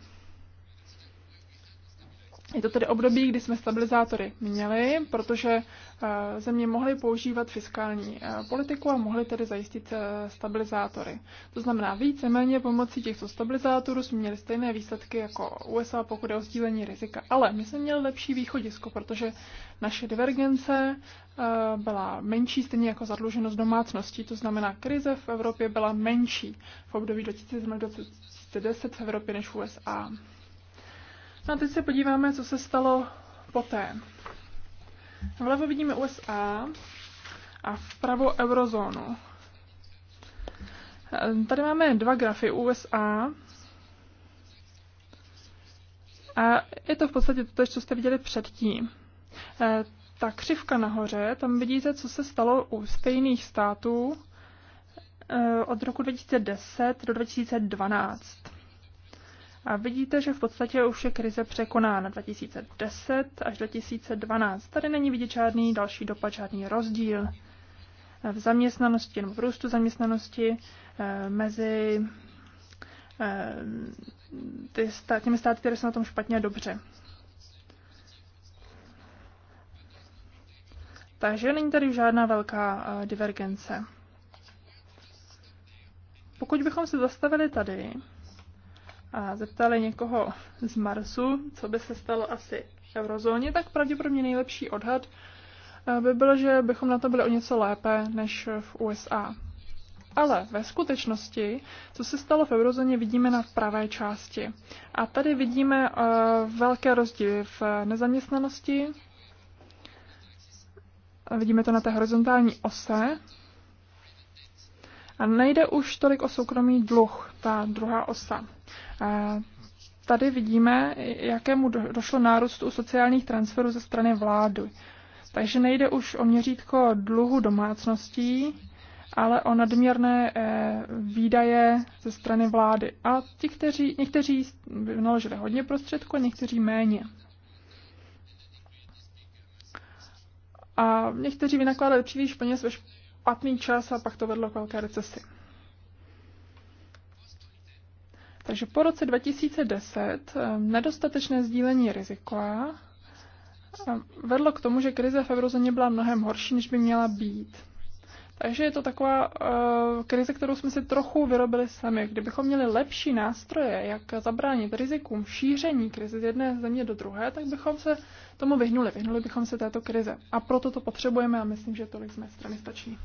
Je to tedy období, kdy jsme stabilizátory měli, protože eh, země mohly používat fiskální eh, politiku a mohly tedy zajistit eh, stabilizátory. To znamená, víceméně pomocí těchto stabilizátorů jsme měli stejné výsledky jako USA, pokud je o sdílení rizika. Ale my jsme měli lepší východisko, protože naše divergence byla menší, stejně jako zadluženost domácností. To znamená, krize v Evropě byla menší v období 2010 v Evropě než v USA. No a teď se podíváme, co se stalo poté. Vlevo vidíme USA a vpravo eurozónu. Tady máme dva grafy USA. A je to v podstatě to, co jste viděli předtím. Eh, ta křivka nahoře, tam vidíte, co se stalo u stejných států eh, od roku 2010 do 2012. A vidíte, že v podstatě už je krize překonána 2010 až 2012. Tady není vidět žádný další dopad, žádný rozdíl v zaměstnanosti nebo v růstu zaměstnanosti eh, mezi eh, ty stát, těmi státy, které jsou na tom špatně a dobře. Takže není tady žádná velká eh, divergence. Pokud bychom se zastavili tady, a zeptali někoho z Marsu, co by se stalo asi v eurozóně, tak pravděpodobně nejlepší odhad eh, by byl, že bychom na to byli o něco lépe než v USA. Ale ve skutečnosti, co se stalo v eurozóně, vidíme na pravé části. A tady vidíme eh, velké rozdíly v nezaměstnanosti. Vidíme to na té horizontální ose, a nejde už tolik o soukromý dluh, ta druhá osa. A tady vidíme, jakému došlo nárůstu sociálních transferů ze strany vlády. Takže nejde už o měřítko dluhu domácností, ale o nadměrné eh, výdaje ze strany vlády. A ti, kteří, někteří vynaložili hodně prostředků, někteří méně. A někteří vynakládali příliš peněz ve špatný čas a pak to vedlo k velké recesi. Takže po roce 2010 eh, nedostatečné sdílení rizika eh, vedlo k tomu, že krize v eurozóně byla mnohem horší, než by měla být. Takže je to taková uh, krize, kterou jsme si trochu vyrobili sami. Kdybychom měli lepší nástroje, jak zabránit rizikům šíření krize z jedné země do druhé, tak bychom se tomu vyhnuli. Vyhnuli bychom se této krize. A proto to potřebujeme a myslím, že tolik z mé strany stačí.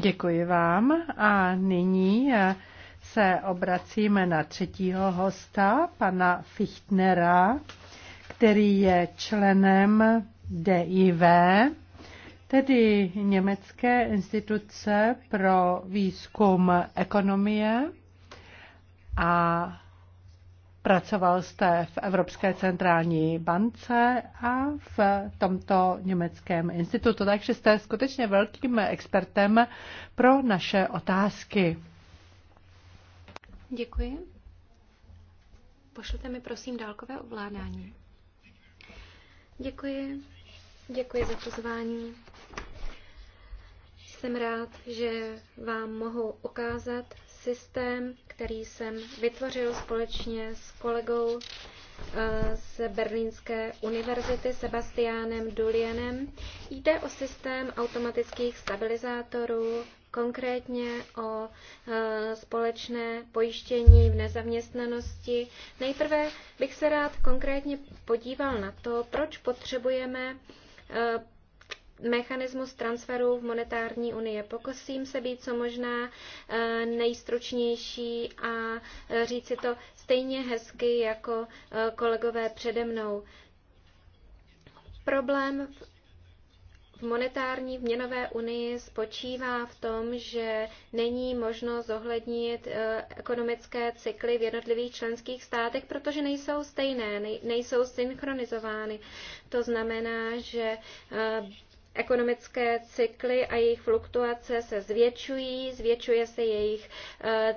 Děkuji vám. A nyní eh, se obracíme na třetího hosta, pana Fichtnera, který je členem DIV tedy Německé instituce pro výzkum ekonomie a Pracoval jste v Evropské centrální bance a v tomto německém institutu, takže jste skutečně velkým expertem pro naše otázky. Děkuji. Pošlete mi prosím dálkové ovládání. Děkuji. Děkuji za pozvání. Jsem rád, že vám mohu ukázat systém, který jsem vytvořil společně s kolegou eh, z Berlínské univerzity Sebastiánem Dulienem. Jde o systém automatických stabilizátorů, konkrétně o eh, společné pojištění v nezaměstnanosti. Nejprve bych se rád konkrétně podíval na to, proč potřebujeme Eh, mechanismus transferu v monetární unii. Pokusím se být co možná eh, nejstručnější a eh, říci to stejně hezky jako kolegové přede mnou. Problém v monetární v měnové unii spočívá v tom, že není možno zohlednit eh, ekonomické cykly v jednotlivých členských státech, protože nejsou stejné, nejsou synchronizovány. To znamená, že eh, ekonomické cykly a jejich fluktuace se zvětšují, zvětšuje se jejich eh,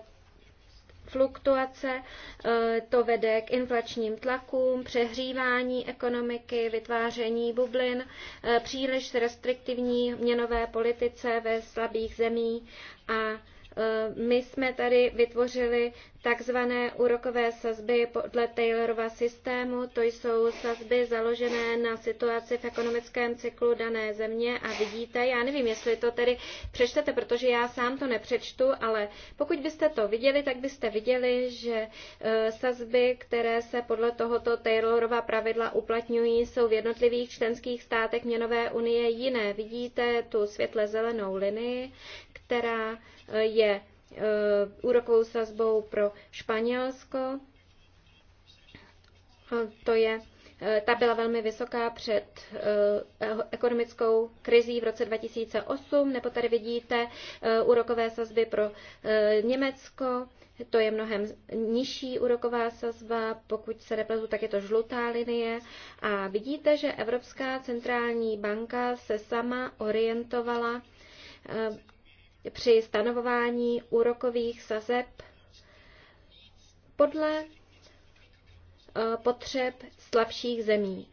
fluktuace, eh, to vede k inflačním tlakům, přehřívání ekonomiky, vytváření bublin, eh, příliš restriktivní měnové politice ve slabých zemích a eh, my jsme tady vytvořili takzvané úrokové sazby podle Taylorova systému. To jsou sazby založené na situaci v ekonomickém cyklu dané země a vidíte, já nevím, jestli to tedy přečtete, protože já sám to nepřečtu, ale pokud byste to viděli, tak byste viděli, že e, sazby, které se podle tohoto Taylorova pravidla uplatňují, jsou v jednotlivých členských státech měnové unie jiné. Vidíte tu světle zelenou linii, která e, je Eh, úrokovou sazbou pro Španělsko. To je, eh, ta byla velmi vysoká před eh, ekonomickou krizí v roce 2008, nebo tady vidíte úrokové sazby pro Německo, to je mnohem nižší úroková sazba, pokud se nepletu, tak je to žlutá linie. A vidíte, že Evropská centrální banka se sama orientovala při stanovování úrokových sazeb podle eh, potřeb slabších zemí.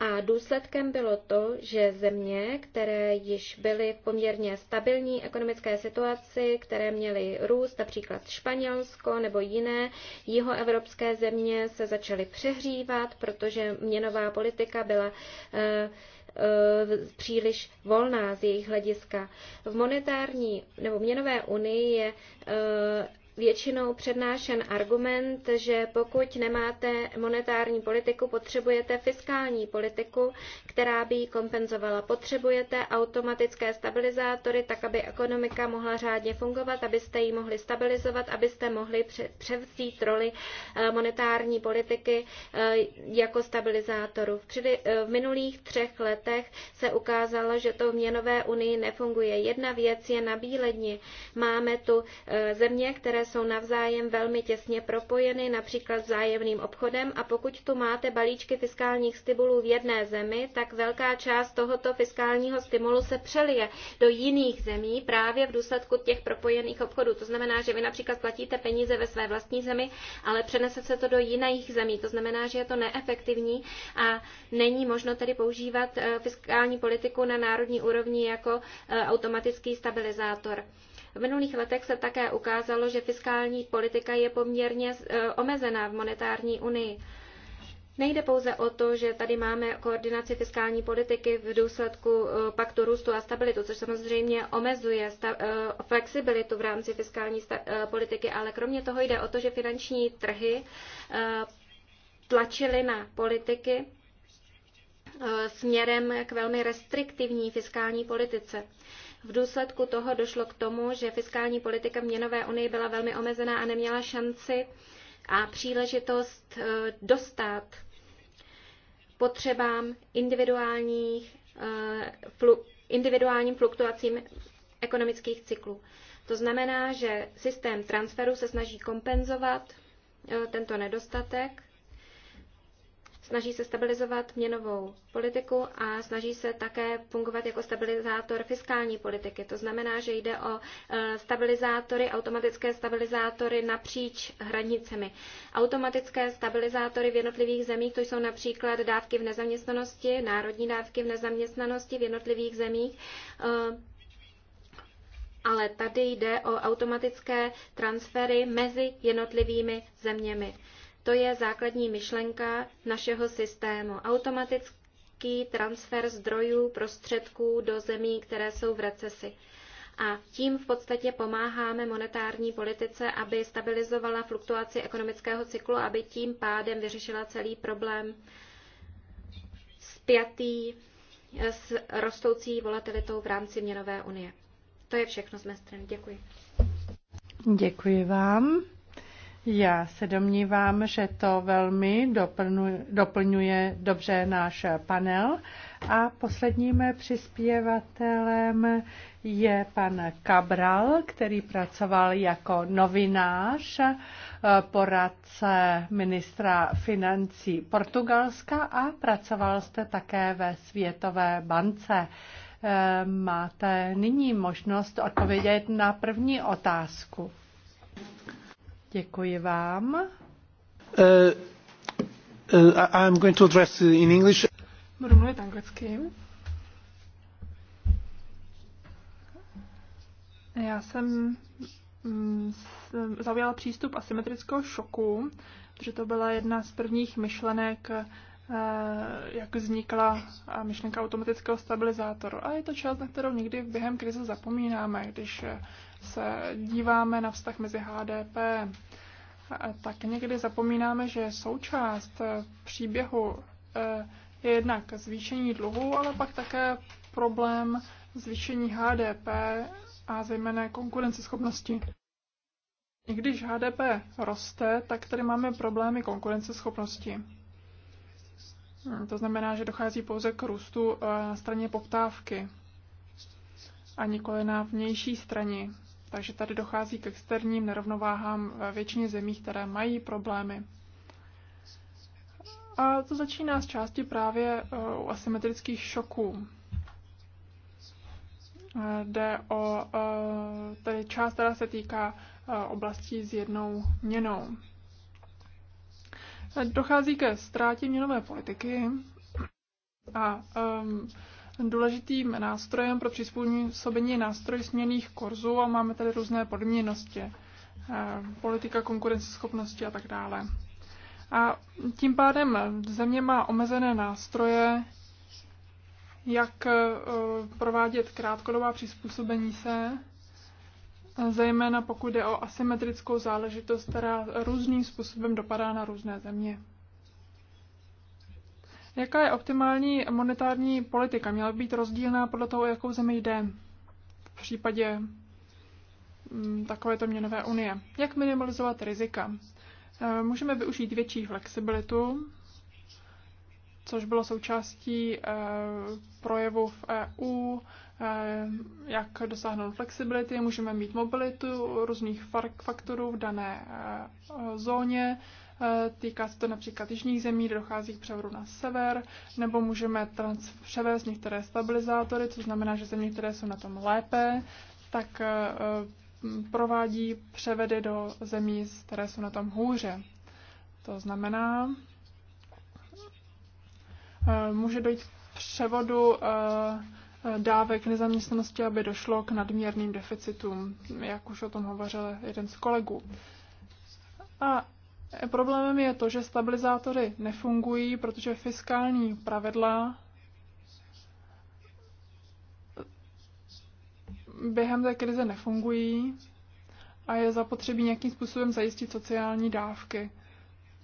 A důsledkem bylo to, že země, které již byly v poměrně stabilní ekonomické situaci, které měly růst, například Španělsko nebo jiné jihoevropské země, se začaly přehřívat, protože měnová politika byla eh, Eh, příliš volná z jejich hlediska. V monetární nebo měnové unii je eh, většinou přednášen argument, že pokud nemáte monetární politiku, potřebujete fiskální politiku, která by ji kompenzovala. Potřebujete automatické stabilizátory, tak aby ekonomika mohla řádně fungovat, abyste ji mohli stabilizovat, abyste mohli převzít roli eh, monetární politiky eh, jako stabilizátoru. Eh, v minulých třech letech se ukázalo, že to v měnové unii nefunguje. Jedna věc je na bíledni. Máme tu země, které jsou navzájem velmi těsně propojeny, například vzájemným obchodem a pokud tu máte balíčky fiskálních stimulů v jedné zemi, tak velká část tohoto fiskálního stimulu se přelije do jiných zemí právě v důsledku těch propojených obchodů. To znamená, že vy například platíte peníze ve své vlastní zemi, ale přenese se to do jiných zemí. To znamená, že je to neefektivní a není možno tedy používat eh, fiskální politiku na národní úrovni jako eh, automatický stabilizátor. V minulých letech se také ukázalo, že fiskální politika je poměrně eh, omezená v monetární unii. Nejde pouze o to, že tady máme koordinaci fiskální politiky v důsledku eh, paktu růstu a stabilitu, což samozřejmě omezuje eh, flexibilitu v rámci fiskální politiky, ale kromě toho jde o to, že finanční trhy tlačily na politiky směrem k velmi restriktivní fiskální politice. V důsledku toho došlo k tomu, že fiskální politika měnové unie byla velmi omezená a neměla šanci a příležitost eh, dostat potřebám individuálních, eh, individuálním fluktuacím ekonomických cyklů. To znamená, že systém transferu se snaží kompenzovat eh, tento nedostatek snaží se stabilizovat měnovou politiku a snaží se také fungovat jako stabilizátor fiskální politiky. To znamená, že jde o e, stabilizátory, automatické stabilizátory napříč hranicemi. Automatické stabilizátory v jednotlivých zemích, to jsou například dávky v nezaměstnanosti, národní dávky v nezaměstnanosti v jednotlivých zemích e, ale tady jde o automatické transfery mezi jednotlivými zeměmi. To je základní myšlenka našeho systému. Automatický transfer zdrojů, prostředků do zemí, které jsou v recesi. A tím v podstatě pomáháme monetární politice, aby stabilizovala fluktuaci ekonomického cyklu, aby tím pádem vyřešila celý problém spjatý s rostoucí volatilitou v rámci měnové unie. To je všechno z mé strany. Děkuji. Děkuji vám. Já se domnívám, že to velmi doplňuje, doplňuje dobře náš panel. A posledním přispěvatelem je pan Cabral, který pracoval jako novinář, eh, poradce ministra financí Portugalska a pracoval jste také ve Světové bance. Eh, máte nyní možnost odpovědět na první otázku. Děkuji vám. Uh, uh, I'm going to address in English. Budu mluvit anglicky. Já jsem mm, zaujala přístup asymetrického šoku, protože to byla jedna z prvních myšlenek, eh, jak vznikla myšlenka automatického stabilizátoru. A je to část, na kterou někdy během krize zapomínáme, když eh, se díváme na vztah mezi HDP, tak někdy zapomínáme, že součást příběhu eh, je jednak zvýšení dluhu, ale pak také problém zvýšení HDP a zejména konkurenceschopnosti. I když HDP roste, tak tady máme problémy konkurenceschopnosti. Hmm, to znamená, že dochází pouze k růstu eh, na straně poptávky a nikoli na vnější straně takže tady dochází k externím nerovnováhám ve většině zemí, které mají problémy. A to začíná z části právě eh, u asymetrických šoků. Eh, jde o eh, tedy část, která se týká oblastí s jednou měnou. Dochází ke ztrátě měnové politiky a um, Důležitým nástrojem pro přizpůsobení je nástroj směných korzů a máme tady různé podměnosti, eh, politika konkurenceschopnosti a tak dále. A tím pádem země má omezené nástroje, jak eh, provádět krátkodobá přizpůsobení se, zejména pokud jde o asymetrickou záležitost, která různým způsobem dopadá na různé země. Jaká je optimální monetární politika? Měla být rozdílná podle toho, jakou zemi jde v případě mm, takovéto měnové unie. Jak minimalizovat rizika? E, můžeme využít větší flexibilitu, což bylo součástí e, projevu v EU, e, jak dosáhnout flexibility, můžeme mít mobilitu různých faktorů v dané zóně, Týká se to například jižních zemí, kde dochází k převodu na sever, nebo můžeme trans- převést některé stabilizátory, což znamená, že země, které jsou na tom lépe, tak eh, provádí převedy do zemí, které jsou na tom hůře. To znamená, eh, může dojít k převodu eh, dávek nezaměstnanosti, aby došlo k nadměrným deficitům, jak už o tom hovořil jeden z kolegů. A Problémem je to, že stabilizátory nefungují, protože fiskální pravidla během té krize nefungují a je zapotřebí nějakým způsobem zajistit sociální dávky.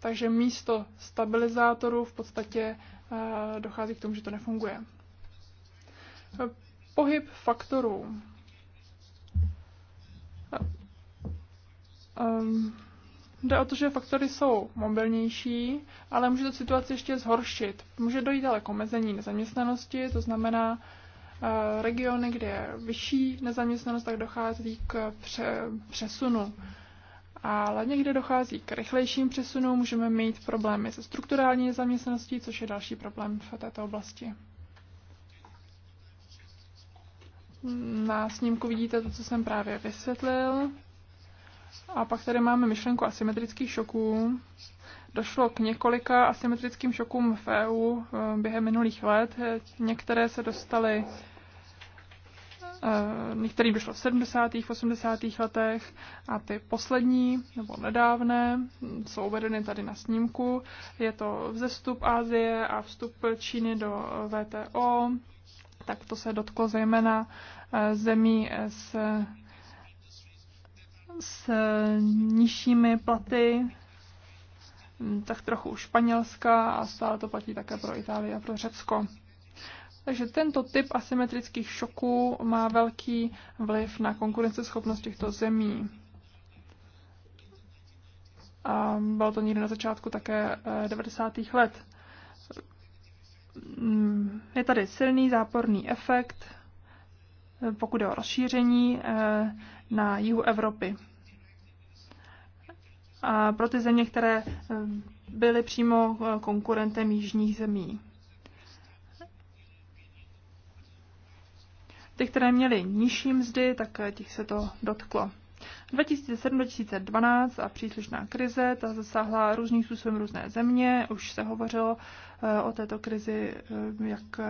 Takže místo stabilizátorů v podstatě eh, dochází k tomu, že to nefunguje. Pohyb faktorů. Um, Jde o to, že faktory jsou mobilnější, ale může to situaci ještě zhoršit. Může dojít ale k omezení nezaměstnanosti, to znamená, eh, regiony, kde je vyšší nezaměstnanost, tak dochází k přesunu. Ale někde dochází k rychlejším přesunům, můžeme mít problémy se strukturální nezaměstnaností, což je další problém v této oblasti. Na snímku vidíte to, co jsem právě vysvětlil. A pak tady máme myšlenku asymetrických šoků. Došlo k několika asymetrickým šokům v EU eh, během minulých let. Některé se dostaly, eh, některým došlo v 70. a 80. letech a ty poslední nebo nedávné jsou uvedeny tady na snímku. Je to vzestup Asie a vstup Číny do eh, VTO. Tak to se dotklo zejména zemí s s nižšími platy, tak trochu u Španělska a stále to platí také pro Itálii a pro Řecko. Takže tento typ asymetrických šoků má velký vliv na konkurenceschopnost těchto zemí. A bylo to někdy na začátku také 90. Eh, let. Mm, je tady silný záporný efekt, pokud je o rozšíření eh, na jihu Evropy. A pro ty země, které eh, byly přímo eh, konkurentem jižních zemí. Ty, které měly nižší mzdy, tak těch se to dotklo. 2007-2012 a příslušná krize, ta zasáhla různým způsobem různé země. Už se hovořilo o této krizi, jak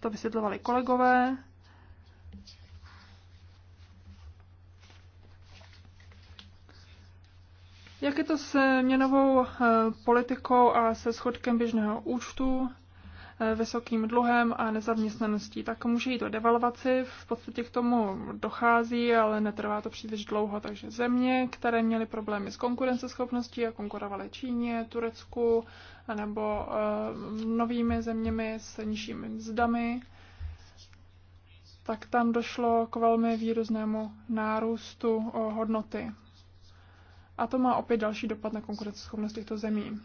to vysvětlovali kolegové. Jak je to s měnovou eh, politikou a se schodkem běžného účtu, eh, vysokým dluhem a nezaměstnaností? Tak může jít o devalvaci, v podstatě k tomu dochází, ale netrvá to příliš dlouho, takže země, které měly problémy s konkurenceschopností a konkurovaly Číně, Turecku nebo eh, novými zeměmi s nižšími mzdami, tak tam došlo k velmi výraznému nárůstu hodnoty a to má opět další dopad na konkurenceschopnost těchto zemí.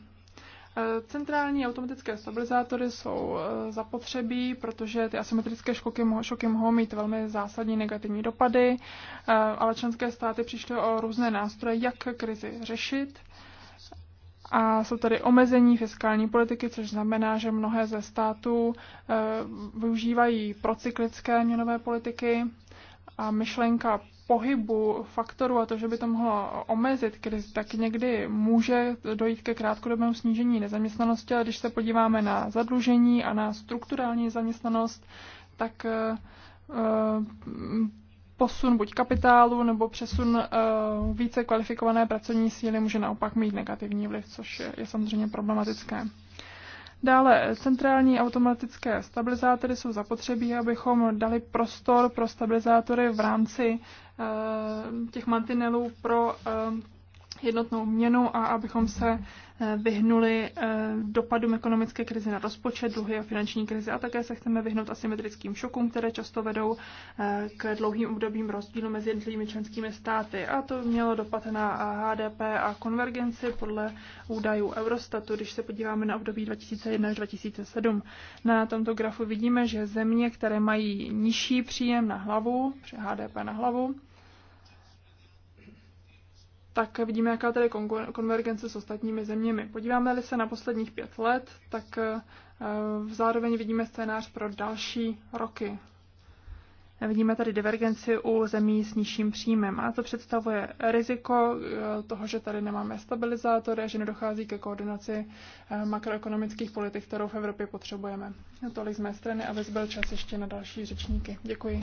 E, centrální automatické stabilizátory jsou e, zapotřebí, protože ty asymetrické šoky, šoky mohou mít velmi zásadní negativní dopady, e, ale členské státy přišly o různé nástroje, jak krizi řešit. A jsou tady omezení fiskální politiky, což znamená, že mnohé ze států využívají procyklické měnové politiky a myšlenka pohybu faktorů a to, že by to mohlo omezit krizi, tak někdy může dojít ke krátkodobému snížení nezaměstnanosti, ale když se podíváme na zadlužení a na strukturální zaměstnanost, tak eh, eh, posun buď kapitálu nebo přesun eh, více kvalifikované pracovní síly může naopak mít negativní vliv, což je samozřejmě problematické. Dále eh, centrální automatické stabilizátory jsou zapotřebí, abychom dali prostor pro stabilizátory v rámci eh, těch mantinelů pro eh, jednotnou měnu a abychom se eh, vyhnuli eh, dopadům ekonomické krize na rozpočet, dluhy a finanční krize. A také se chceme vyhnout asymetrickým šokům, které často vedou eh, k dlouhým obdobím rozdílu mezi jednotlivými členskými státy. A to mělo dopad na HDP a konvergenci podle údajů Eurostatu, když se podíváme na období 2001 až 2007. Na tomto grafu vidíme, že země, které mají nižší příjem na hlavu, při HDP na hlavu, tak vidíme, jaká tady konvergence s ostatními zeměmi. Podíváme-li se na posledních pět let, tak eh, zároveň vidíme scénář pro další roky. Vidíme tady divergenci u zemí s nižším příjmem a to představuje riziko eh, toho, že tady nemáme stabilizátory a že nedochází ke koordinaci eh, makroekonomických politik, kterou v Evropě potřebujeme. Tolik z mé strany, a zbyl čas ještě na další řečníky. Děkuji.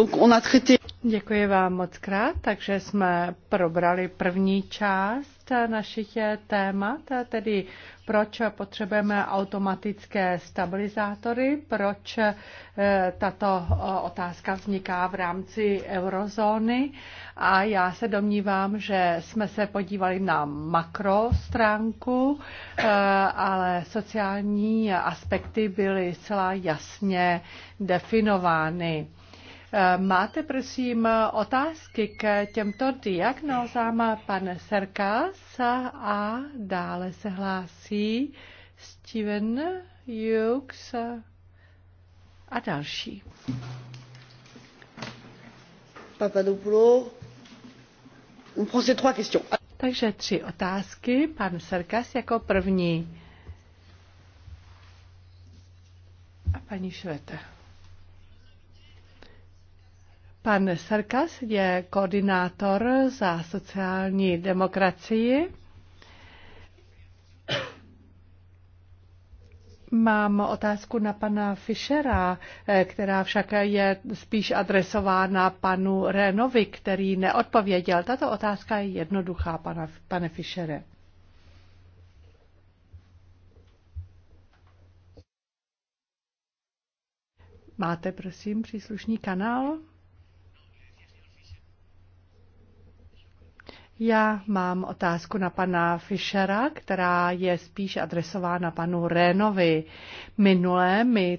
Děkuji vám moc krát, takže jsme probrali první část část našich témat, tedy proč potřebujeme automatické stabilizátory, proč eh, tato eh, otázka vzniká v rámci eurozóny. A já se domnívám, že jsme se podívali na makro stránku, eh, ale sociální aspekty byly zcela jasně definovány. Eh, máte prosím otázky k těmto diagnózám pan Serkas a dále se hlásí Steven Hughes a další. Takže tři otázky. Pan Serkas jako první. A paní Švete. Pan Sarkas je koordinátor za sociální demokracii. Mám otázku na pana Fischera, eh, která však je spíš adresována panu Renovi, který neodpověděl. Tato otázka je jednoduchá, pana, pane Fischere. Máte, prosím, příslušný kanál? Já mám otázku na pana Fischera, která je spíš adresována panu Rénovi. Minulé mi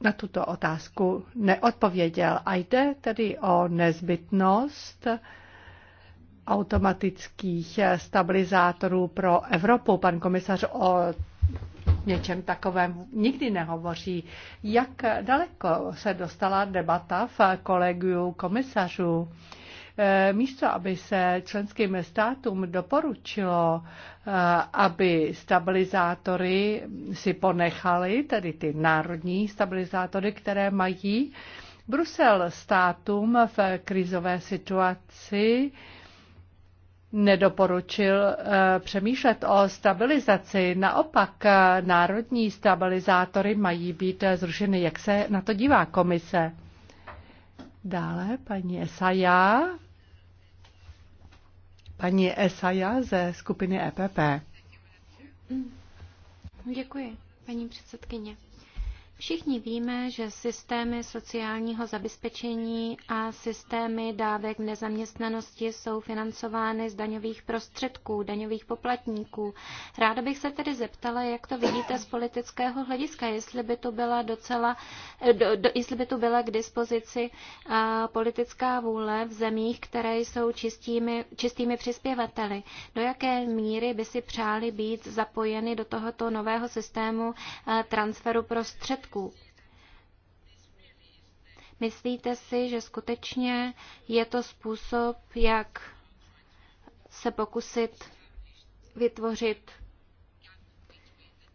na tuto otázku neodpověděl. A jde tedy o nezbytnost automatických stabilizátorů pro Evropu. Pan komisař o něčem takovém nikdy nehovoří. Jak daleko se dostala debata v kolegiu komisařů? Eh, místo, aby se členským státům doporučilo, eh, aby stabilizátory si ponechali, tedy ty národní stabilizátory, které mají, Brusel státům v krizové situaci nedoporučil eh, přemýšlet o stabilizaci. Naopak národní stabilizátory mají být zrušeny. Jak se na to dívá komise? Dále paní Esaja. Paní Esaja ze skupiny EPP. Děkuji, paní předsedkyně. Všichni víme, že systémy sociálního zabezpečení a systémy dávek nezaměstnanosti jsou financovány z daňových prostředků, daňových poplatníků. Ráda bych se tedy zeptala, jak to vidíte z politického hlediska, jestli by tu byla, docela, do, do, jestli by tu byla k dispozici a, politická vůle v zemích, které jsou čistými, čistými přispěvateli. Do jaké míry by si přáli být zapojeny do tohoto nového systému a, transferu prostředků? trošku. Myslíte si, že skutečně je to způsob, jak se pokusit vytvořit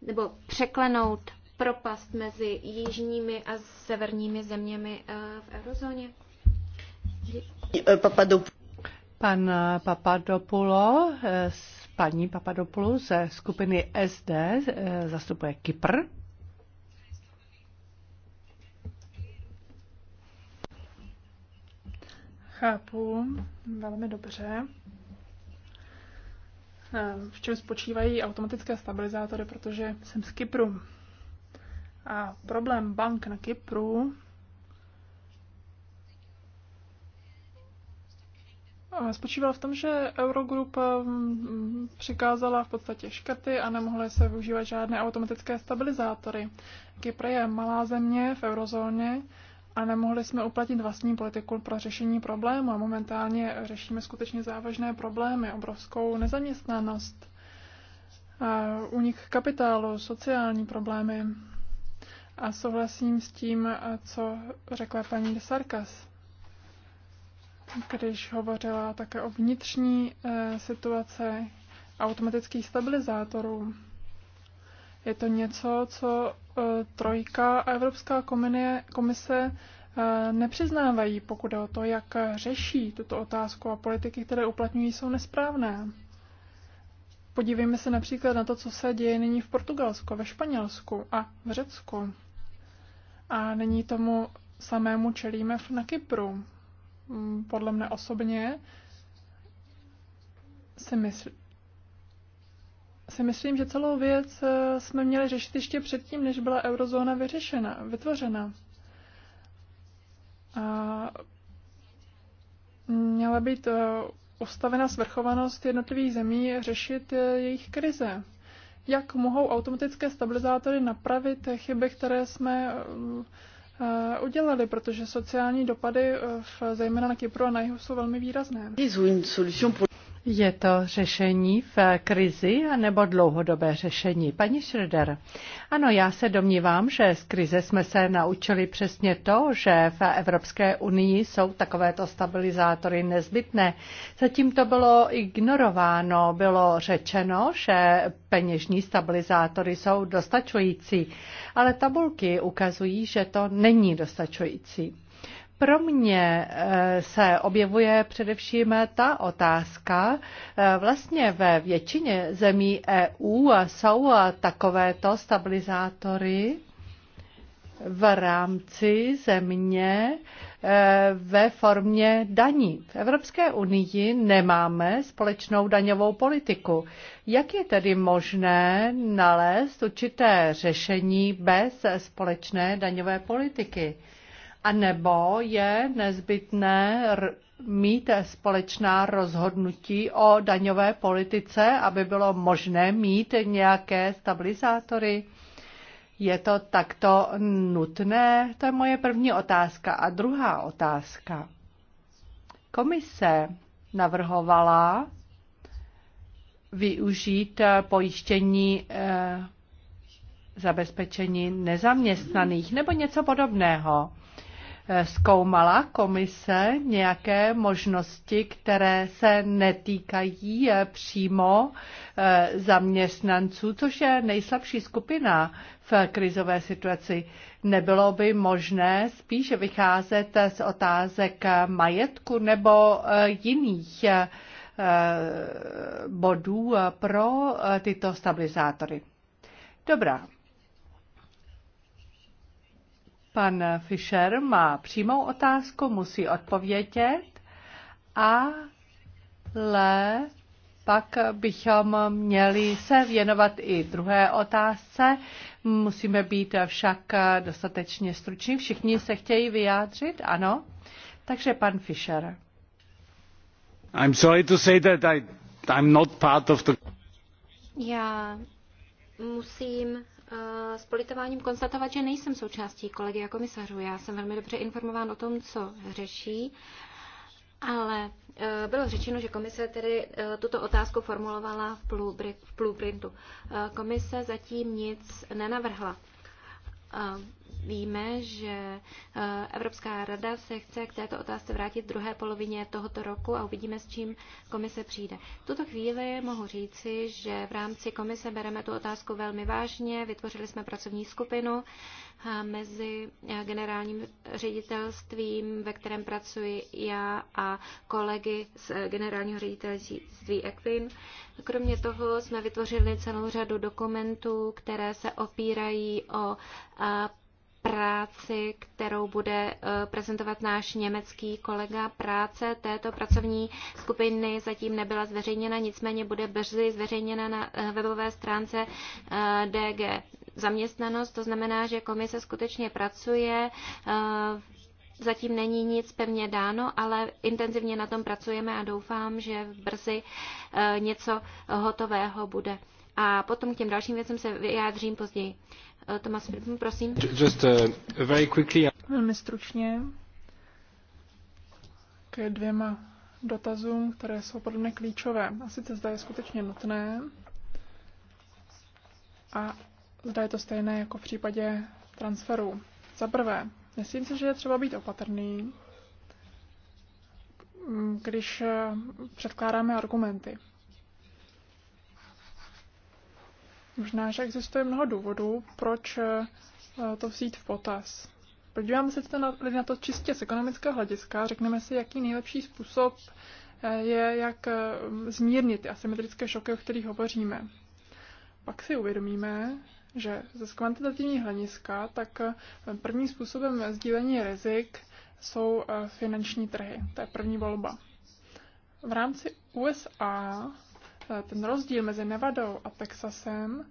nebo překlenout propast mezi jižními a severními zeměmi eh, v eurozóně? Pan Papadopulo, eh, paní Papadopulo ze skupiny SD eh, zastupuje Kypr. Chápu velmi dobře, eh, v čem spočívají automatické stabilizátory, protože jsem z Kypru. A problém bank na Kypru eh, spočíval v tom, že Eurogroup eh, přikázala v podstatě škrty a nemohly se využívat žádné automatické stabilizátory. Kypr je malá země v eurozóně, a nemohli jsme uplatnit vlastní politiku pro řešení problému. A momentálně řešíme skutečně závažné problémy, obrovskou nezaměstnanost, unik kapitálu, sociální problémy. A souhlasím s tím, co řekla paní de Sarkas, když hovořila také o vnitřní eh, situaci automatických stabilizátorů. Je to něco, co e, Trojka a Evropská komise e, nepřiznávají, pokud je o to, jak řeší tuto otázku a politiky, které uplatňují, jsou nesprávné. Podívejme se například na to, co se děje nyní v Portugalsku, ve Španělsku a v Řecku. A nyní tomu samému čelíme na Kypru. Mm, podle mne osobně si myslím, si myslím, že celou věc eh, jsme měli řešit ještě předtím, než byla eurozóna vyřešena, vytvořena. A měla být eh, ustavena svrchovanost jednotlivých zemí řešit eh, jejich krize. Jak mohou automatické stabilizátory napravit chyby, které jsme udělali, protože sociální dopady v, zejména na Kypru a na jihu jsou velmi výrazné. Je to řešení v krizi nebo dlouhodobé řešení? Paní Schröder, ano, já se domnívám, že z krize jsme se naučili přesně to, že v Evropské unii jsou takovéto stabilizátory nezbytné. Zatím to bylo ignorováno, bylo řečeno, že peněžní stabilizátory jsou dostačující, ale tabulky ukazují, že to není dostačující. Pro mě eh, se objevuje především ta otázka, eh, vlastně ve většině zemí EU jsou eh, takovéto stabilizátory v rámci země ve formě daní. V Evropské unii nemáme společnou daňovou politiku. Jak je tedy možné nalézt určité řešení bez společné daňové politiky? A nebo je nezbytné mít společná rozhodnutí o daňové politice, aby bylo možné mít nějaké stabilizátory? Je to takto nutné? To je moje první otázka. A druhá otázka. Komise navrhovala využít pojištění eh, zabezpečení nezaměstnaných nebo něco podobného. Zkoumala komise nějaké možnosti, které se netýkají eh, přímo eh, zaměstnanců, což je nejslabší skupina v krizové situaci. Nebylo by možné spíše vycházet z otázek majetku nebo eh, jiných bodů pro tyto stabilizátory. Dobrá, Pan Fischer má přímou otázku, musí odpovědět, ale pak bychom měli se věnovat i druhé otázce. Musíme být však dostatečně struční. Všichni se chtějí vyjádřit, ano? Takže pan Fischer. I'm sorry to say that I, I'm not part of the... Já musím Eh, s politováním konstatovat, že nejsem součástí kolegy a komisařů. Já jsem velmi dobře informován o tom, co řeší, ale eh, bylo řečeno, že komise tedy eh, tuto otázku formulovala v blueprintu. Komise zatím nic nenavrhla. Víme, že eh, Evropská rada se chce k této otázce vrátit v druhé polovině tohoto roku a uvidíme, s čím komise přijde. V tuto chvíli mohu říci, že v rámci komise bereme tu otázku velmi vážně. Vytvořili jsme pracovní skupinu eh, mezi eh, generálním ředitelstvím, ve kterém pracuji já a kolegy z generálního ředitelství Equin. Kromě toho jsme vytvořili celou řadu dokumentů, které se opírají o práci, kterou bude eh, prezentovat náš německý kolega. Práce této pracovní skupiny zatím nebyla zveřejněna, nicméně bude brzy zveřejněna na eh, webové stránce eh, DG zaměstnanost. To znamená, že komise skutečně pracuje Zatím není nic pevně dáno, ale intenzivně na tom pracujeme a doufám, že brzy něco hotového bude. A potom k těm dalším věcem se vyjádřím později. Eh, Tomas Filip, prosím. Just uh, very quickly. Uh, Velmi stručně ke dvěma dotazům, které jsou podle mě klíčové. A sice zda je skutečně nutné a zda je to stejné jako v případě transferu. Za prvé, myslím si, že je třeba být opatrný, mm, když eh, předkládáme argumenty. Možná, že existuje mnoho důvodů, proč eh, to vzít v potaz. Podíváme se na, na to čistě z ekonomického hlediska, řekneme si, jaký nejlepší způsob eh, je, jak eh, zmírnit ty asymetrické šoky, o kterých hovoříme. Pak si uvědomíme, že ze kvantitativního hlediska, tak prvním způsobem sdílení rizik jsou finanční trhy. To je první volba. V rámci USA ten rozdíl mezi Nevadou a Texasem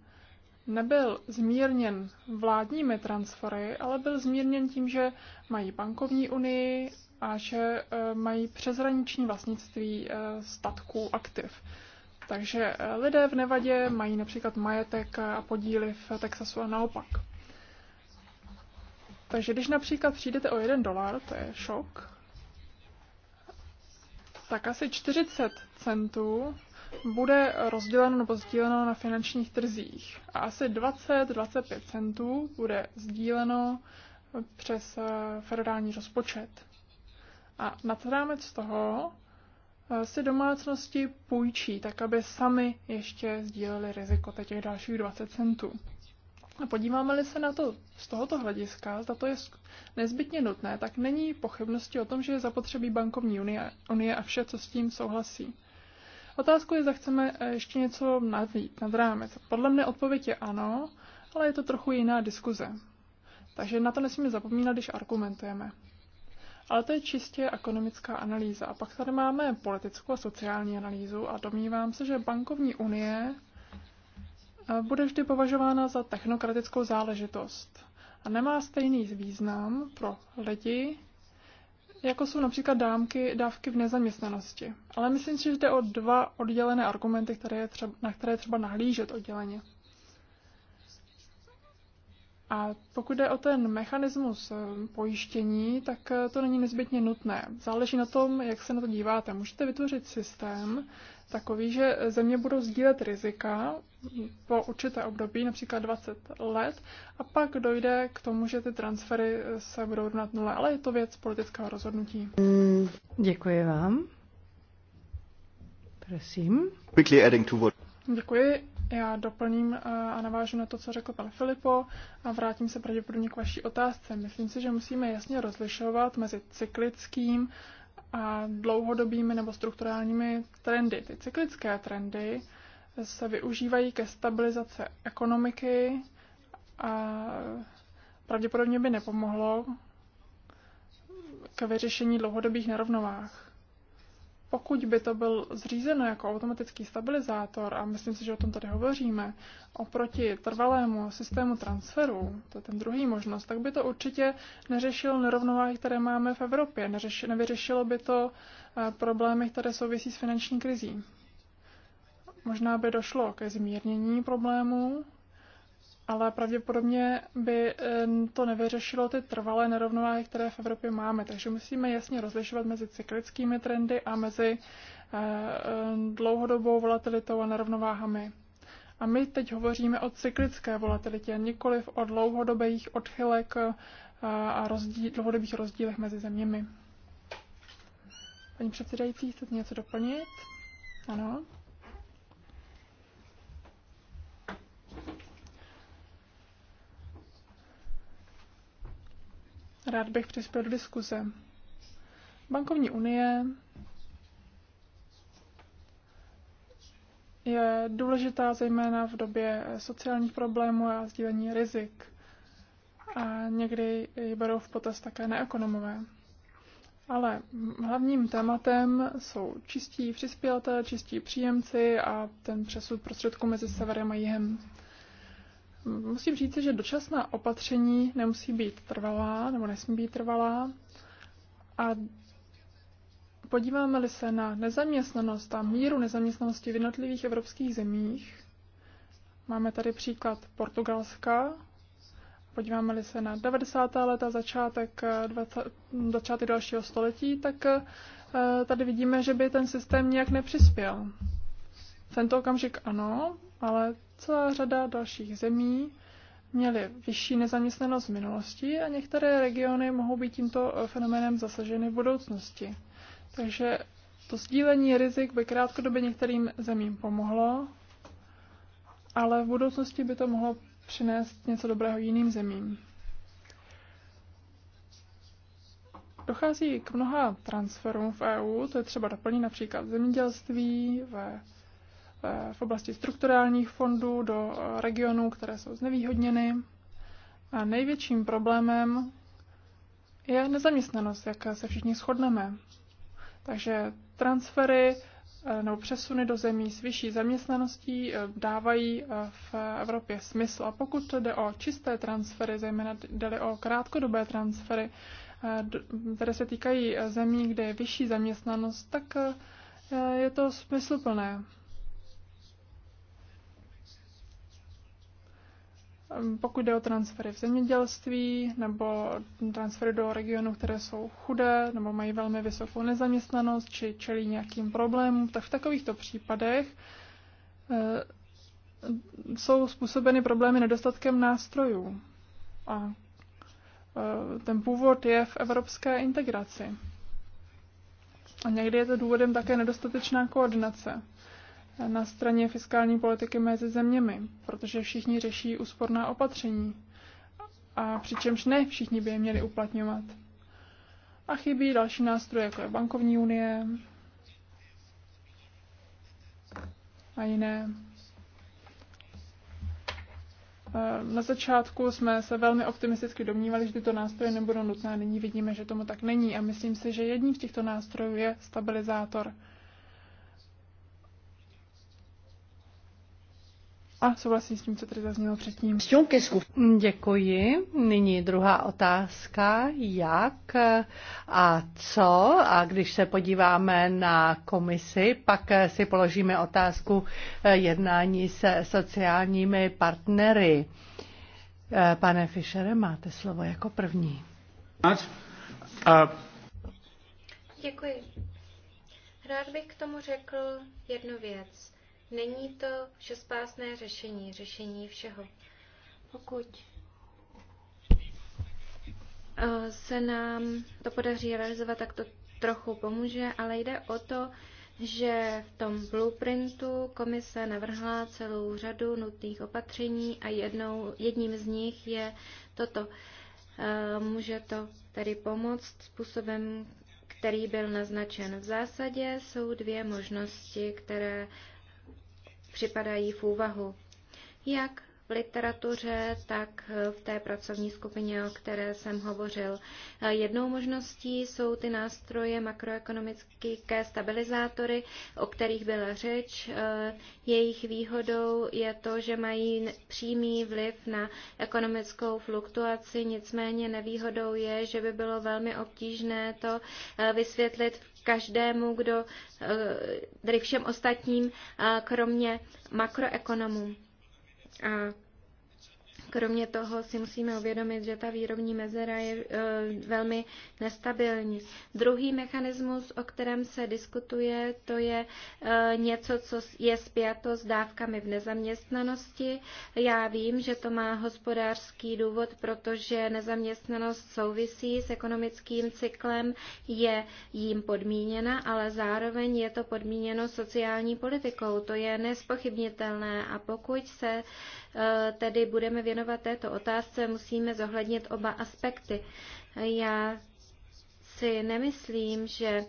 nebyl zmírněn vládními transfery, ale byl zmírněn tím, že mají bankovní unii a že eh, mají přezraniční vlastnictví eh, statků aktiv. Takže eh, lidé v Nevadě mají například majetek a podíly v Texasu a naopak. Takže když například přijdete o jeden dolar, to je šok, tak asi 40 centů bude rozděleno nebo sdíleno na finančních trzích. A asi 20-25 centů bude sdíleno přes eh, federální rozpočet. A nad rámec toho eh, si domácnosti půjčí, tak aby sami ještě sdíleli riziko těch dalších 20 centů. A podíváme-li se na to z tohoto hlediska, zda to je nezbytně nutné, tak není pochybnosti o tom, že je zapotřebí bankovní unie, unie a vše, co s tím souhlasí. Otázku je, zda chceme eh, ještě něco nadvít, nad rámec. Podle mě odpověď je ano, ale je to trochu jiná diskuze. Takže na to nesmíme zapomínat, když argumentujeme. Ale to je čistě ekonomická analýza. A pak tady máme politickou a sociální analýzu a domnívám se, že bankovní unie eh, bude vždy považována za technokratickou záležitost a nemá stejný význam pro lidi, jako jsou například dámky, dávky v nezaměstnanosti. Ale myslím si, že jde o dva oddělené argumenty, které je třeba, na které je třeba nahlížet odděleně. A pokud jde o ten mechanismus eh, pojištění, tak eh, to není nezbytně nutné. Záleží na tom, jak se na to díváte. Můžete vytvořit systém, takový, že země budou sdílet rizika po určité období, například 20 let, a pak dojde k tomu, že ty transfery se budou rovnat nule, ale je to věc politického rozhodnutí. Děkuji vám. Prosím. Quickly adding to what... Děkuji. Já doplním eh, a navážu na to, co řekl pan Filipo a vrátím se pravděpodobně k vaší otázce. Myslím si, že musíme jasně rozlišovat mezi cyklickým a dlouhodobými nebo strukturálními trendy. Ty cyklické trendy se využívají ke stabilizaci ekonomiky a pravděpodobně by nepomohlo k vyřešení dlouhodobých nerovnovách. Pokud by to byl zřízeno jako automatický stabilizátor, a myslím si, že o tom tady hovoříme, oproti trvalému systému transferu, to je ten druhý možnost, tak by to určitě neřešilo nerovnováhy, které máme v Evropě. Neřeš, nevyřešilo by to eh, problémy, které souvisí s finanční krizí. Možná by došlo ke zmírnění problémů, ale pravděpodobně by to nevyřešilo ty trvalé nerovnováhy, které v Evropě máme. Takže musíme jasně rozlišovat mezi cyklickými trendy a mezi eh, dlouhodobou volatilitou a nerovnováhami. A my teď hovoříme o cyklické volatilitě, nikoliv o dlouhodobých odchylek eh, a rozdíl, dlouhodobých rozdílech mezi zeměmi. Paní předsedající, chcete něco doplnit? Ano. Rád bych přispěl do diskuze. Bankovní unie je důležitá zejména v době sociálních problémů a sdílení rizik. A někdy ji berou v potaz také neekonomové. Ale hlavním tématem jsou čistí přispělatelé, čistí příjemci a ten přesud prostředků mezi severem a jihem. Musím říct, že dočasná opatření nemusí být trvalá nebo nesmí být trvalá. A podíváme-li se na nezaměstnanost a míru nezaměstnanosti v jednotlivých evropských zemích, máme tady příklad Portugalska, podíváme-li se na 90. leta, začátek, 20, eh, začáty dalšího století, tak eh, tady vidíme, že by ten systém nějak nepřispěl. V tento okamžik ano, ale celá řada dalších zemí měly vyšší nezaměstnanost v minulosti a některé regiony mohou být tímto eh, fenoménem zasaženy v budoucnosti. Takže to sdílení rizik by krátkodobě některým zemím pomohlo, ale v budoucnosti by to mohlo přinést něco dobrého jiným zemím. Dochází k mnoha transferům v EU, to je třeba doplnit například zemědělství, ve Eh, v oblasti strukturálních fondů do eh, regionů, které jsou znevýhodněny. A největším problémem je nezaměstnanost, jak se všichni shodneme. Takže transfery eh, nebo přesuny do zemí s vyšší zaměstnaností dávají v Evropě smysl. A pokud jde o čisté transfery, zejména jde o krátkodobé transfery, které se týkají zemí, kde je vyšší zaměstnanost, tak je to smysluplné. Pokud jde o transfery v zemědělství nebo transfery do regionů, které jsou chudé nebo mají velmi vysokou nezaměstnanost či čelí nějakým problémům, tak v takovýchto případech eh, jsou způsobeny problémy nedostatkem nástrojů. A eh, ten původ je v evropské integraci. A někdy je to důvodem také nedostatečná koordinace na straně fiskální politiky mezi zeměmi, protože všichni řeší úsporná opatření, a přičemž ne všichni by je měli uplatňovat. A chybí další nástroje, jako je bankovní unie a jiné. Eh, na začátku jsme se velmi optimisticky domnívali, že tyto nástroje nebudou nutné. Nyní vidíme, že tomu tak není a myslím si, že jedním z těchto nástrojů je stabilizátor A souhlasím s tím, co tady zaznělo předtím. Mm, děkuji. Nyní druhá otázka. Jak a co? A když se podíváme na komisi, pak si položíme otázku eh, jednání se sociálními partnery. Eh, pane Fischere, máte slovo jako první. Děkuji. Rád bych k tomu řekl jednu věc. Není to všespásné řešení, řešení všeho. Pokud eh, se nám to podaří realizovat, tak to trochu pomůže, ale jde o to, že v tom blueprintu komise navrhla celou řadu nutných opatření a jednou, jedním z nich je toto. Eh, může to tedy pomoct způsobem, který byl naznačen. V zásadě jsou dvě možnosti, které připadají v úvahu. Jak v literatuře, tak v té pracovní skupině, o které jsem hovořil. Jednou možností jsou ty nástroje makroekonomické stabilizátory, o kterých byla řeč. Jejich výhodou je to, že mají přímý vliv na ekonomickou fluktuaci, nicméně nevýhodou je, že by bylo velmi obtížné to vysvětlit v každému, kdo, eh, tedy všem ostatním, eh, kromě makroekonomů. A Kromě toho si musíme uvědomit, že ta výrobní mezera je eh, velmi nestabilní. Druhý mechanismus, o kterém se diskutuje, to je eh, něco, co je spjato s dávkami v nezaměstnanosti. Já vím, že to má hospodářský důvod, protože nezaměstnanost souvisí s ekonomickým cyklem, je jím podmíněna, ale zároveň je to podmíněno sociální politikou. To je nespochybnitelné a pokud se eh, tedy budeme věnovat věnovat této otázce, musíme zohlednit oba aspekty. Já si nemyslím, že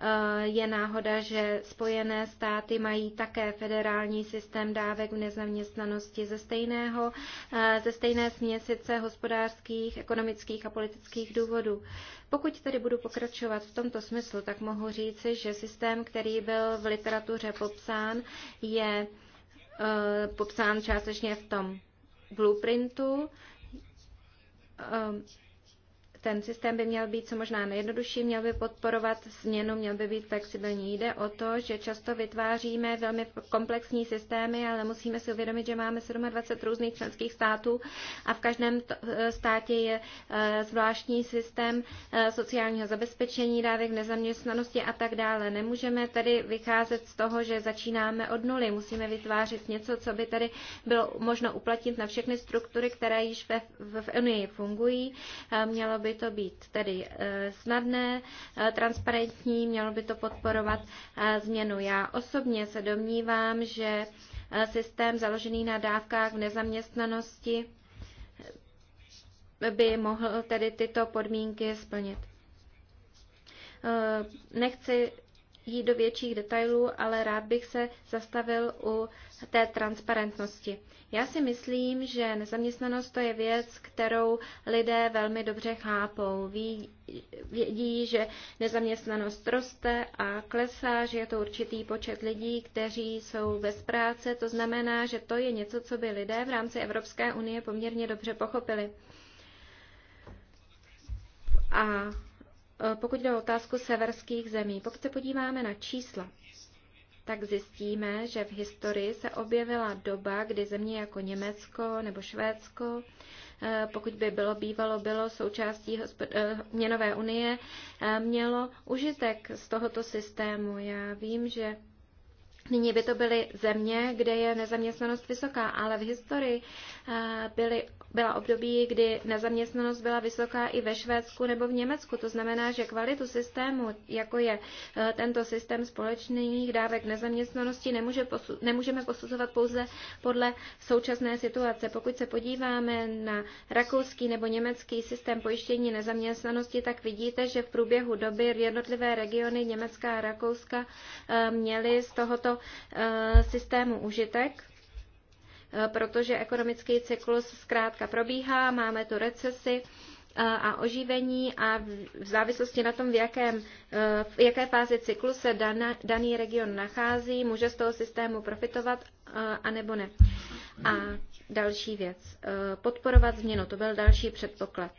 eh, je náhoda, že Spojené státy mají také federální systém dávek v nezaměstnanosti ze, stejného, eh, ze stejné směsice hospodářských, ekonomických a politických důvodů. Pokud tedy budu pokračovat v tomto smyslu, tak mohu říci, že systém, který byl v literatuře popsán, je eh, popsán částečně v tom blueprintu ten systém by měl být co možná nejjednodušší, měl by podporovat změnu, měl by být flexibilní. Jde o to, že často vytváříme velmi komplexní systémy, ale musíme si uvědomit, že máme 27 různých členských států a v každém eh, státě je eh, zvláštní systém eh, sociálního zabezpečení, dávek nezaměstnanosti a tak dále. Nemůžeme tedy vycházet z toho, že začínáme od nuly. Musíme vytvářet něco, co by tady bylo možno uplatnit na všechny struktury, které již ve, v, v Unii fungují. Mělo by by to být tedy eh, snadné, eh, transparentní, mělo by to podporovat eh, změnu. Já osobně se domnívám, že systém založený na dávkách v nezaměstnanosti by mohl tedy tyto podmínky splnit. Nechci jít do větších detailů, ale rád bych se zastavil u té transparentnosti. Já si myslím, že nezaměstnanost to je věc, kterou lidé velmi dobře chápou. Ví, vědí, že nezaměstnanost roste a klesá, že je to určitý počet lidí, kteří jsou bez práce. To znamená, že to je něco, co by lidé v rámci Evropské unie poměrně dobře pochopili. A Eh, pokud jde o otázku severských zemí. Pokud se podíváme na čísla, tak zjistíme, že v historii se objevila doba, kdy země jako Německo nebo Švédsko, eh, pokud by bylo bývalo, bylo součástí eh, měnové unie, mělo užitek z tohoto systému. Já vím, že Nyní by to byly země, kde je nezaměstnanost vysoká, ale v historii byly byla období, kdy nezaměstnanost byla vysoká i ve Švédsku nebo v Německu. To znamená, že kvalitu systému, jako je eh, tento systém společných dávek nezaměstnanosti, nemůže posu- nemůžeme posuzovat pouze podle současné situace. Pokud se podíváme na rakouský nebo německý systém pojištění nezaměstnanosti, tak vidíte, že v průběhu doby jednotlivé regiony Německa a Rakouska eh, měly z tohoto eh, systému užitek protože ekonomický cyklus zkrátka probíhá, máme tu recesi a oživení a v závislosti na tom, v, jakém, e, v jaké fázi cyklu se daný region nachází, může z toho systému profitovat e, a nebo ne. A další věc. E, podporovat změnu, to byl další předpoklad.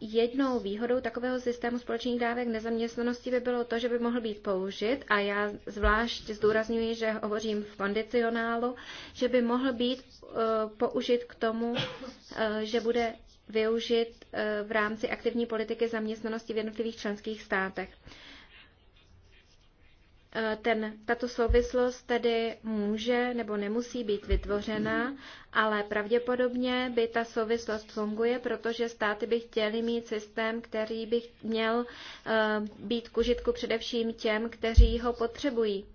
Jednou výhodou takového systému společných dávek nezaměstnanosti by bylo to, že by mohl být použit, a já zvlášť zdůrazňuji, že hovořím v kondicionálu, že by mohl být eh, použit k tomu, eh, že bude využit eh, v rámci aktivní politiky zaměstnanosti v jednotlivých členských státech. Eh, ten, tato souvislost tedy může nebo nemusí být vytvořena, ale pravděpodobně by ta souvislost funguje, protože státy by chtěly mít systém, který by měl eh, být k užitku především těm, kteří ho potřebují.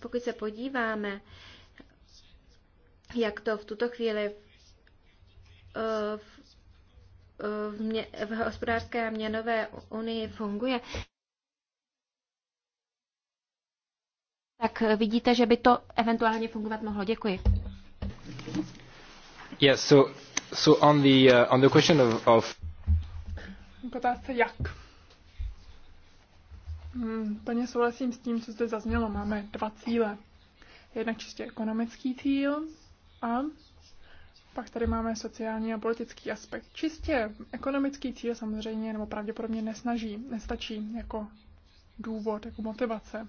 Pokud se podíváme, jak to v tuto chvíli eh, v, v, v, v hospodářské a měnové unii funguje, tak eh, vidíte, že by to eventuálně fungovat mohlo. Děkuji. Yes, so, so on the, uh, on the question of, of... Otázce jak. Hmm, plně souhlasím s tím, co zde zaznělo. Máme dva cíle. Jednak čistě ekonomický cíl a pak tady máme sociální a politický aspekt. Čistě ekonomický cíl samozřejmě nebo pravděpodobně nesnaží, nestačí jako důvod, jako motivace.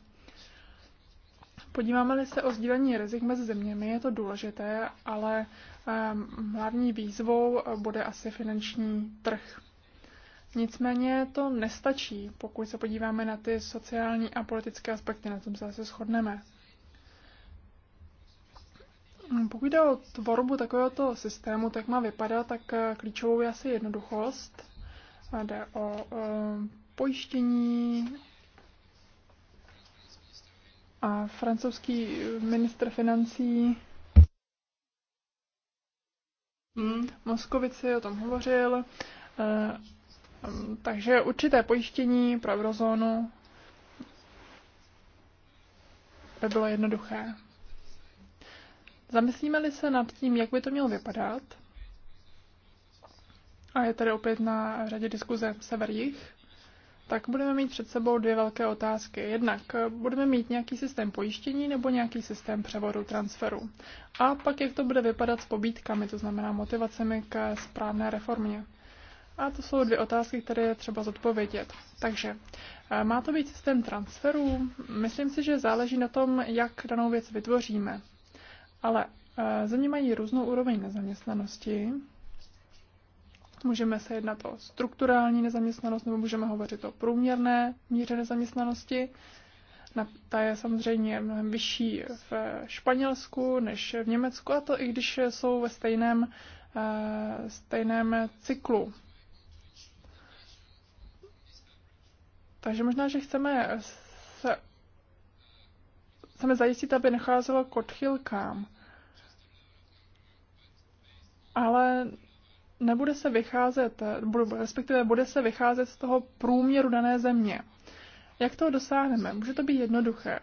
Podíváme-li se o sdílení rizik mezi zeměmi, je to důležité, ale ehm, hlavní výzvou eh, bude asi finanční trh. Nicméně to nestačí, pokud se podíváme na ty sociální a politické aspekty, na tom se asi shodneme. Pokud jde o tvorbu takovéhoto systému, tak má vypadat, tak eh, klíčovou je asi jednoduchost. Jde o eh, pojištění, a francouzský ministr financí hmm. Moskovici o tom hovořil. Eh, takže určité pojištění pro eurozónu by bylo jednoduché. Zamyslíme-li se nad tím, jak by to mělo vypadat, a je tady opět na řadě diskuze sever-jich, tak budeme mít před sebou dvě velké otázky. Jednak eh, budeme mít nějaký systém pojištění nebo nějaký systém převodu transferu. A pak, jak to bude vypadat s pobítkami, to znamená motivacemi k správné reformě. A to jsou dvě otázky, které je třeba zodpovědět. Takže eh, má to být systém transferů? Myslím si, že záleží na tom, jak danou věc vytvoříme. Ale eh, země mají různou úroveň nezaměstnanosti, Můžeme se jednat o strukturální nezaměstnanost nebo můžeme hovořit o průměrné míře nezaměstnanosti. Ta je samozřejmě mnohem vyšší v Španělsku než v Německu, a to i když jsou ve stejném, eh, stejném cyklu. Takže možná, že chceme se, chceme zajistit, aby necházelo k odchylkám. Ale nebude se vycházet, respektive bude se vycházet z toho průměru dané země. Jak toho dosáhneme? Může to být jednoduché.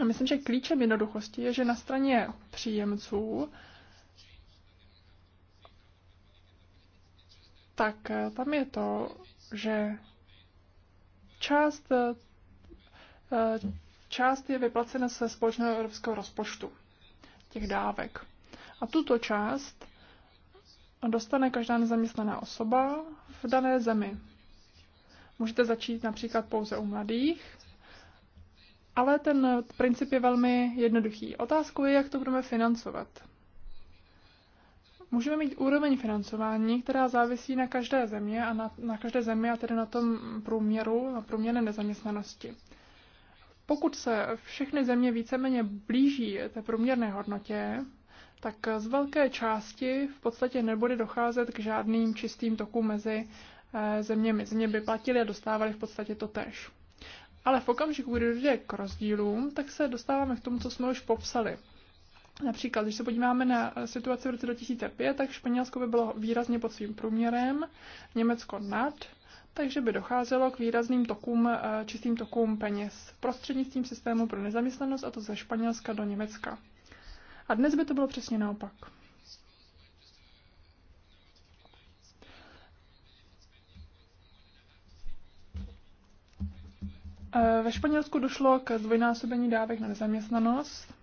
A myslím, že klíčem jednoduchosti je, že na straně příjemců tak eh, tam je to, že část, eh, část je vyplacena ze společného evropského rozpočtu těch dávek. A tuto část dostane každá nezaměstnaná osoba v dané zemi. Můžete začít například pouze u mladých, ale ten princip je velmi jednoduchý. Otázkou je, jak to budeme financovat. Můžeme mít úroveň financování, která závisí na každé země a na, na každé zemi a tedy na tom průměru, na průměrné nezaměstnanosti. Pokud se všechny země víceméně blíží té průměrné hodnotě, tak z velké části v podstatě nebude docházet k žádným čistým tokům mezi eh, zeměmi. Země by platily a dostávaly v podstatě to tež. Ale v okamžiku, kdy dojde k rozdílům, tak se dostáváme k tomu, co jsme už popsali. Například, když se podíváme na eh, situaci v roce 2005, tak Španělsko by bylo výrazně pod svým průměrem, Německo nad, takže by docházelo k výrazným tokům, eh, čistým tokům peněz prostřednictvím systému pro nezaměstnanost, a to ze Španělska do Německa. A dnes by to bylo přesně naopak. E, ve Španělsku došlo k zdvojnásobení dávek na nezaměstnanost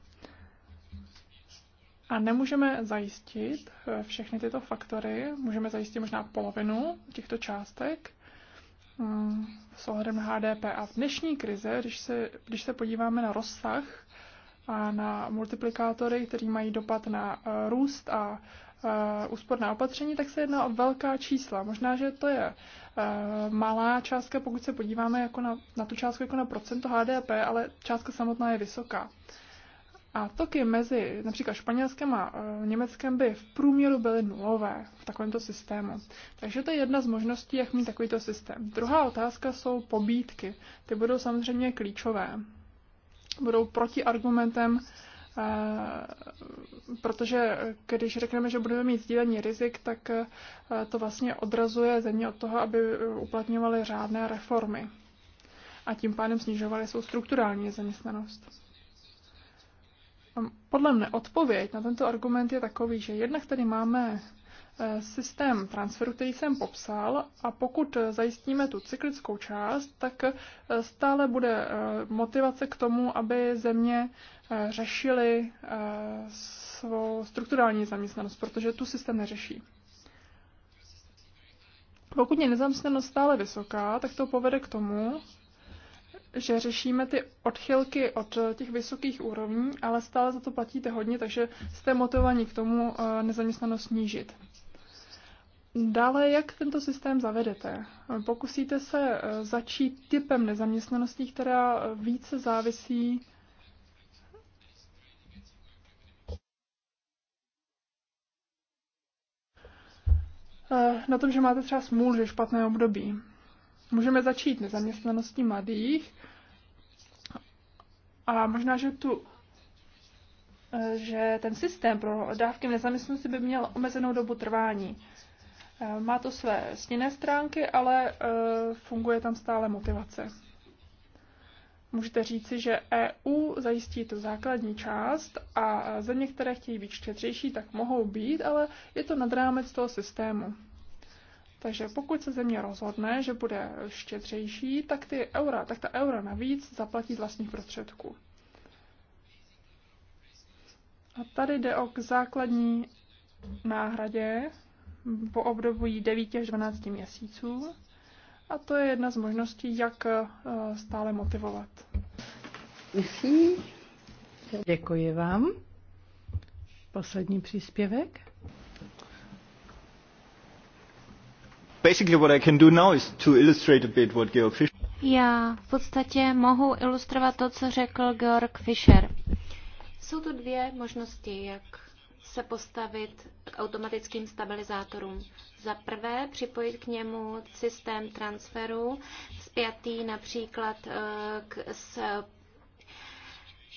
a nemůžeme zajistit e, všechny tyto faktory. Můžeme zajistit možná polovinu těchto částek mm, s ohledem HDP. A v dnešní krize, když se, když se podíváme na rozsah na multiplikátory, kteří mají dopad na eh, růst a eh, úsporná opatření, tak se jedná o velká čísla. Možná, že to je eh, malá částka, pokud se podíváme jako na, na tu částku jako na procento HDP, ale částka samotná je vysoká. A toky mezi například Španělskem a Německem by v průměru byly nulové v takovémto systému. Takže to je jedna z možností, jak mít takovýto systém. Druhá otázka jsou pobídky. Ty budou samozřejmě klíčové budou protiargumentem, eh, protože když řekneme, že budeme mít sdílení rizik, tak eh, to vlastně odrazuje země od toho, aby uplatňovaly řádné reformy a tím pádem snižovaly svou strukturální zaměstnanost. Podle mne odpověď na tento argument je takový, že jednak tady máme Eh, systém transferu, který jsem popsal a pokud zajistíme tu cyklickou část, tak eh, stále bude eh, motivace k tomu, aby země řešily svou strukturální zaměstnanost, protože tu systém neřeší. Pokud je nezaměstnanost stále vysoká, tak to povede k tomu, že řešíme ty odchylky od těch vysokých úrovní, ale stále za to platíte hodně, takže jste motivovaní k tomu nezaměstnanost snížit. Dále, jak tento systém zavedete? Pokusíte se eh, začít typem nezaměstnaností, která eh, více závisí eh, na tom, že máte třeba smůl, že špatné období. Můžeme začít nezaměstnaností mladých a možná, že tu že ten systém pro dávky nezaměstnanosti by měl omezenou dobu trvání. Eh, má to své sněné stránky, ale eh, funguje tam stále motivace. Můžete říci, že EU zajistí tu základní část a země, které chtějí být štědřejší, tak mohou být, ale je to nad rámec toho systému. Takže pokud se země rozhodne, že bude štědřejší, tak ty eura, tak ta eura navíc zaplatí z vlastních prostředků. A tady jde o k základní náhradě po období 9 až 12 měsíců. A to je jedna z možností, jak eh, stále motivovat. Děkuji vám. Poslední příspěvek. Basically what I can do now is to illustrate a bit what Georg Fischer... Já v podstatě mohu ilustrovat to, co řekl Georg Fischer. Jsou tu dvě možnosti, jak se postavit k automatickým stabilizátorům. Za prvé připojit k němu systém transferu spjatý například eh, k, s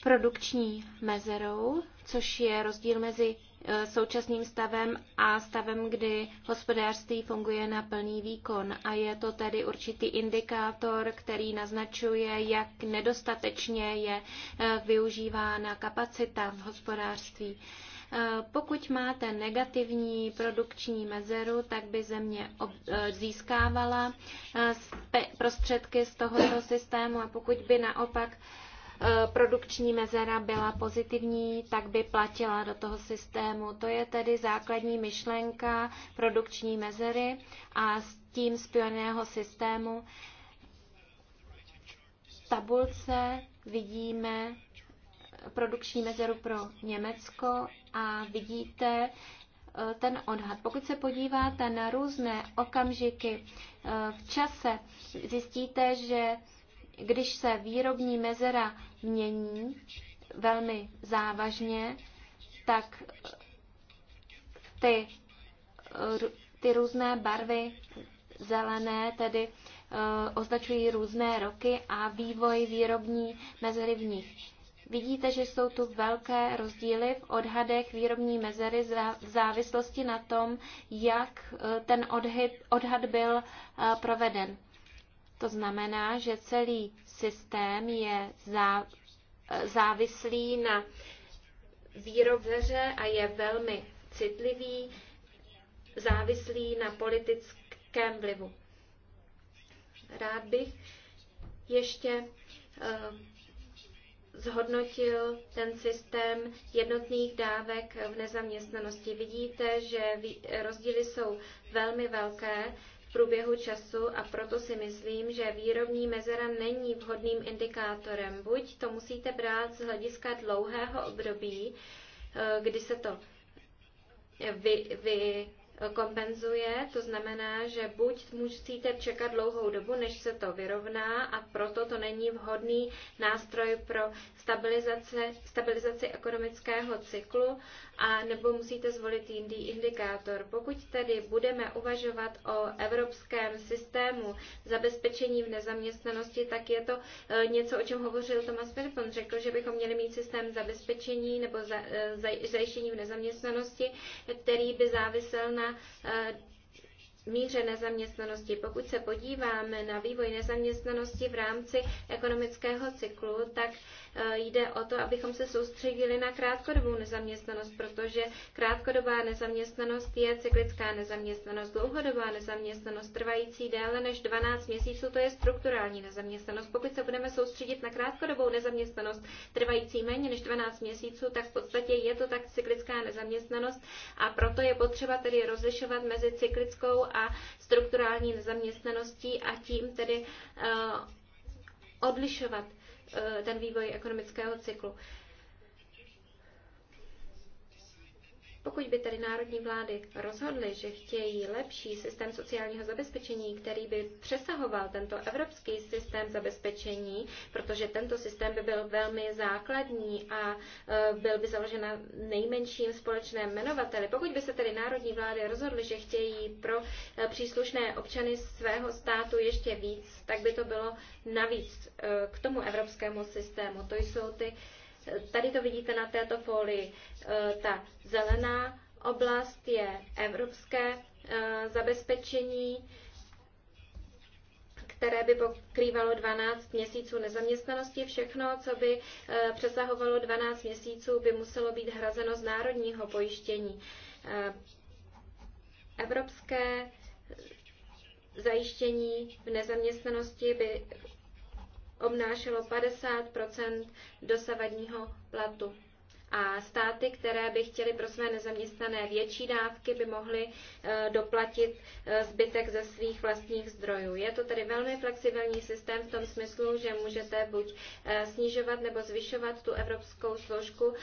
produkční mezerou, což je rozdíl mezi eh, současným stavem a stavem, kdy hospodářství funguje na plný výkon. A je to tedy určitý indikátor, který naznačuje, jak nedostatečně je eh, využívána kapacita v hospodářství. Pokud máte negativní produkční mezeru, tak by země eh, získávala eh, prostředky z tohoto systému a pokud by naopak eh, produkční mezera byla pozitivní, tak by platila do toho systému. To je tedy základní myšlenka produkční mezery a s tím spojeného systému. V tabulce vidíme produkční mezeru pro Německo a vidíte e, ten odhad. Pokud se podíváte na různé okamžiky e, v čase, zjistíte, že když se výrobní mezera mění velmi závažně, tak ty, e, ty různé barvy zelené tedy označují různé roky a vývoj výrobní mezery v nich. Vidíte, že jsou tu velké rozdíly v odhadech výrobní mezery v závislosti na tom, jak eh, ten odhyb, odhad byl eh, proveden. To znamená, že celý systém je zá, eh, závislý na výrobce a je velmi citlivý, závislý na politickém vlivu. Rád bych ještě zhodnotil ten systém jednotných dávek v nezaměstnanosti. Vidíte, že rozdíly jsou velmi velké v průběhu času a proto si myslím, že výrobní mezera není vhodným indikátorem. Buď to musíte brát z hlediska dlouhého období, eh, kdy se to vy, vy kompenzuje. To znamená, že buď musíte čekat dlouhou dobu, než se to vyrovná a proto to není vhodný nástroj pro stabilizace, stabilizaci ekonomického cyklu, a nebo musíte zvolit jiný indikátor. Pokud tedy budeme uvažovat o evropském systému zabezpečení v nezaměstnanosti, tak je to e, něco, o čem hovořil Tomas Pirpon. Řekl, že bychom měli mít systém zabezpečení nebo e, zajištění v nezaměstnanosti, který by závisel na Eh, míře nezaměstnanosti. Pokud se podíváme na vývoj nezaměstnanosti v rámci ekonomického cyklu, tak E, jde o to, abychom se soustředili na krátkodobou nezaměstnanost, protože krátkodobá nezaměstnanost je cyklická nezaměstnanost, dlouhodobá nezaměstnanost trvající déle než 12 měsíců, to je strukturální nezaměstnanost. Pokud se budeme soustředit na krátkodobou nezaměstnanost trvající méně než 12 měsíců, tak v podstatě je to tak cyklická nezaměstnanost a proto je potřeba tedy rozlišovat mezi cyklickou a strukturální nezaměstnaností a tím tedy uh, odlišovat Eh, ten vývoj ekonomického cyklu. Pokud by tedy národní vlády rozhodly, že chtějí lepší systém sociálního zabezpečení, který by přesahoval tento evropský systém zabezpečení, protože tento systém by byl velmi základní a e, byl by založen na nejmenším společném jmenovateli, pokud by se tedy národní vlády rozhodly, že chtějí pro e, příslušné občany svého státu ještě víc, tak by to bylo navíc e, k tomu evropskému systému. To jsou ty Tady to vidíte na této folii. E, ta zelená oblast je evropské e, zabezpečení, které by pokrývalo 12 měsíců nezaměstnanosti. Všechno, co by e, přesahovalo 12 měsíců, by muselo být hrazeno z národního pojištění. Evropské zajištění v nezaměstnanosti by obnášelo 50 dosavadního platu. A státy, které by chtěly pro své nezaměstnané větší dávky, by mohly eh, doplatit eh, zbytek ze svých vlastních zdrojů. Je to tedy velmi flexibilní systém v tom smyslu, že můžete buď eh, snižovat nebo zvyšovat tu evropskou složku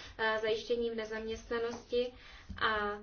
zajištění v nezaměstnanosti a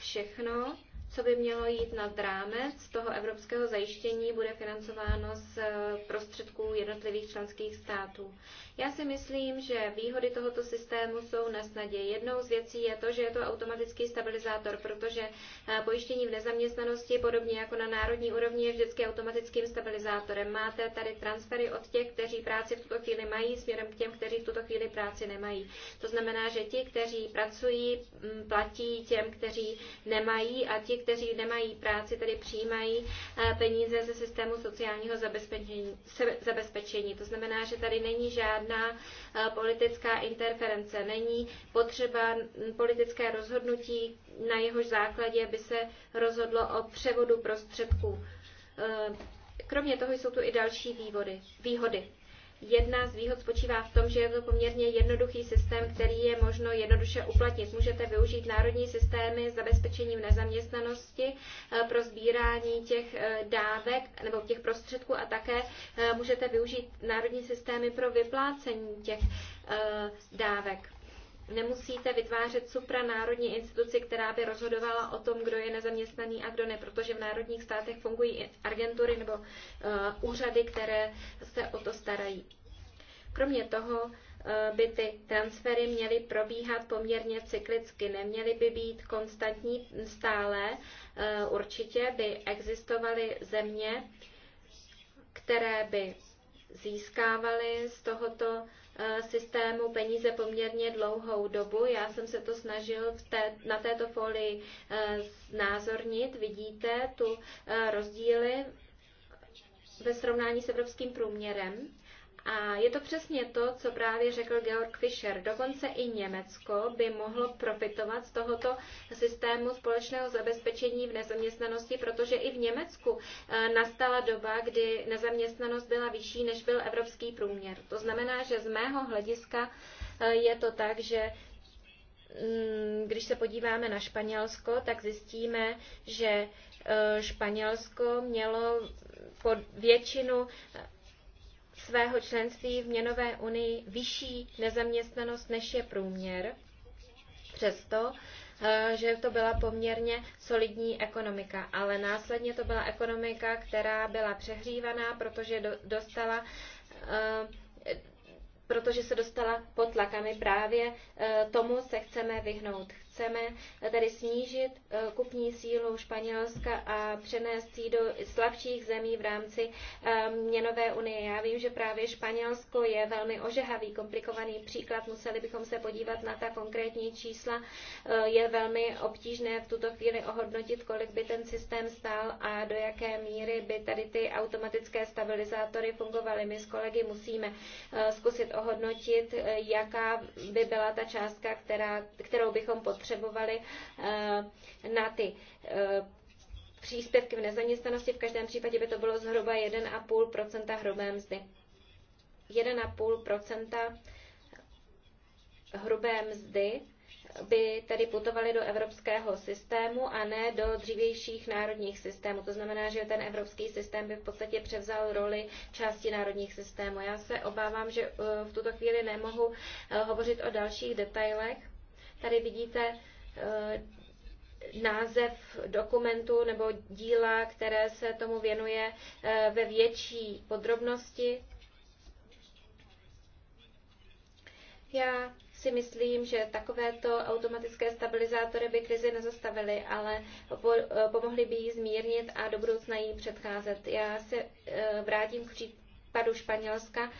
všechno co by mělo jít nad rámec toho evropského zajištění, bude financováno z eh, prostředků jednotlivých členských států. Já si myslím, že výhody tohoto systému jsou na snadě. Jednou z věcí je to, že je to automatický stabilizátor, protože eh, pojištění v nezaměstnanosti, podobně jako na národní úrovni, je vždycky automatickým stabilizátorem. Máte tady transfery od těch, kteří práci v tuto chvíli mají, směrem k těm, kteří v tuto chvíli práci nemají. To znamená, že ti, kteří pracují, platí těm, kteří nemají a ti, kteří nemají práci, tedy přijímají eh, peníze ze systému sociálního zabezpečení. zabezpečení. To znamená, že tady není žádná eh, politická interference, není potřeba politické rozhodnutí, na jehož základě by se rozhodlo o převodu prostředků. Eh, kromě toho jsou tu i další vývody, výhody. Jedna z výhod spočívá v tom, že je to poměrně jednoduchý systém, který je možno jednoduše uplatnit. Můžete využít národní systémy s zabezpečením nezaměstnanosti eh, pro sbírání těch eh, dávek nebo těch prostředků a také eh, můžete využít národní systémy pro vyplácení těch dávek nemusíte vytvářet supranárodní instituci, která by rozhodovala o tom, kdo je nezaměstnaný a kdo ne, protože v národních státech fungují agentury nebo uh, úřady, které se o to starají. Kromě toho eh, by ty transfery měly probíhat poměrně cyklicky, neměly by být konstantní stále. Eh, určitě by existovaly země, které by získávaly z tohoto Eh, systému peníze poměrně dlouhou dobu. Já jsem se to snažil v té, na této folii eh, znázornit. Vidíte tu eh, rozdíly ve srovnání s evropským průměrem. A je to přesně to, co právě řekl Georg Fischer. Dokonce i Německo by mohlo profitovat z tohoto systému společného zabezpečení v nezaměstnanosti, protože i v Německu eh, nastala doba, kdy nezaměstnanost byla vyšší, než byl evropský průměr. To znamená, že z mého hlediska eh, je to tak, že mm, když se podíváme na Španělsko, tak zjistíme, že eh, Španělsko mělo pod většinu svého členství v měnové unii vyšší nezaměstnanost, než je průměr. Přesto eh, že to byla poměrně solidní ekonomika, ale následně to byla ekonomika, která byla přehřívaná, protože dostala eh, protože se dostala pod tlakami. právě eh, tomu se chceme vyhnout chceme tedy snížit eh, kupní sílu Španělska a přenést ji do slabších zemí v rámci eh, měnové unie. Já vím, že právě Španělsko je velmi ožehavý, komplikovaný příklad. Museli bychom se podívat na ta konkrétní čísla. Eh, je velmi obtížné v tuto chvíli ohodnotit, kolik by ten systém stál a do jaké míry by tady ty automatické stabilizátory fungovaly. My s kolegy musíme zkusit ohodnotit, jaká by byla ta částka, která, kterou bychom potřebovali potřebovali eh, na ty eh, příspěvky v nezaměstnanosti. V každém případě by to bylo zhruba 1,5 hrubé mzdy. 1,5 hrubé mzdy by tedy putovaly do evropského systému a ne do dřívějších národních systémů. To znamená, že ten evropský systém by v podstatě převzal roli části národních systémů. Já se obávám, že eh, v tuto chvíli nemohu hovořit o dalších detailech, Tady vidíte eh, název dokumentu nebo díla, které se tomu věnuje eh, ve větší podrobnosti. Já si myslím, že takovéto automatické stabilizátory by krizi nezastavily, ale eh, pomohly by jí zmírnit a do budoucna jí předcházet. Já se vrátím k případu Španělska.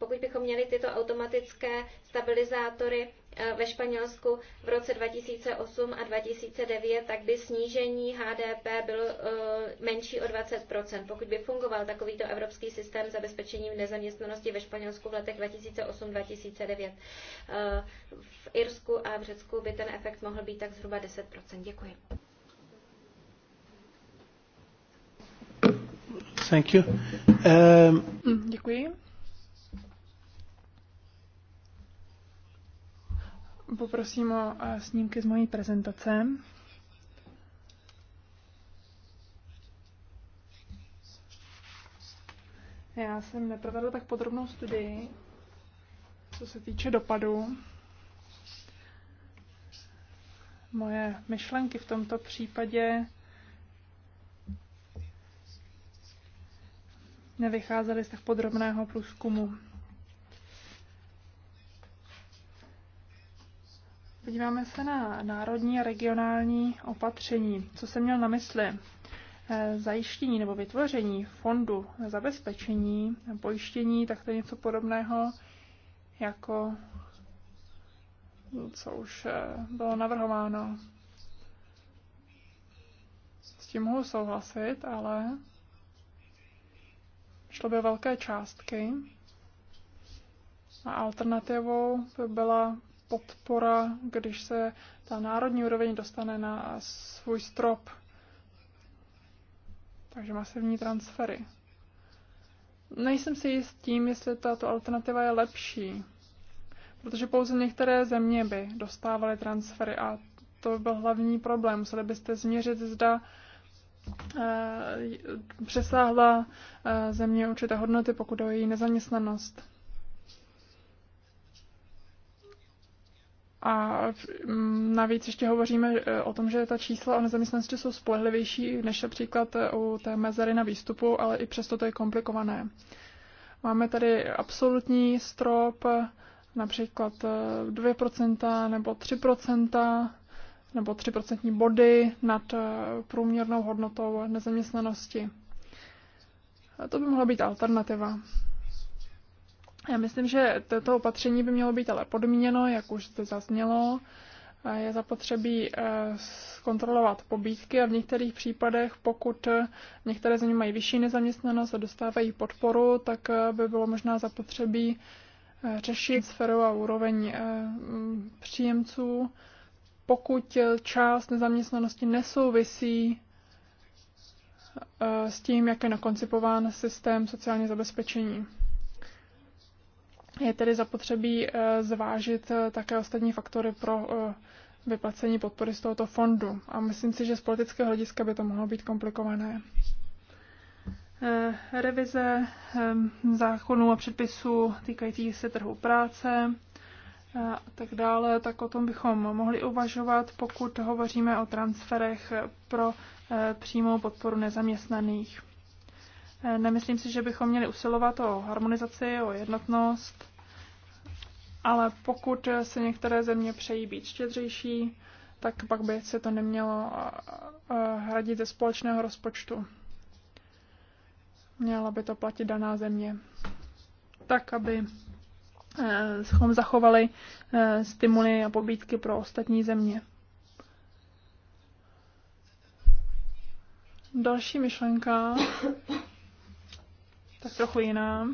Pokud bychom měli tyto automatické stabilizátory eh, ve Španělsku v roce 2008 a 2009, tak by snížení HDP bylo eh, menší o 20 Pokud by fungoval takovýto evropský systém zabezpečení v nezaměstnanosti ve Španělsku v letech 2008-2009, eh, v Irsku a v Řecku by ten efekt mohl být tak zhruba 10 Děkuji. Thank you. Um... Děkuji. Poprosím o eh, snímky z mojí prezentace. Já jsem neprovedla tak podrobnou studii, co se týče dopadu. Moje myšlenky v tomto případě nevycházely z tak podrobného průzkumu. Podíváme se na národní a regionální opatření. Co jsem měl na mysli? Eh, zajištění nebo vytvoření fondu zabezpečení, pojištění, tak to je něco podobného jako co už eh, bylo navrhováno. S tím mohu souhlasit, ale šlo by velké částky. A alternativou by byla podpora, když se ta národní úroveň dostane na svůj strop. Takže masivní transfery. Nejsem si jist tím, jestli tato alternativa je lepší, protože pouze některé země by dostávaly transfery a to by byl hlavní problém. Museli byste změřit, zda eh, přesáhla eh, země určité hodnoty, pokud o její nezaměstnanost. A mm, navíc ještě hovoříme e, o tom, že ta čísla o nezaměstnanosti jsou spolehlivější než například e, u té mezery na výstupu, ale i přesto to je komplikované. Máme tady absolutní strop, například 2% e, nebo 3% nebo 3% body nad průměrnou hodnotou nezaměstnanosti. A to by mohla být alternativa. Já myslím, že toto opatření by mělo být ale podmíněno, jak už zde zaznělo. Je zapotřebí eh, zkontrolovat pobídky a v některých případech, pokud eh, některé země mají vyšší nezaměstnanost a dostávají podporu, tak eh, by bylo možná zapotřebí řešit sféru a úroveň příjemců, pokud část nezaměstnanosti nesouvisí s tím, jak je nakoncipován systém sociálního zabezpečení. Je tedy zapotřebí eh, zvážit eh, také ostatní faktory pro eh, vyplacení podpory z tohoto fondu. A myslím si, že z politického hlediska by to mohlo být komplikované. Revize zákonů a předpisů týkajících se trhu práce a tak dále, tak o tom bychom mohli uvažovat, pokud hovoříme o transferech pro přímou podporu nezaměstnaných. Nemyslím si, že bychom měli usilovat o harmonizaci, o jednotnost, ale pokud se některé země přejí být štědřejší, tak pak by se to nemělo hradit ze společného rozpočtu. Měla by to platit daná země. Tak, aby jsme zachovali e, stimuly a pobídky pro ostatní země. Další myšlenka, tak trochu jiná,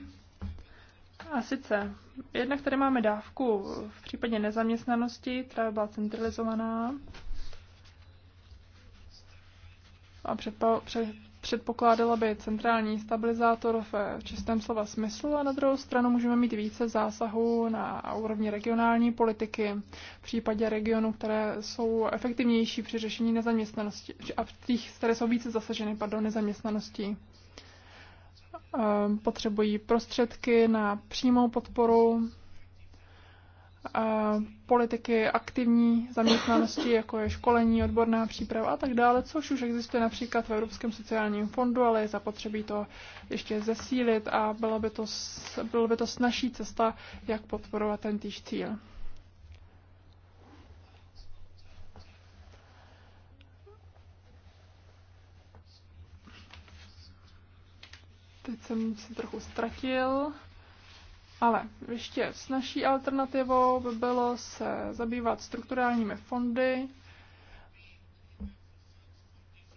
a sice, jednak tady máme dávku v případě nezaměstnanosti, která byla centralizovaná a předpokládala by centrální stabilizátor v čistém slova smyslu a na druhou stranu můžeme mít více zásahů na úrovni regionální politiky v případě regionů, které jsou efektivnější při řešení nezaměstnanosti a v těch, které jsou více zasaženy pardon, nezaměstnaností. Ehm, potřebují prostředky na přímou podporu ehm, politiky aktivní zaměstnanosti, jako je školení, odborná příprava a tak dále, což už existuje například v Evropském sociálním fondu, ale je zapotřebí to ještě zesílit a byla by to, byla by to snažší cesta, jak podporovat ten týž cíl. Teď jsem se trochu ztratil. Ale ještě naší alternativou by bylo se zabývat strukturálními fondy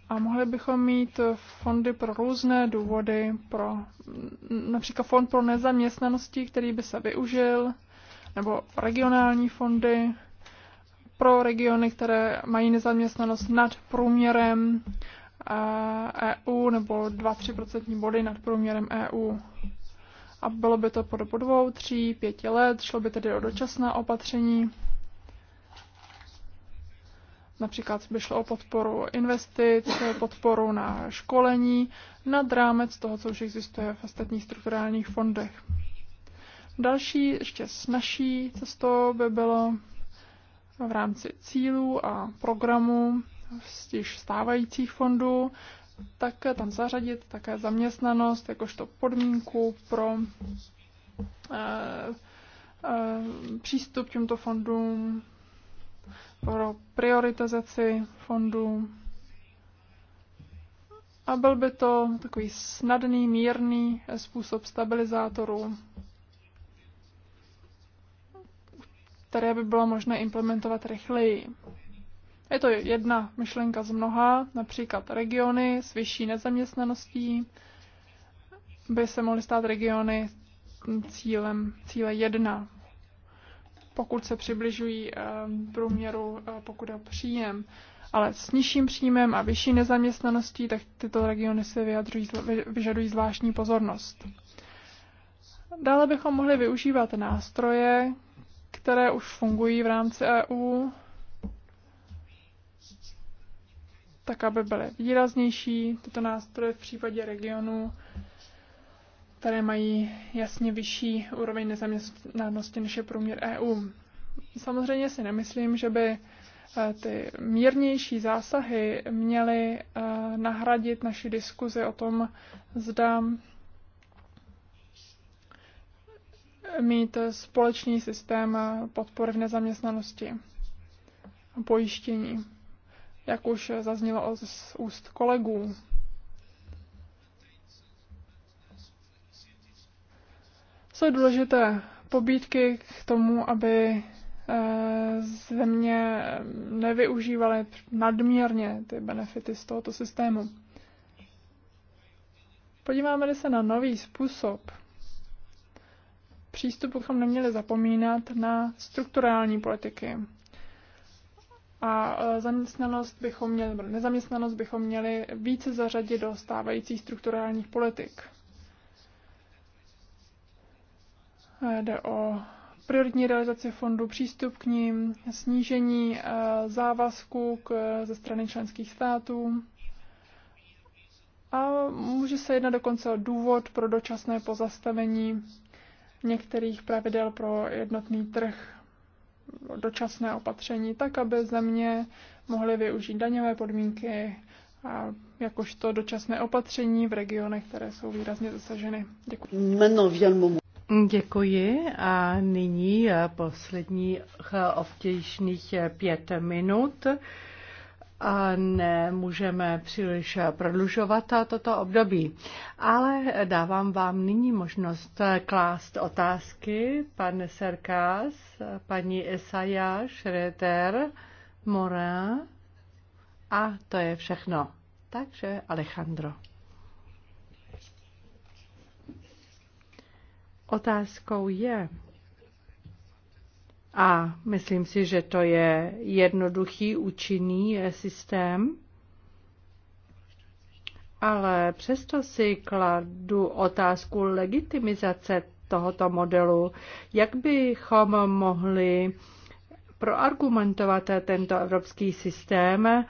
a mohli bychom mít fondy pro různé důvody, pro například fond pro nezaměstnanosti, který by se využil, nebo regionální fondy pro regiony, které mají nezaměstnanost nad průměrem EU eh, e nebo 2-3% body nad průměrem EU. A bylo by to po dobu dvou, tří, pěti let, šlo by tedy o dočasná opatření. Například by šlo o podporu investic, podporu na školení, nad rámec toho, co už existuje v ostatních strukturálních fondech. Další, ještě snažší cestou by bylo v rámci cílů a programů z těch stávajících fondů, tak tam zařadit také zaměstnanost jakožto podmínku pro eh, eh, přístup k těmto fondům, pro prioritizaci fondů. A byl by to takový snadný, mírný způsob stabilizátorů, které by bylo možné implementovat rychleji. Je to jedna myšlenka z mnoha, například regiony s vyšší nezaměstnaností by se mohly stát regiony cílem, cíle jedna, pokud se přibližují eh, průměru, eh, pokud je příjem. Ale s nižším příjmem a vyšší nezaměstnaností, tak tyto regiony si vyjadřují, vyžadují zvláštní pozornost. Dále bychom mohli využívat nástroje, které už fungují v rámci EU, tak aby byly výraznější tyto nástroje v případě regionů, které mají jasně vyšší úroveň nezaměstnanosti než je průměr EU. Samozřejmě si nemyslím, že by eh, ty mírnější zásahy měly eh, nahradit naši diskuzi o tom, zda mít společný systém podpory v nezaměstnanosti a pojištění jak už zaznělo z úst kolegů. Jsou důležité pobídky k tomu, aby eh, země nevyužívaly nadměrně ty benefity z tohoto systému. Podíváme se na nový způsob přístupu, bychom neměli zapomínat na strukturální politiky a e, zaměstnanost bychom měli, nezaměstnanost bychom měli více zařadit do stávajících strukturálních politik. E, jde o prioritní realizaci fondu, přístup k ním, snížení e, závazků k, ze strany členských států. A může se jednat dokonce o důvod pro dočasné pozastavení některých pravidel pro jednotný trh dočasné opatření, tak aby země mohly využít daňové podmínky a jakožto dočasné opatření v regionech, které jsou výrazně zasaženy. Děkuji. Děkuji a nyní eh, posledních eh, obtěžných eh, pět minut a nemůžeme příliš prodlužovat toto období. Ale dávám vám nyní možnost klást otázky. Pan Serkás, paní Esaja, Šreter, Mora. a to je všechno. Takže Alejandro. Otázkou je, a myslím si, že to je jednoduchý, účinný eh, systém. Ale přesto si kladu otázku legitimizace tohoto modelu. Jak bychom mohli proargumentovat tento evropský systém, eh,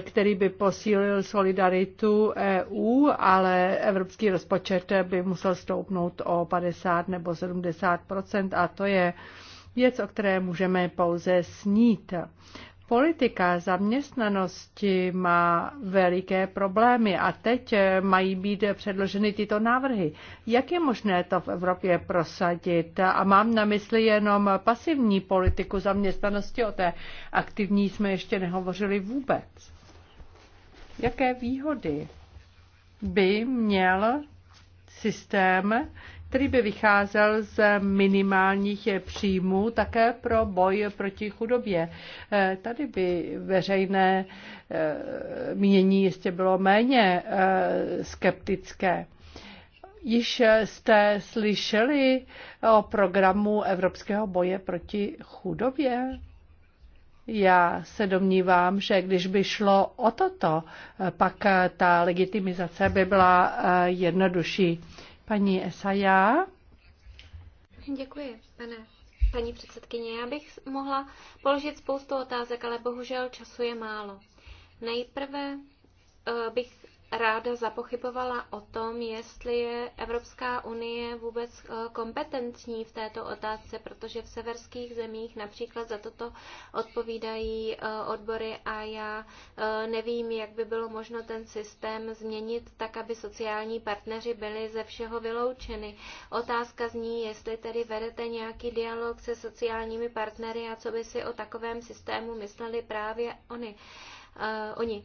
který by posílil solidaritu EU, ale evropský rozpočet by musel stoupnout o 50 nebo 70 a to je věc, o které můžeme pouze snít. Politika zaměstnanosti má veliké problémy a teď mají být předloženy tyto návrhy. Jak je možné to v Evropě prosadit? A mám na mysli jenom pasivní politiku zaměstnanosti, o té aktivní jsme ještě nehovořili vůbec. Jaké výhody by měl systém, který by vycházel z minimálních příjmů také pro boj proti chudobě. Eh, tady by veřejné eh, mínění jistě bylo méně eh, skeptické. Již jste slyšeli o programu Evropského boje proti chudobě? Já se domnívám, že když by šlo o toto, pak ta legitimizace by byla jednodušší. Paní Esaja. Děkuji, pane paní předsedkyně. Já bych mohla položit spoustu otázek, ale bohužel času je málo. Nejprve eh, bych ráda zapochybovala o tom, jestli je Evropská unie vůbec eh, kompetentní v této otázce, protože v severských zemích například za toto odpovídají eh, odbory a já eh, nevím, jak by bylo možno ten systém změnit tak, aby sociální partneři byli ze všeho vyloučeni. Otázka zní, jestli tedy vedete nějaký dialog se sociálními partnery a co by si o takovém systému mysleli právě oni. Uh, oni.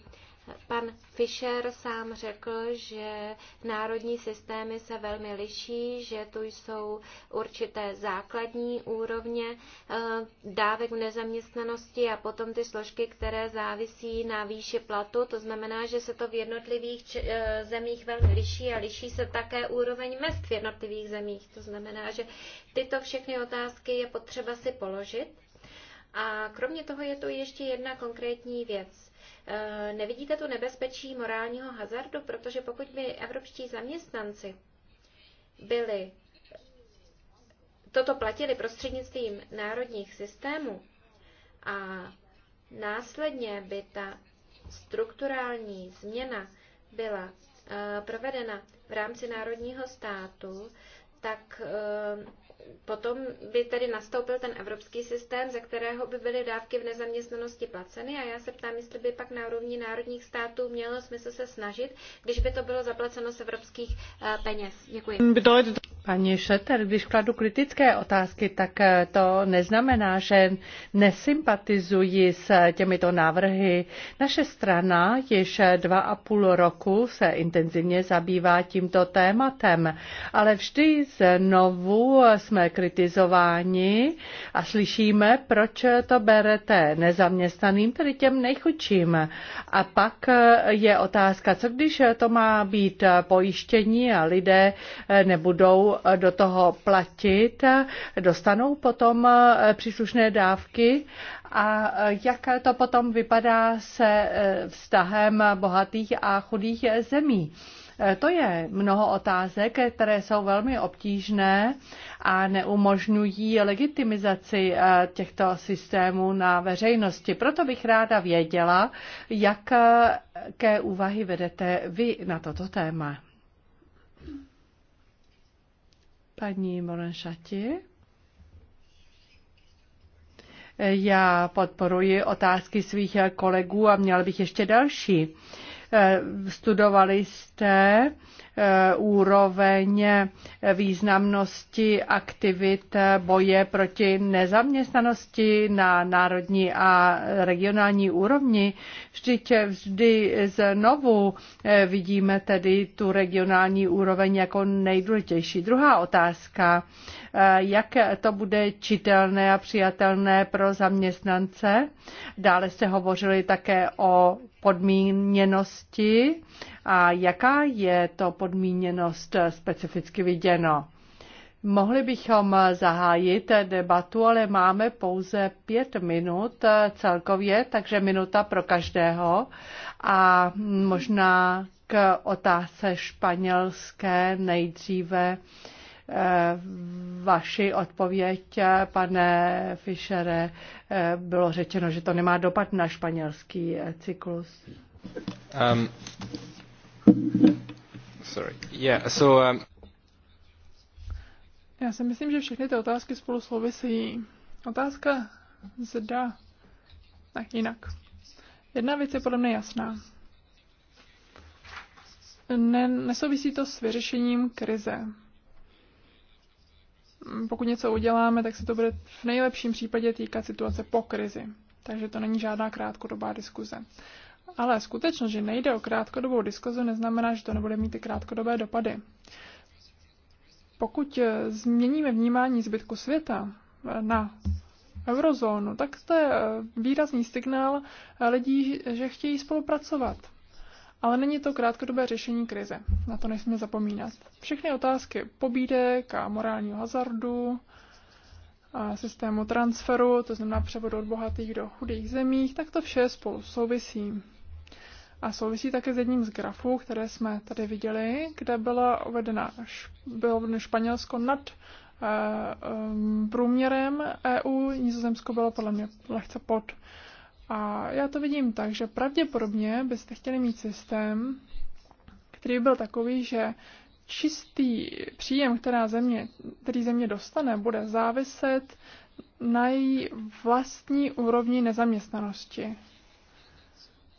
Pan Fischer sám řekl, že národní systémy se velmi liší, že tu jsou určité základní úrovně eh, dávek v nezaměstnanosti a potom ty složky, které závisí na výši platu. To znamená, že se to v jednotlivých eh, zemích velmi liší a liší se také úroveň mest v jednotlivých zemích. To znamená, že tyto všechny otázky je potřeba si položit. A kromě toho je tu ještě jedna konkrétní věc Eh, nevidíte tu nebezpečí morálního hazardu, protože pokud by evropští zaměstnanci byli toto platili prostřednictvím národních systémů a následně by ta strukturální změna byla eh, provedena v rámci národního státu, tak eh, potom by tedy nastoupil ten evropský systém, ze kterého by byly dávky v nezaměstnanosti placeny a já se ptám, jestli by pak na úrovni národních států mělo smysl se snažit, když by to bylo zaplaceno z evropských eh, peněz. Děkuji. Pani Šeter, když kladu kritické otázky, tak eh, to neznamená, že nesympatizuji s těmito návrhy. Naše strana již eh, dva a půl roku se intenzivně zabývá tímto tématem, ale vždy znovu jsme jsme kritizováni a slyšíme, proč to berete nezaměstnaným, tedy těm nejchudším. A pak je otázka, co když to má být pojištění a lidé nebudou do toho platit, dostanou potom příslušné dávky a jak to potom vypadá se vztahem bohatých a chudých zemí. Eh, to je mnoho otázek, které jsou velmi obtížné a neumožňují legitimizaci eh, těchto systémů na veřejnosti. Proto bych ráda věděla, jaké úvahy vedete vy na toto téma. Paní Morenšati. Eh, já podporuji otázky svých kolegů a měla bych ještě další. Eh, studovali jste eh, úroveň významnosti aktivit boje proti nezaměstnanosti na národní a regionální úrovni. Vždyť vždy znovu eh, vidíme tedy tu regionální úroveň jako nejdůležitější. Druhá otázka. Eh, jak to bude čitelné a přijatelné pro zaměstnance. Dále se hovořili také o podmíněnosti a jaká je to podmíněnost specificky viděno. Mohli bychom zahájit debatu, ale máme pouze pět minut eh, celkově, takže minuta pro každého. A možná k otázce španělské nejdříve Eh, vaši odpověď, pane Fischere, eh, bylo řečeno, že to nemá dopad na španělský eh, cyklus. Um, sorry. Yeah, so, um... Já si myslím, že všechny ty otázky spolu souvisí. Otázka zda Tak jinak. Jedna věc je podle mě jasná. Ne, nesouvisí to s vyřešením krize pokud něco uděláme, tak se to bude v nejlepším případě týkat situace po krizi. Takže to není žádná krátkodobá diskuze. Ale skutečnost, že nejde o krátkodobou diskuzi, neznamená, že to nebude mít i krátkodobé dopady. Pokud eh, změníme vnímání zbytku světa eh, na eurozónu, tak to je eh, výrazný signál lidí, že chtějí spolupracovat. Ale není to krátkodobé řešení krize, na to nesmíme zapomínat. Všechny otázky pobídek a morálního hazardu, a systému transferu, to znamená převodu od bohatých do chudých zemích, tak to vše spolu souvisí. A souvisí také s jedním z grafů, které jsme tady viděli, kde byla uvedena, bylo uvedeno Španělsko nad eh, eh, průměrem EU, Nizozemsko bylo podle mě lehce pod. A já to vidím tak, že pravděpodobně byste chtěli mít systém, který byl takový, že čistý příjem, která země, který země dostane, bude záviset na její vlastní úrovni nezaměstnanosti.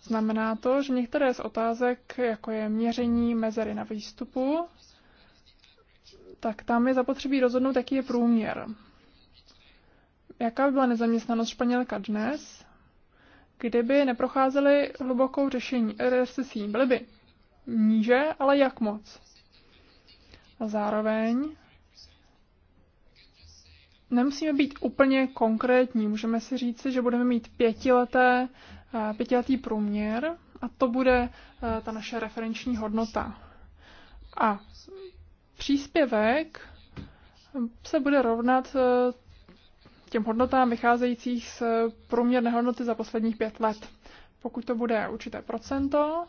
Znamená to, že některé z otázek, jako je měření mezery na výstupu, tak tam je zapotřebí rozhodnout, jaký je průměr. Jaká by byla nezaměstnanost Španělka dnes kdyby neprocházely hlubokou řešení, eh, recesí. Byly by níže, ale jak moc. A zároveň nemusíme být úplně konkrétní. Můžeme si říct, že budeme mít pětileté, eh, pětiletý průměr a to bude eh, ta naše referenční hodnota. A příspěvek se bude rovnat těm hodnotám vycházejících z průměrné hodnoty za posledních pět let. Pokud to bude určité procento,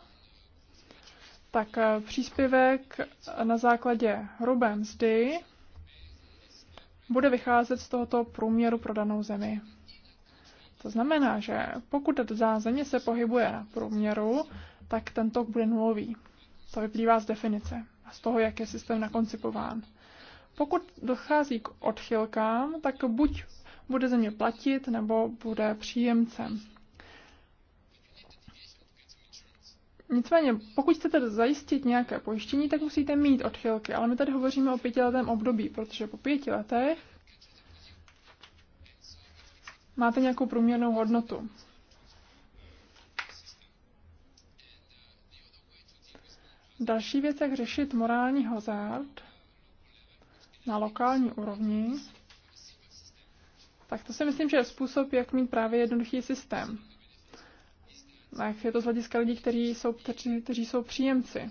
tak eh, příspěvek na základě hrubé mzdy bude vycházet z tohoto průměru pro danou zemi. To znamená, že pokud ta země se pohybuje na průměru, tak ten tok bude nulový. To vyplývá z definice a z toho, jak je systém nakoncipován. Pokud dochází k odchylkám, tak buď bude mě platit nebo bude příjemcem. Nicméně, pokud chcete zajistit nějaké pojištění, tak musíte mít odchylky, ale my tady hovoříme o pětiletém období, protože po pěti letech máte nějakou průměrnou hodnotu. Další věc, jak řešit morální hazard na lokální úrovni, tak to si myslím, že je způsob, jak mít právě jednoduchý systém. Tak je to z hlediska lidí, kteří jsou, kteří, kteří jsou příjemci.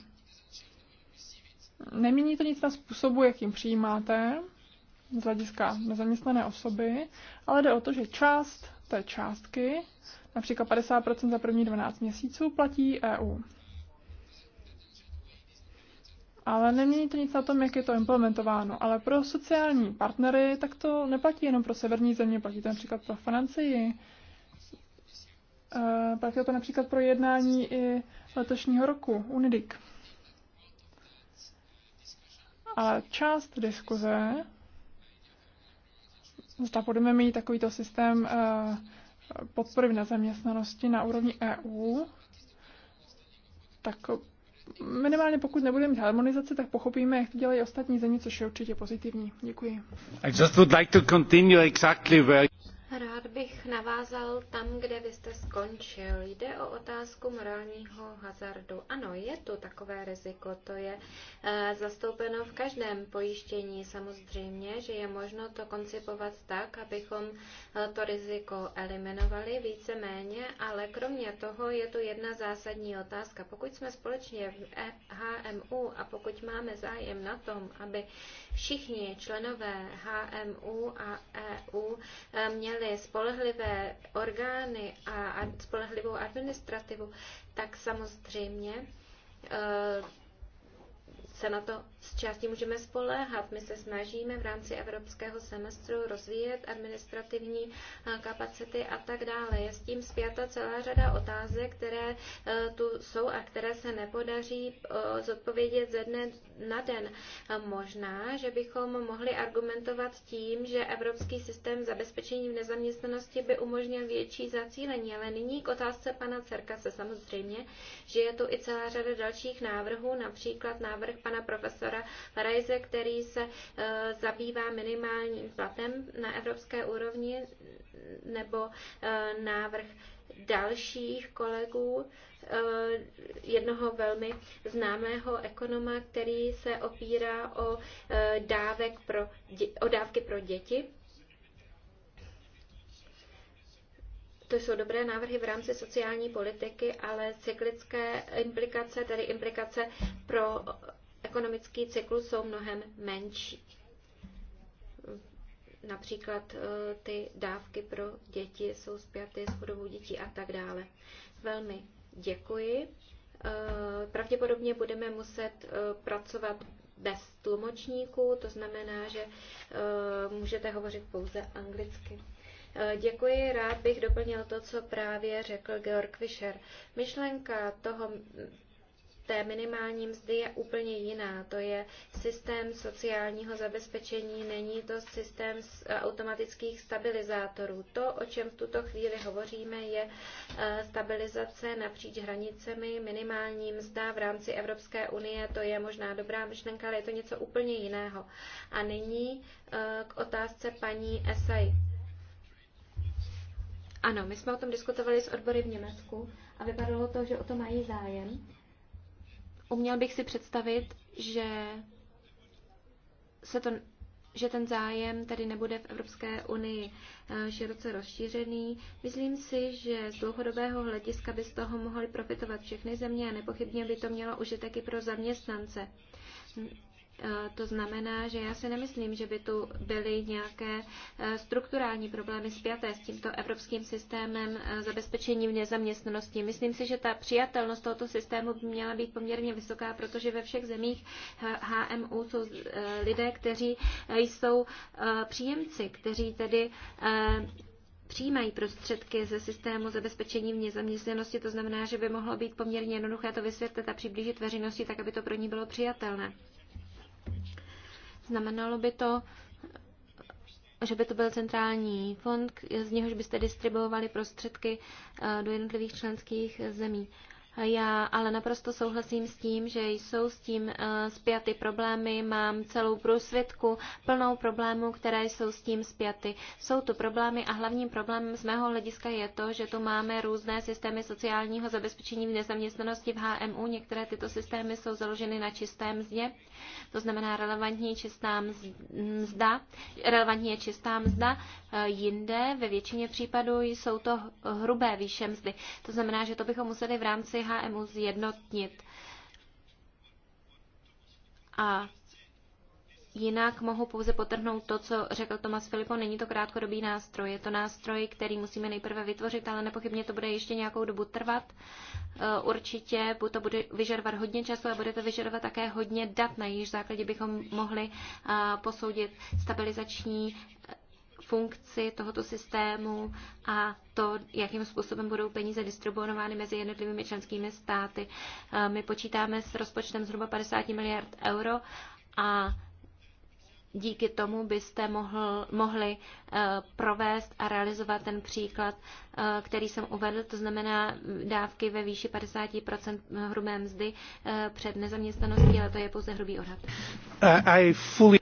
Nemění to nic na způsobu, jakým přijímáte z hlediska nezaměstnané osoby, ale jde o to, že část té částky, například 50% za první 12 měsíců, platí EU ale nemění to nic na tom, jak je to implementováno. Ale pro sociální partnery tak to neplatí jenom pro severní země, platí to například pro Francii, eh, platí to například pro jednání i letošního roku, UNIDIC. A část diskuze, zda budeme mít takovýto systém eh, podpory na zaměstnanosti na úrovni EU, tak minimálně pokud nebudeme mít harmonizace, tak pochopíme, jak to dělají ostatní země, což je určitě pozitivní. Děkuji. I just would like to continue exactly where... Rád bych navázal tam, kde vy jste skončil. Jde o otázku morálního hazardu. Ano, je tu takové riziko, to je e, zastoupeno v každém pojištění. Samozřejmě, že je možno to koncipovat tak, abychom eh, to riziko eliminovali víceméně, ale kromě toho je tu jedna zásadní otázka. Pokud jsme společně v HMU a pokud máme zájem na tom, aby všichni členové HMU a EU eh, měli měli spolehlivé orgány a spolehlivou administrativu, tak samozřejmě eh, se na to z části můžeme spoléhat. My se snažíme v rámci evropského semestru rozvíjet administrativní eh, kapacity a tak dále. Je s tím zpěta celá řada otázek, které eh, tu jsou a které se nepodaří eh, zodpovědět ze dne na den. Možná, že bychom mohli argumentovat tím, že evropský systém zabezpečení v nezaměstnanosti by umožnil větší zacílení, ale nyní k otázce pana Cerka se samozřejmě, že je tu i celá řada dalších návrhů, například návrh pana profesora Rajze, který se eh, zabývá minimálním platem na evropské úrovni, nebo eh, návrh dalších kolegů, eh, jednoho velmi známého ekonoma, který se opírá o, dávek pro, o dávky pro děti. To jsou dobré návrhy v rámci sociální politiky, ale cyklické implikace, tedy implikace pro ekonomický cyklus jsou mnohem menší. Například eh, ty dávky pro děti jsou zpěty s chudobou dětí a tak dále. Velmi děkuji. Eh, pravděpodobně budeme muset eh, pracovat bez tlumočníků, to znamená, že můžete hovořit pouze anglicky. Děkuji, rád bych doplnil to, co právě řekl Georg Fischer. Myšlenka toho té minimální mzdy je úplně jiná. To je systém sociálního zabezpečení, není to systém eh, automatických stabilizátorů. To, o čem v tuto chvíli hovoříme, je eh, stabilizace napříč hranicemi, minimální mzda v rámci Evropské unie, to je možná dobrá myšlenka, ale je to něco úplně jiného. A nyní eh, k otázce paní Esai. Ano, my jsme o tom diskutovali s odbory v Německu a vypadalo to, že o to mají zájem uměl bych si představit, že se to že ten zájem tedy nebude v Evropské unii eh, široce rozšířený. Myslím si, že z dlouhodobého hlediska by z toho mohly profitovat všechny země a nepochybně by to mělo užitek i pro zaměstnance. To znamená, že já si nemyslím, že by tu byly nějaké e, strukturální problémy spjaté s tímto evropským systémem e, zabezpečení v nezaměstnanosti. Myslím si, že ta přijatelnost tohoto systému by měla být poměrně vysoká, protože ve všech zemích HMU jsou e, lidé, kteří jsou příjemci, kteří tedy přijímají prostředky ze systému zabezpečení v nezaměstnanosti. To znamená, že by mohlo být poměrně jednoduché to vysvětlit a přiblížit veřejnosti tak, aby to pro ní bylo přijatelné. Znamenalo by to, že by to byl centrální fond, z něhož byste distribuovali prostředky eh, do jednotlivých členských zemí. Já ale naprosto souhlasím s tím, že jsou s tím eh, spjaty problémy. Mám celou průsvědku plnou problémů, které jsou s tím spjaty. Jsou tu problémy a hlavním problémem z mého hlediska je to, že tu máme různé systémy sociálního zabezpečení v nezaměstnanosti v HMU. Některé tyto systémy jsou založeny na čisté mzdě, to znamená relevantní čistá mzda, relevantní je čistá mzda. Eh, jinde ve většině případů jsou to hrubé výše mzdy. To znamená, že to bychom museli v rámci HMU zjednotnit. A jinak mohu pouze potrhnout to, co řekl Tomas Filipo. Není to krátkodobý nástroj, je to nástroj, který musíme nejprve vytvořit, ale nepochybně to bude ještě nějakou dobu trvat. E, určitě to bude vyžadovat hodně času a bude to vyžadovat také hodně dat, na jejich základě bychom mohli e, posoudit stabilizační funkci tohoto systému a to, jakým způsobem budou peníze distribuovány mezi jednotlivými členskými státy. Eh, my počítáme s rozpočtem zhruba 50 miliard euro a díky tomu byste mohl, mohli eh, provést a realizovat ten příklad, eh, který jsem uvedl, to znamená dávky ve výši 50 hrubé mzdy před nezaměstnaností, ale to je pouze hrubý odhad. I fully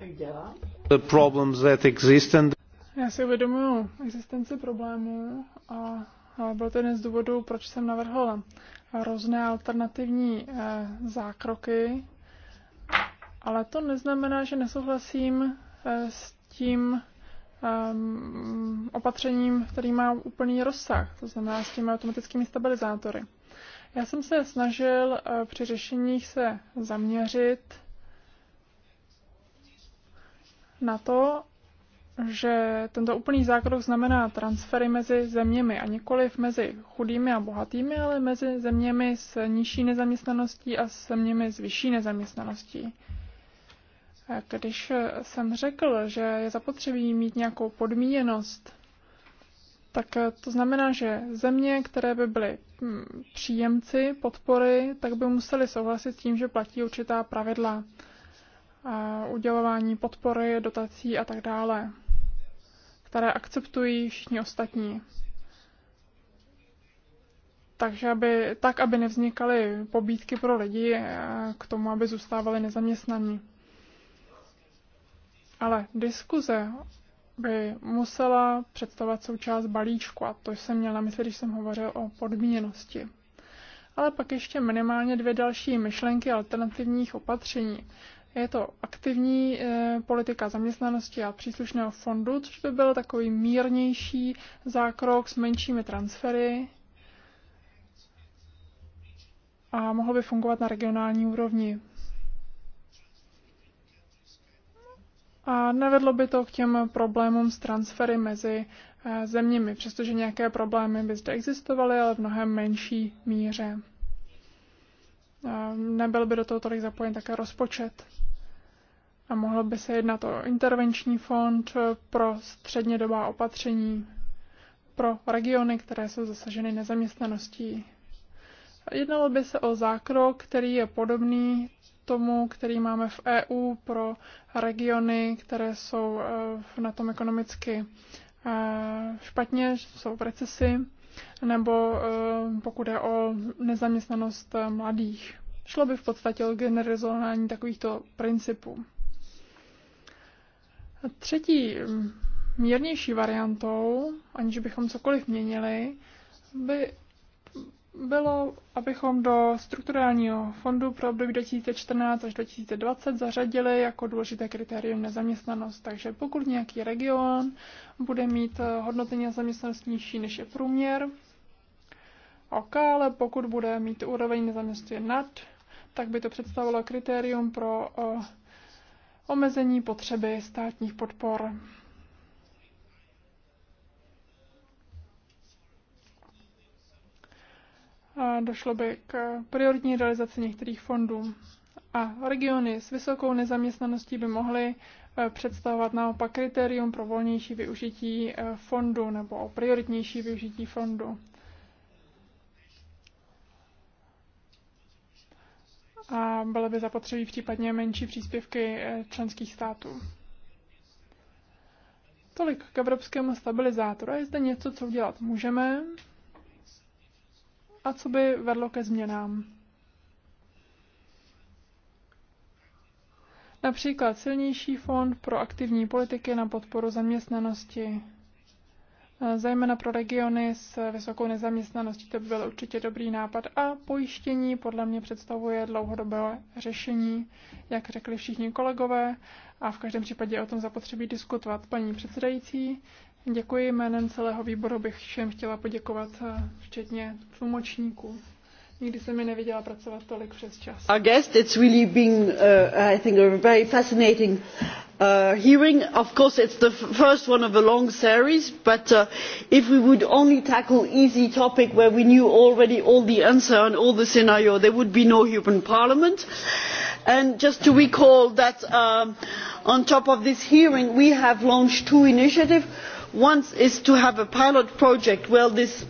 the problems that exist and já si uvědomuji existenci problémů a byl to jeden z důvodů, proč jsem navrhl různé alternativní eh, zákroky, ale to neznamená, že nesouhlasím eh, s tím eh, opatřením, který má úplný rozsah, to znamená s těmi automatickými stabilizátory. Já jsem se snažil při řešeních se zaměřit na to, že tento úplný zákrok znamená transfery mezi zeměmi a nikoliv mezi chudými a bohatými, ale mezi zeměmi s nižší nezaměstnaností a s zeměmi s vyšší nezaměstnaností. Když jsem řekl, že je zapotřebí mít nějakou podmíněnost, tak to znamená, že země, které by byly hm, příjemci podpory, tak by museli souhlasit s tím, že platí určitá pravidla udělování podpory, dotací a tak dále které akceptují všichni ostatní. Takže aby, tak, aby nevznikaly pobídky pro lidi eh, k tomu, aby zůstávali nezaměstnaní. Ale diskuze by musela představovat součást balíčku a to jsem měla na mysli, když jsem hovořil o podmíněnosti. Ale pak ještě minimálně dvě další myšlenky alternativních opatření. Je to aktivní eh, politika zaměstnanosti a příslušného fondu, což by byl takový mírnější zákrok s menšími transfery a mohl by fungovat na regionální úrovni. A nevedlo by to k těm problémům s transfery mezi eh, zeměmi, přestože nějaké problémy by zde existovaly, ale v mnohem menší míře nebyl by do toho tolik zapojen také rozpočet. A mohlo by se jednat o intervenční fond pro střednědobá opatření pro regiony, které jsou zasaženy nezaměstnaností. Jednalo by se o zákrok, který je podobný tomu, který máme v EU pro regiony, které jsou eh, na tom ekonomicky eh, špatně, jsou v recesi nebo eh, pokud je o nezaměstnanost eh, mladých. Šlo by v podstatě o generalizování takovýchto principů. Třetí mm, mírnější variantou, aniž bychom cokoliv měnili, by bylo, abychom do strukturálního fondu pro období 2014 až 2020 zařadili jako důležité kritérium nezaměstnanost. Takže pokud nějaký region bude mít eh, hodnocení nezaměstnanosti nižší než je průměr, OK, ale pokud bude mít úroveň nezaměstnosti nad, tak by to představovalo kritérium pro eh, omezení potřeby státních podpor. došlo by k prioritní realizaci některých fondů. A regiony s vysokou nezaměstnaností by mohly e, představovat naopak kritérium pro volnější využití e, fondu nebo o prioritnější využití fondu. A byly by zapotřebí případně menší příspěvky e, členských států. Tolik k evropskému stabilizátoru. Je zde něco, co udělat můžeme, a co by vedlo ke změnám. Například silnější fond pro aktivní politiky na podporu zaměstnanosti, eh, zejména pro regiony s vysokou nezaměstnaností, to by byl určitě dobrý nápad. A pojištění podle mě představuje dlouhodobé řešení, jak řekli všichni kolegové, a v každém případě o tom zapotřebí diskutovat. Paní předsedající, Děkuji jménem celého výboru, bych všem chtěla poděkovat, eh, včetně tlumočníků. Nikdy jsem mi neviděla pracovat tolik přes čas. Our guest, it's really been, uh, I think, a very fascinating uh, hearing. Of course, it's the first one of a long series, but uh, if we would only tackle easy topic where we knew already all the answer and all the scenario, there would be no human parliament. And just to recall that um, on top of this hearing, we have launched two initiatives one is to have a pilot project where this,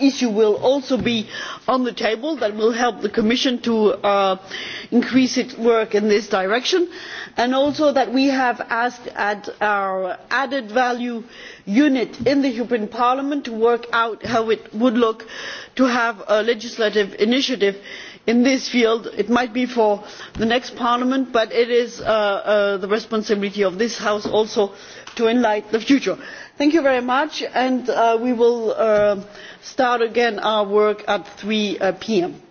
issue will also be on the table that will help the commission to uh, increase its work in this direction and also that we have asked our added value unit in the european parliament to work out how it would look to have a legislative initiative in this field. it might be for the next parliament but it is uh, uh, the responsibility of this house also to enlighten the future. thank you very much and uh, we will uh, start again our work at three uh, pm.